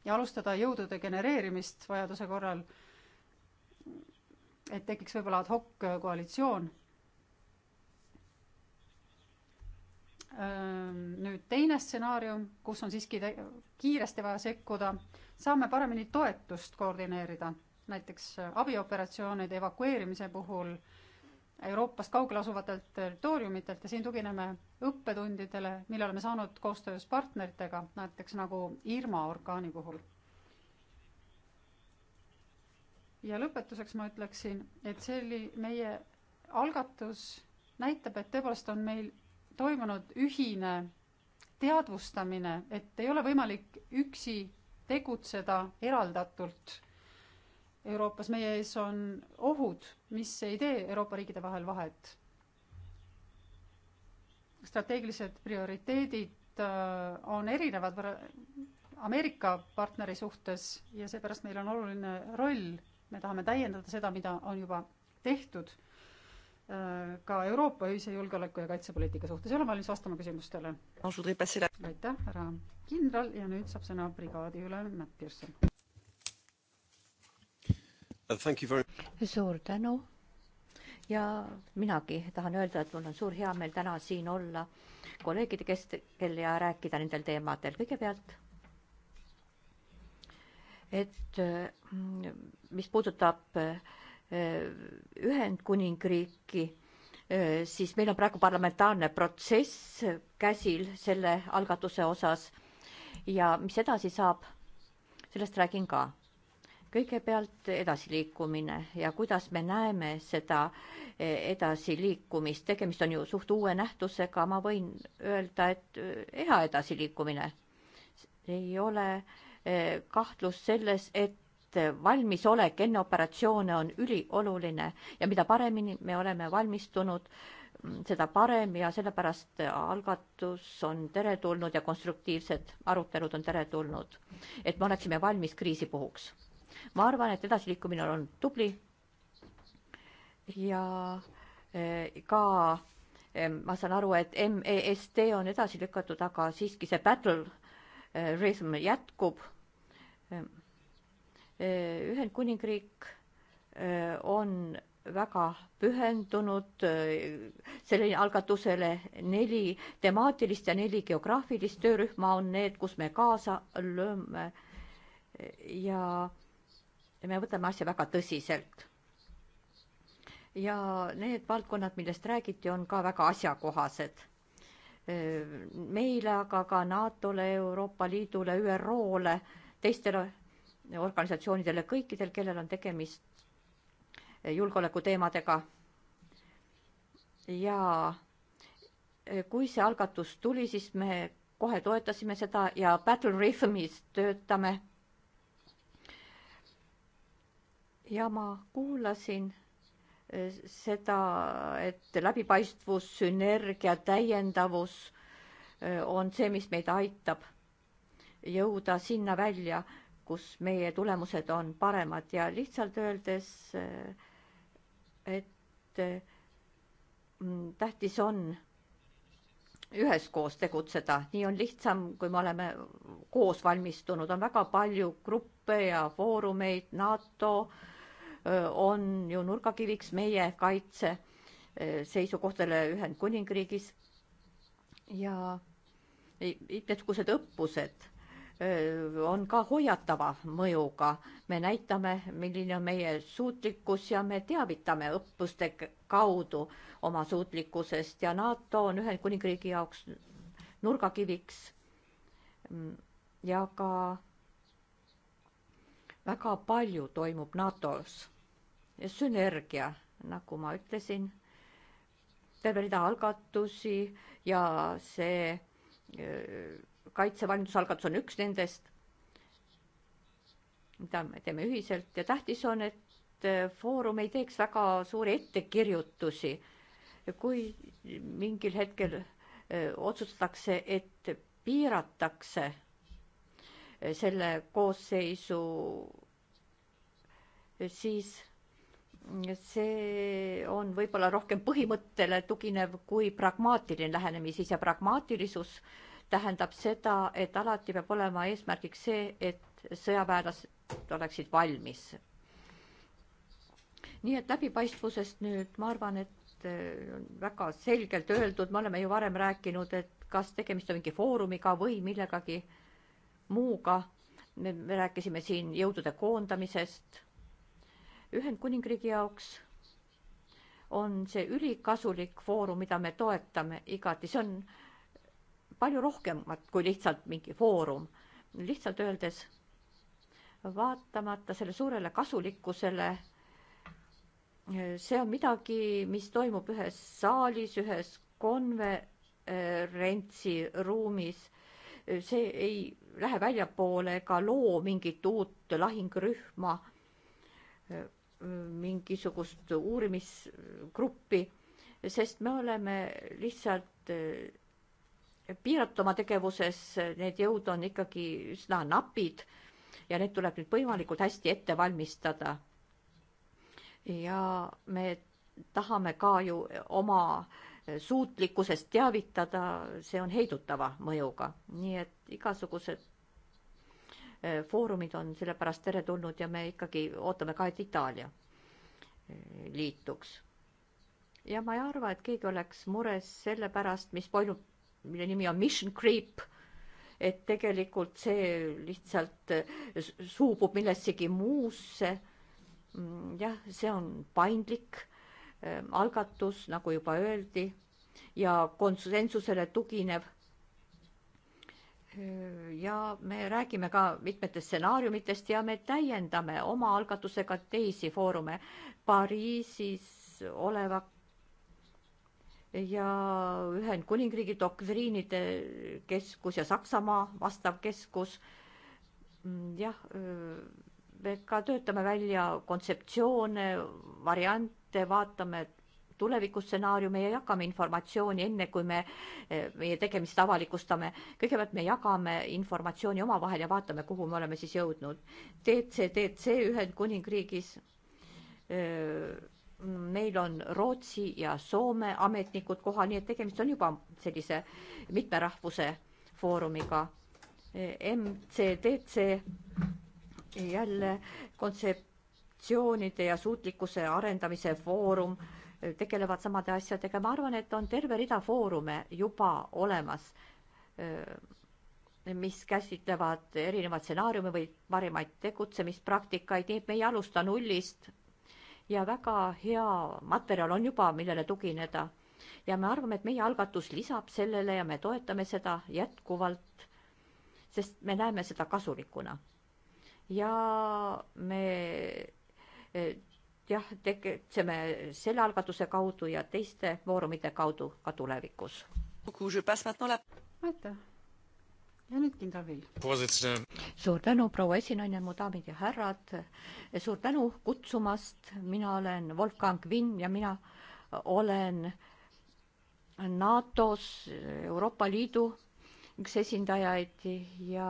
ja alustada jõudude genereerimist vajaduse korral et tekiks võib-olla ad hoc äh, koalitsioon. nüüd teine stsenaarium, kus on siiski kiiresti vaja sekkuda, saame paremini toetust koordineerida, näiteks äh, abioperatsioonide evakueerimise puhul Euroopast kaugel asuvatelt territooriumitelt ja siin tugineme õppetundidele, mille oleme saanud koostöös partneritega, näiteks nagu Irma orkaani puhul ja lõpetuseks ma ütleksin, et see oli meie algatus näitab, et tõepoolest on meil toimunud ühine teadvustamine, et ei ole võimalik üksi tegutseda eraldatult Euroopas. meie ees on ohud, mis ei tee Euroopa riikide vahel vahet. strateegilised prioriteedid äh, on erinevad Ameerika partneri suhtes ja seepärast meil on oluline roll me tahame täiendada seda, mida on juba tehtud äh, ka Euroopa ühise julgeoleku ja kaitsepoliitika suhtes ja olen valmis vastama küsimustele. aitäh, härra kindral ja nüüd saab sõna brigaadiülem Matt Pearson. Uh, suur tänu ja minagi tahan öelda, et mul on suur heameel täna siin olla kolleegide keskel ja rääkida nendel teemadel. kõigepealt et mm, mis puudutab eh, Ühendkuningriiki, eh, siis meil on praegu parlamentaarne protsess käsil selle algatuse osas ja mis edasi saab, sellest räägin ka. kõigepealt edasiliikumine ja kuidas me näeme seda eh, edasiliikumist, tegemist on ju suht uue nähtusega, ma võin öelda, et hea edasiliikumine. ei ole äh, Äh, kahtlus selles, et valmisolek enne operatsioone on ülioluline ja mida paremini me oleme valmistunud, mm, seda parem ja sellepärast algatus on teretulnud ja konstruktiivsed arutelud on teretulnud, et me oleksime valmis kriisi puhuks. ma arvan, et edasiliikumine on tubli ja äh, ka äh, ma saan aru, et MEST on edasi lükatud, aga siiski see battle rhythm jätkub Ehm, eh, Ühendkuningriik eh, on väga pühendunud eh, sellele algatusele. neli temaatilist ja neli geograafilist töörühma on need, kus me kaasa lööme. ja me võtame asja väga tõsiselt. ja need valdkonnad, millest räägiti, on ka väga asjakohased. Ehm, meile, aga ka NATO-le, Euroopa Liidule, ÜRO-le teistele organisatsioonidele, kõikidel, kellel on tegemist julgeolekuteemadega. ja kui see algatus tuli, siis me kohe toetasime seda ja Battle Rhythmis töötame. ja ma kuulasin eh, seda, et läbipaistvus, sünergia, täiendavus eh, on see, mis meid aitab jõuda sinna välja, kus meie tulemused on paremad ja lihtsalt öeldes, eh, et eh, mm, tähtis on üheskoos tegutseda, nii on lihtsam, kui me oleme koos valmistunud, on väga palju gruppe ja foorumeid, NATO eh, on ju nurgakiviks meie kaitse seisukohtadele Ühendkuningriigis ja mitmesugused õppused on ka hoiatava mõjuga. me näitame, milline on meie suutlikkus ja me teavitame õppuste kaudu oma suutlikkusest ja NATO on Ühendkuningriigi jaoks nurgakiviks. Mm, ja ka väga palju toimub NATO-s. sünergia, nagu ma ütlesin, terve rida algatusi ja see öö, kaitsevalmidusalgatus on üks nendest, mida me teeme ühiselt ja tähtis on, et äh, Foorum ei teeks väga suuri ettekirjutusi. kui mingil hetkel äh, otsustatakse, et piiratakse äh, selle koosseisu, siis see on võib-olla rohkem põhimõttele tuginev kui pragmaatiline lähenemisviis ja pragmaatilisus äh, tähendab seda, et alati peab olema eesmärgiks see, et sõjaväelased oleksid valmis. nii et läbipaistvusest nüüd ma arvan, et äh, väga selgelt öeldud, me oleme ju varem rääkinud, et kas tegemist on mingi foorumiga või millegagi muuga. me rääkisime siin jõudude koondamisest. Ühendkuningriigi jaoks on see ülikasulik foorum, mida me toetame igati, see on palju rohkemat kui lihtsalt mingi foorum. lihtsalt öeldes, vaatamata selle suurele kasulikkusele, see on midagi, mis toimub ühes saalis, ühes konverentsiruumis. see ei lähe väljapoole ega loo mingit uut lahingrühma, mingisugust uurimisgruppi, sest me oleme lihtsalt piiratud oma tegevuses, need jõud on ikkagi üsna napid ja need tuleb nüüd võimalikult hästi ette valmistada. ja me tahame ka ju oma suutlikkusest teavitada, see on heidutava mõjuga, nii et igasugused eh, foorumid on sellepärast teretulnud ja me ikkagi ootame ka, et Itaalia eh, liituks. ja ma ei arva, et keegi oleks mures selle pärast, mis toimub mille nimi on mission creep, et tegelikult see lihtsalt eh, suubub millessegi muusse. Mm, jah, see on paindlik eh, algatus, nagu juba öeldi ja konsensusele tuginev. Eh, ja me räägime ka mitmetest stsenaariumitest ja me täiendame oma algatusega teisi foorume. Pariisis oleva ja Ühendkuningriigi doktriinide keskus ja Saksamaa vastav keskus. Mm, jah, me ka töötame välja kontseptsioone, variante, vaatame tulevikustsenaariume ja jagame informatsiooni enne, kui me meie tegemist avalikustame. kõigepealt me jagame informatsiooni omavahel ja vaatame, kuhu me oleme siis jõudnud. DCDC Ühendkuningriigis öö, meil on Rootsi ja Soome ametnikud kohal, nii et tegemist on juba sellise mitme rahvuse foorumiga. MCDC jälle kontseptsioonide ja suutlikkuse arendamise foorum eh, tegelevad samade asjadega, ma arvan, et on terve rida foorume juba olemas, eh, mis käsitlevad erinevaid stsenaariume või parimaid tegutsemispraktikaid, nii et me ei alusta nullist ja väga hea materjal on juba, millele tugineda. ja me arvame, et meie algatus lisab sellele ja me toetame seda jätkuvalt, sest me näeme seda kasulikuna. ja me e, jah, tegutseme selle algatuse kaudu ja teiste foorumite kaudu ka tulevikus. aitäh ja nüüd kindral Vill. suur tänu, proua esinaine, mu daamid ja härrad. suur tänu kutsumast, mina olen Wolfgang Vinn ja mina olen NATO-s Euroopa Liidu üks esindajaid ja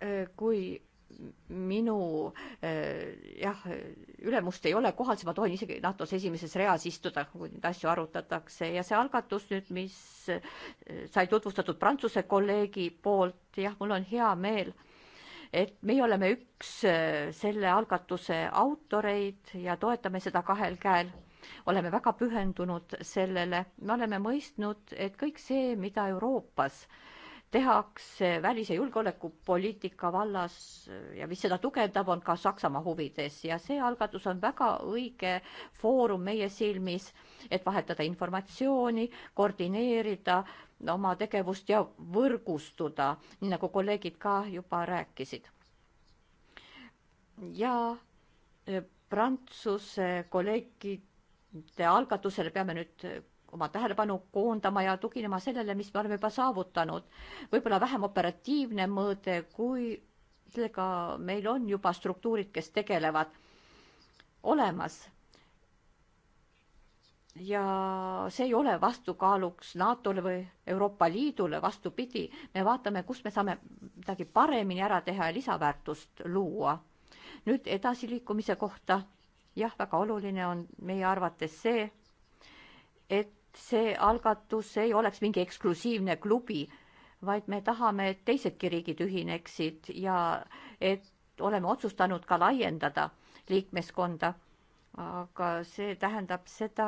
äh, kui minu eh, jah, ülemust ei ole kohal, siis ma tohin isegi NATO-s esimeses reas istuda, kui neid asju arutatakse ja see algatus nüüd, mis eh, sai tutvustatud Prantsuse kolleegi poolt, jah, mul on hea meel, et meie oleme üks eh, selle algatuse autoreid ja toetame seda kahel käel. oleme väga pühendunud sellele, me oleme mõistnud, et kõik see, mida Euroopas äh, tehakse välis- ja julgeolekupoliitika vallas ja mis seda tugevdab, on ka Saksamaa huvides ja see algatus on väga õige foorum meie silmis, et vahetada informatsiooni, koordineerida oma tegevust ja võrgustuda, nii nagu kolleegid ka juba rääkisid. ja eh, Prantsuse kolleegide algatusele peame nüüd oma tähelepanu koondama ja tuginema sellele, mis me oleme juba saavutanud. võib-olla vähem operatiivne mõõde, kui sellega meil on juba struktuurid, kes tegelevad olemas. ja see ei ole vastukaaluks NATO-le või Euroopa Liidule, vastupidi, me vaatame, kus me saame midagi paremini ära teha ja lisaväärtust luua. nüüd edasiliikumise kohta, jah, väga oluline on meie arvates see, et see algatus ei oleks mingi eksklusiivne klubi, vaid me tahame, et teisedki riigid ühineksid ja et oleme otsustanud ka laiendada liikmeskonda. aga see tähendab seda,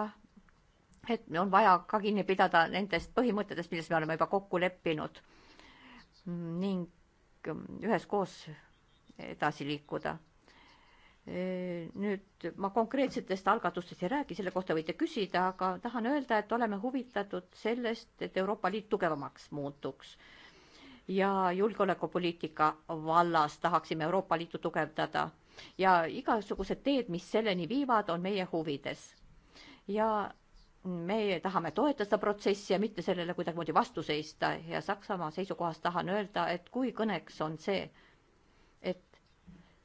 et on vaja ka kinni pidada nendest põhimõtetest, milles me oleme juba kokku leppinud ning üheskoos edasi liikuda nüüd ma konkreetsetest algatustest ei räägi, selle kohta võite küsida, aga tahan öelda, et oleme huvitatud sellest, et Euroopa Liit tugevamaks muutuks. ja julgeolekupoliitika vallas tahaksime Euroopa Liitu tugevdada ja igasugused teed, mis selleni viivad, on meie huvides. ja meie tahame toetada seda protsessi ja mitte sellele kuidagimoodi vastu seista ja Saksamaa seisukohast tahan öelda, et kui kõneks on see,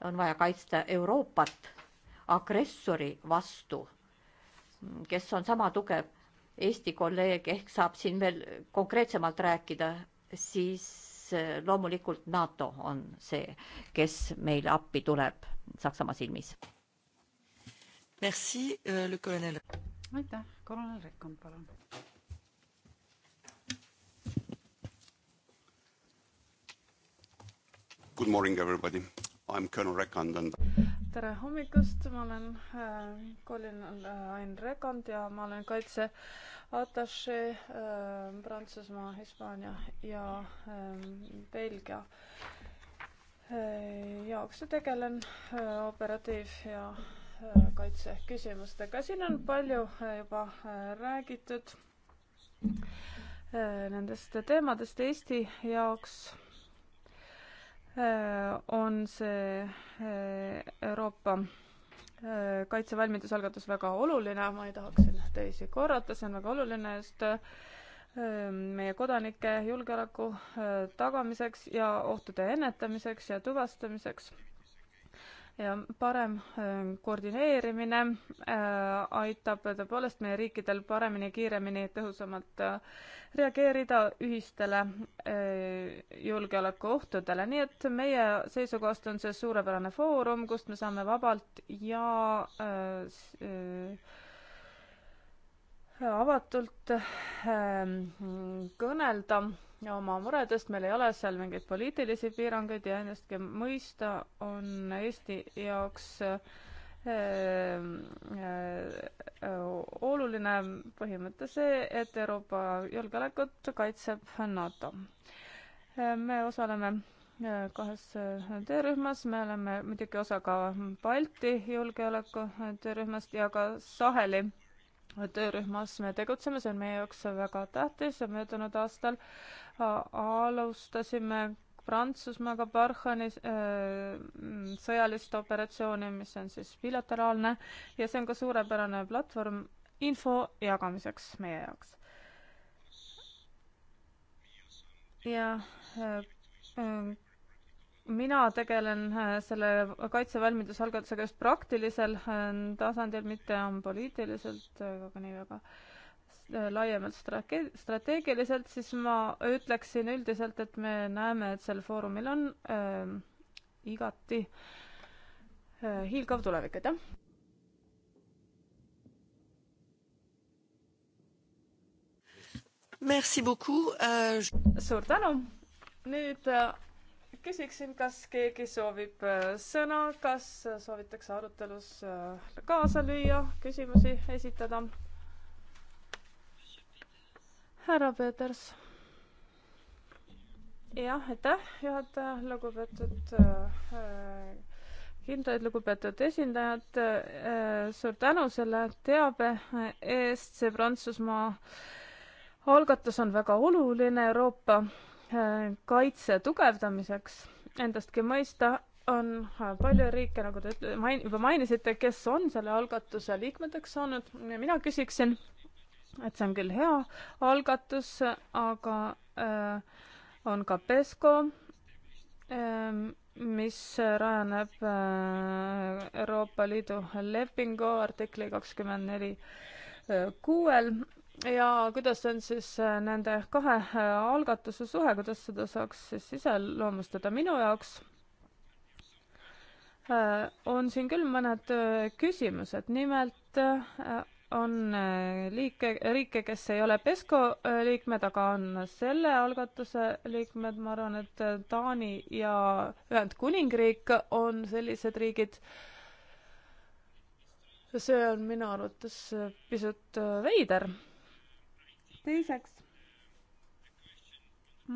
on vaja kaitsta Euroopat agressori vastu, kes on sama tugev Eesti kolleeg, ehk saab siin veel konkreetsemalt rääkida, siis eh, loomulikult NATO on see, kes meile appi tuleb Saksamaa silmis. Merci, euh, le colonel. aitäh, kolonel Rekkon, palun. Good morning, everybody. I am Colonel Rekand and tere hommikust, ma olen äh, Colin äh, Ain Rekand ja ma olen kaitseatašee äh, Prantsusmaa, Hispaania ja äh, Belgia äh, jaoks ja tegelen äh, operatiiv- ja äh, kaitseküsimustega. siin on palju äh, juba äh, räägitud äh, nendest teemadest Eesti jaoks Äh, on see äh, Euroopa äh, kaitsevalmidusalgatus väga oluline, ma ei tahaks siin teisi korrata, see on väga oluline, sest meie kodanike julgeoleku tagamiseks ja ohtude ennetamiseks ja tuvastamiseks ja parem koordineerimine aitab tõepoolest meie riikidel paremini, kiiremini, tõhusamalt reageerida ühistele julgeolekuohtudele, nii et meie seisukohast on see suurepärane foorum, kust me saame vabalt ja avatult ähm, kõnelda oma muredest, meil ei ole seal mingeid poliitilisi piiranguid ja ennastki mõista on Eesti jaoks ähm, äh, oluline põhimõte see, et Euroopa julgeolekut kaitseb NATO. Äh, me osaleme äh, kahes töörühmas, me oleme muidugi osa ka Balti julgeoleku töörühmast ja ka Saheli töörühmas me tegutseme, see on meie jaoks väga tähtis ja möödunud aastal äh, alustasime Prantsusmaaga Barkhani äh, sõjalist operatsiooni, mis on siis bilateraalne ja see on ka suurepärane platvorm info jagamiseks meie jaoks. ja äh, mina tegelen äh, selle kaitsevalmidusalgatusega just praktilisel äh, tasandil, mitte poliitiliselt, äh, aga nii väga laiemalt strate-, strateegiliselt, siis ma ütleksin üldiselt, et me näeme, et sel foorumil on äh, igati äh, hiilgav tulevik, aitäh! Merci beaucoup uh.... suur tänu! nüüd äh, küsiksin, kas keegi soovib äh, sõna, kas äh, soovitakse arutelus äh, kaasa lüüa, küsimusi esitada? härra Peeters. jah, aitäh, juhataja, lugupeetud äh, kindraid, lugupeetud esindajad äh,, suur tänu selle teabe eest, see Prantsusmaa algatus on väga oluline Euroopa äh, kaitse tugevdamiseks endastki mõista, on palju riike, nagu te ütle, main-, juba mainisite, kes on selle algatuse liikmeteks saanud. mina küsiksin, et see on küll hea algatus, aga äh, on ka PESCO äh,, mis rajaneb äh, Euroopa Liidu lepingu artikli kakskümmend neli äh, kuuel ja kuidas on siis äh, nende kahe äh, algatuse suhe, kuidas seda saaks siis iseloomustada minu jaoks? Äh, on siin küll mõned küsimused, nimelt on liike, riike, kes ei ole PESCO liikmed, aga on selle algatuse liikmed, ma arvan, et Taani ja Ühendkuningriik on sellised riigid. see on minu arvates pisut veider teiseks,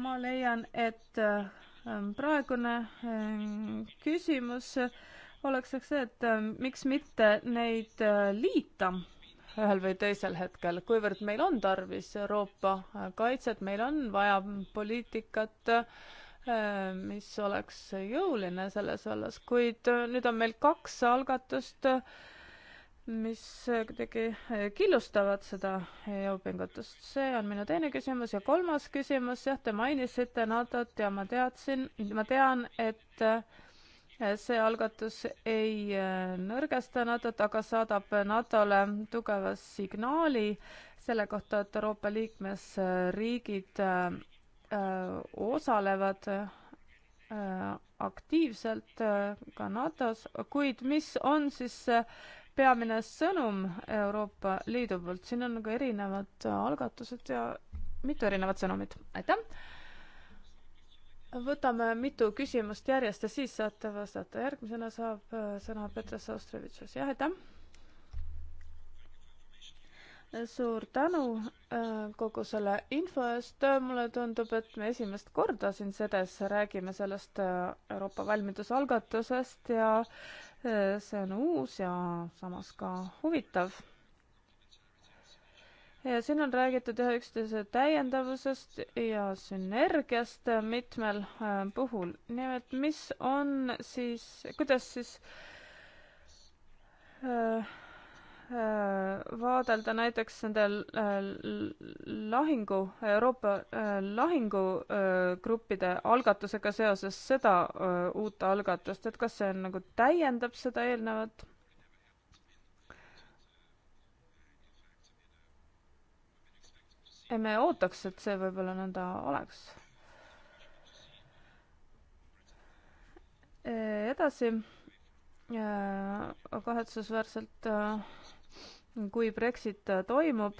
ma leian, et ähm, praegune ähm, küsimus oleks eks see, et ähm, miks mitte neid äh, liita ühel või teisel hetkel, kuivõrd meil on tarvis Euroopa äh, kaitset, meil on vaja poliitikat, äh, mis oleks jõuline selles vallas, kuid nüüd on meil kaks algatust äh, mis äh, kuidagi äh, killustavad seda jõupingutust. see on minu teine küsimus ja kolmas küsimus, jah, te mainisite NATO-t ja ma teadsin, ma tean, et äh, see algatus ei nõrgesta NATO-t, aga saadab NATO-le tugeva signaali selle kohta, et Euroopa liikmesriigid osalevad aktiivselt ka NATO-s, kuid mis on siis peamine sõnum Euroopa Liidu poolt, siin on ka erinevad algatused ja mitu erinevat sõnumit, aitäh! võtame mitu küsimust järjest ja siis saate vastata, järgmisena saab äh, sõna Petras Austrevitšus, jah, aitäh! suur tänu äh, kogu selle info eest. mulle tundub, et me esimest korda siin sedes räägime sellest äh, Euroopa valmidusalgatusest ja Äh, see on uus ja samas ka huvitav. ja äh, siin on räägitud jah üksteise täiendavusest ja sünergiast mitmel äh, puhul. nimelt, mis on siis, kuidas siis äh, Äh, vaadelda näiteks nende äh, lahingu, Euroopa äh, lahingugruppide algatusega seoses seda uut algatust, et kas see on nagu täiendab seda eelnevat? ei, me ootaks, et see võib-olla nõnda oleks. edasi kahetsusväärselt äh, kui Brexit äh, toimub,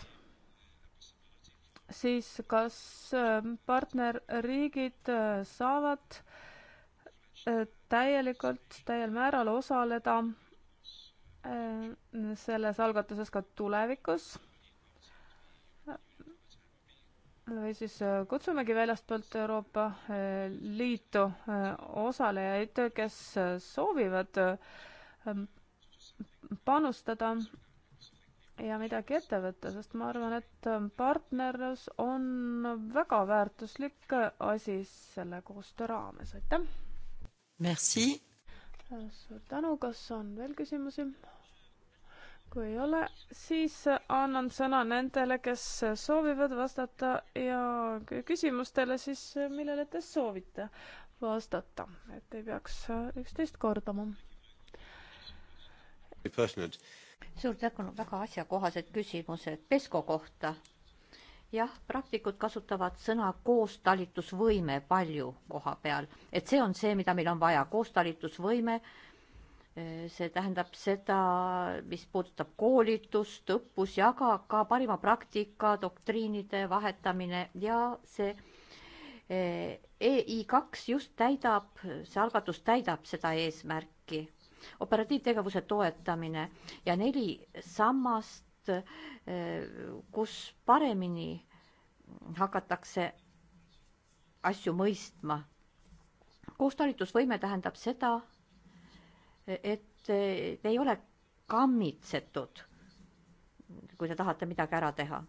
siis kas äh, partnerriigid äh, saavad täielikult, täiel määral osaleda selles algatuses ka tulevikus? või siis kutsumegi väljastpoolt Euroopa Liitu osalejaid, kes soovivad panustada ja midagi ette võtta, sest ma arvan, et ähm, partnerlus on väga väärtuslik asi selle koostöö raames, aitäh! Merci! Äh, suur tänu, kas on veel küsimusi? kui ei ole, siis äh, annan sõna nendele, kes soovivad vastata ja küsimustele siis, äh, millele te soovite vastata, et ei peaks üksteist kordama. personage suur tänu, väga asjakohased küsimused Pesko kohta. jah, praktikud kasutavad sõna koostalitusvõime palju koha peal, et see on see, mida meil on vaja, koostalitusvõime. Eh, see tähendab seda, mis puudutab koolitust, õppus ja ka, ka parima praktika, doktriinide vahetamine ja see EI eh, e kaks just täidab, see algatus täidab seda eesmärki operatiivtegevuse toetamine ja neli sammast, kus paremini hakatakse asju mõistma. koostalitusvõime tähendab seda, et te ei ole kammitsetud, kui te tahate midagi ära teha.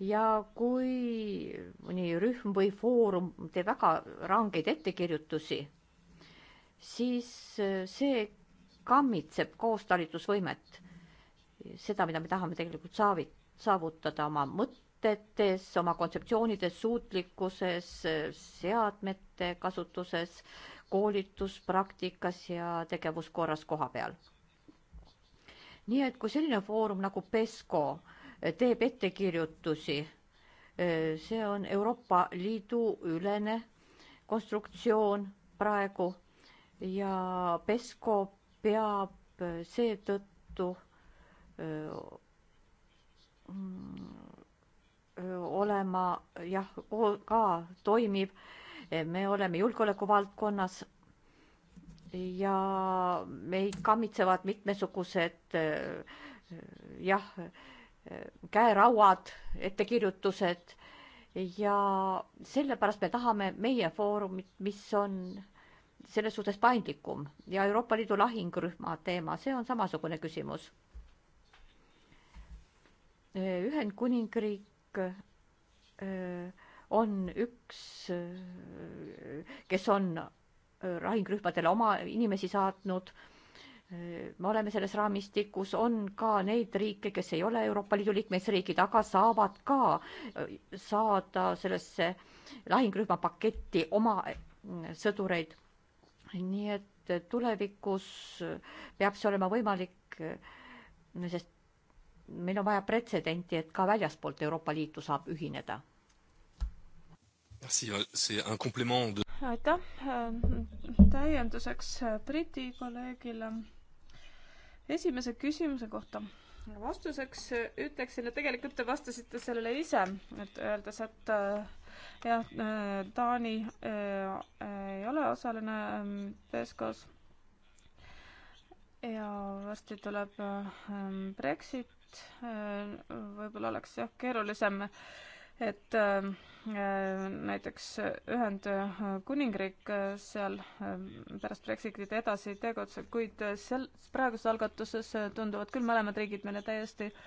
ja kui mõni rühm või foorum teeb väga rangeid ettekirjutusi siis äh, see kammitseb koostalitusvõimet, seda, mida me tahame tegelikult saavit-, saavutada oma mõtetes, oma kontseptsioonides, suutlikkuses, seadmete kasutuses, koolituspraktikas ja tegevuskorras koha peal. nii et kui selline foorum nagu PESCO äh, teeb ettekirjutusi, äh, see on Euroopa Liidu ülene konstruktsioon praegu ja Pesco peab seetõttu mm, olema jah, ka toimiv. me oleme julgeoleku valdkonnas ja meid kammitsevad mitmesugused jah, käerauad, ettekirjutused ja sellepärast me tahame meie foorumit, mis on selles suhtes paindlikum ja Euroopa Liidu lahingrühma teema, see on samasugune küsimus. Ühendkuningriik äh, on üks, äh, kes on äh, lahingrühmadele oma inimesi saatnud. me oleme selles raamistikus, on ka neid riike, kes ei ole Euroopa Liidu liikmesriigid, aga saavad ka saada sellesse lahingrühma paketti oma sõdureid nii et äh, tulevikus äh, peab see olema võimalik, äh, sest meil on vaja pretsedenti, et ka väljaspoolt Euroopa Liitu saab ühineda. aitäh, ähm, täienduseks Briti kolleegile esimese küsimuse kohta. vastuseks ütleksin, et tegelikult te vastasite sellele ise, et öeldes, et jah, äh, Taani äh, äh, ei ole osaline ähm, PESCO-s ja varsti tuleb ähm, Brexit, võib-olla oleks jah keerulisem, et ähm, näiteks Ühendkuningriik seal pärast Brexitit edasi tegutseb, kuid seal praeguses algatuses tunduvad küll mõlemad riigid meile täiesti äh,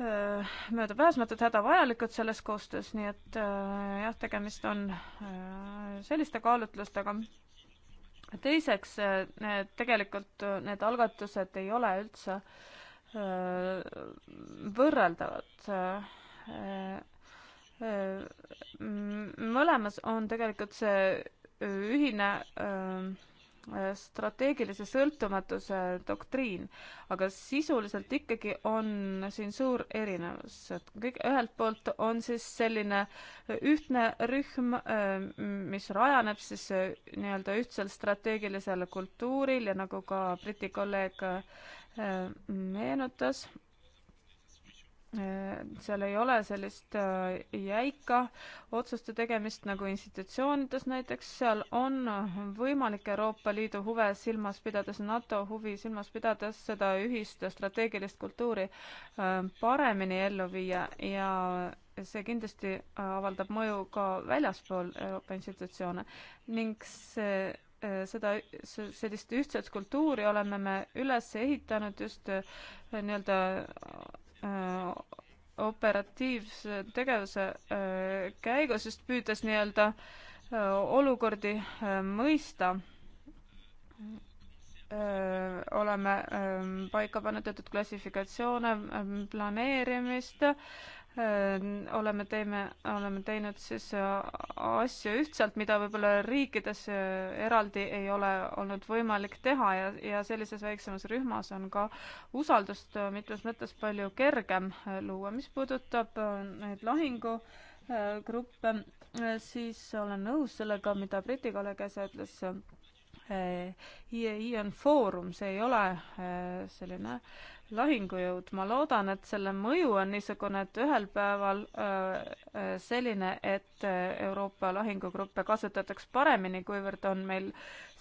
Äh, möödapääsmatud, hädavajalikud selles koostöös, nii et äh, jah, tegemist on äh, selliste kaalutlustega. teiseks, tegelikult need algatused ei ole üldse võrreldavad. mõlemas on tegelikult see ühine öö, Äh, strateegilise sõltumatuse doktriin, aga sisuliselt ikkagi on siin suur erinevus, et kõik, ühelt poolt on siis selline ühtne rühm, äh, mis rajaneb siis äh, nii-öelda ühtsel strateegilisel kultuuril ja nagu ka Briti kolleeg meenutas, Äh, seal ei ole sellist äh, jäika otsuste tegemist nagu institutsioonides näiteks, seal on võimalik Euroopa Liidu huve silmas pidades, NATO huvi silmas pidades seda ühist strateegilist kultuuri äh, paremini ellu viia ja see kindlasti avaldab mõju ka väljaspool Euroopa institutsioone ning see seda, sellist ühtset kultuuri oleme me üles ehitanud just nii-öelda Äh, operatiivse tegevuse äh, käigus, just püüdes nii-öelda äh, olukordi mõista, oleme paika pannud teatud klassifikatsioone, planeerimist, Äh, oleme, teeme, oleme teinud siis äh, asju ühtselt, mida võib-olla riikides äh, eraldi ei ole olnud võimalik teha ja, ja sellises väiksemas rühmas on ka usaldust mitmes mõttes palju kergem luua. mis puudutab neid lahingugruppe, siis olen nõus sellega, mida Briti kolleeg äsja ütles. IEI e on foorum, see ei ole selline äh, lahingujõud. ma loodan, et selle mõju on niisugune, et ühel päeval äh, äh selline, et äh, Euroopa lahingugruppe kasutatakse paremini, kuivõrd on meil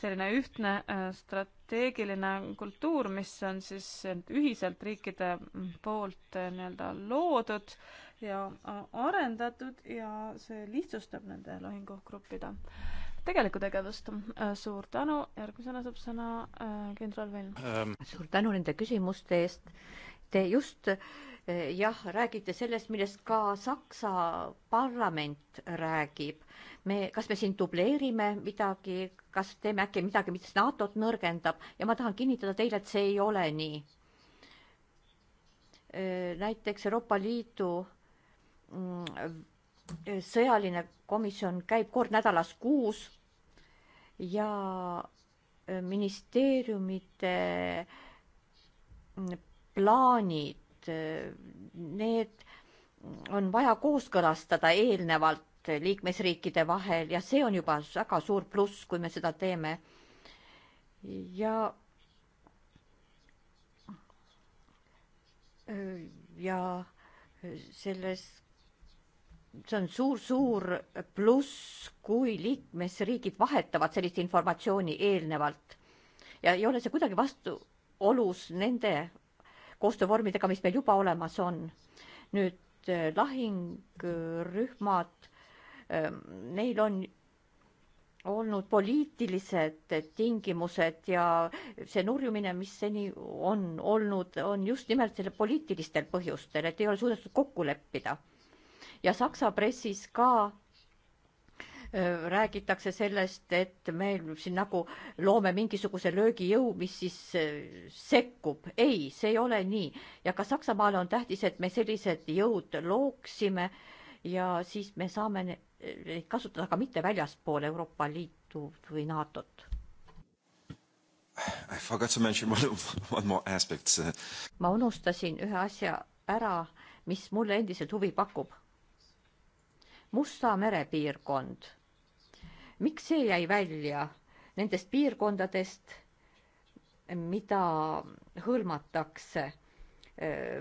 selline ühtne äh, strateegiline kultuur, mis on siis ühiselt riikide poolt äh, nii-öelda loodud ja äh, arendatud ja see lihtsustab nende lahingugruppide äh, tegelikku tegevust. Äh, suur tänu, järgmisena saab sõna äh, kindral Velm ähm.. suur tänu nende küsimuste eest. Te just äh, jah, räägite sellest, millest ka Saksa parlament räägib. me, kas me siin dubleerime midagi, kas teeme äkki midagi, mis NATO-t nõrgendab ja ma tahan kinnitada teile, et see ei ole nii. näiteks Euroopa Liidu mm, sõjaline komisjon käib kord nädalas kuus ja äh, ministeeriumite mm, plaanid, äh, need on vaja kooskõlastada eelnevalt liikmesriikide vahel ja see on juba väga suur pluss, kui me seda teeme. ja äh, ja selles see on suur-suur pluss, kui liikmesriigid vahetavad sellist informatsiooni eelnevalt ja ei ole see kuidagi vastuolus nende koostöövormidega, mis meil juba olemas on. nüüd äh, lahingrühmad, ähm, neil on olnud poliitilised tingimused ja see nurjumine, mis seni on olnud, on just nimelt selle poliitilistel põhjustel, et ei ole suudetud kokku leppida ja Saksa pressis ka äh, räägitakse sellest, et me siin nagu loome mingisuguse löögijõu, mis siis äh, sekkub. ei, see ei ole nii ja ka Saksamaale on tähtis, et me sellised jõud looksime ja siis me saame neid kasutada ka mitte väljaspool Euroopa Liitu või NATO-t. ma unustasin ühe asja ära, mis mulle endiselt huvi pakub Musta mere piirkond. miks see jäi välja nendest piirkondadest, mida hõlmatakse?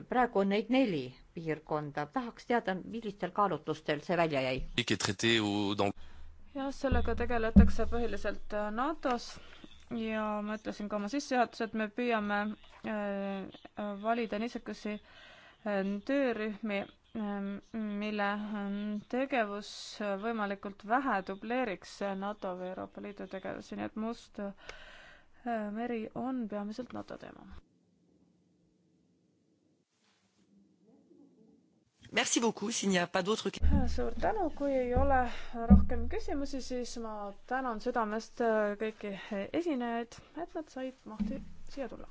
praegu on neid neli piirkonda, tahaks teada, millistel kaalutlustel see välja jäi? jah, sellega tegeletakse põhiliselt äh, NATO-s ja ma ütlesin ka oma sissejuhatuses, et me püüame äh, valida niisugusi äh, töörühmi, Ehm, mille ehm, tegevus äh, võimalikult vähe dubleeriks äh, NATO või Euroopa Liidu tegevusi, nii et Must äh, meri on peamiselt NATO teema. Merci beaucoup, s'il n'y a pas d'autres suur tänu, kui ei ole rohkem küsimusi, siis ma tänan südamest kõiki esinejaid, et nad said mahti siia tulla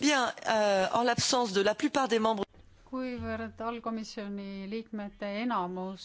Bien, euh, en l'absence de la plupart des membres kuivõrd allkomisjoni liikmete enamus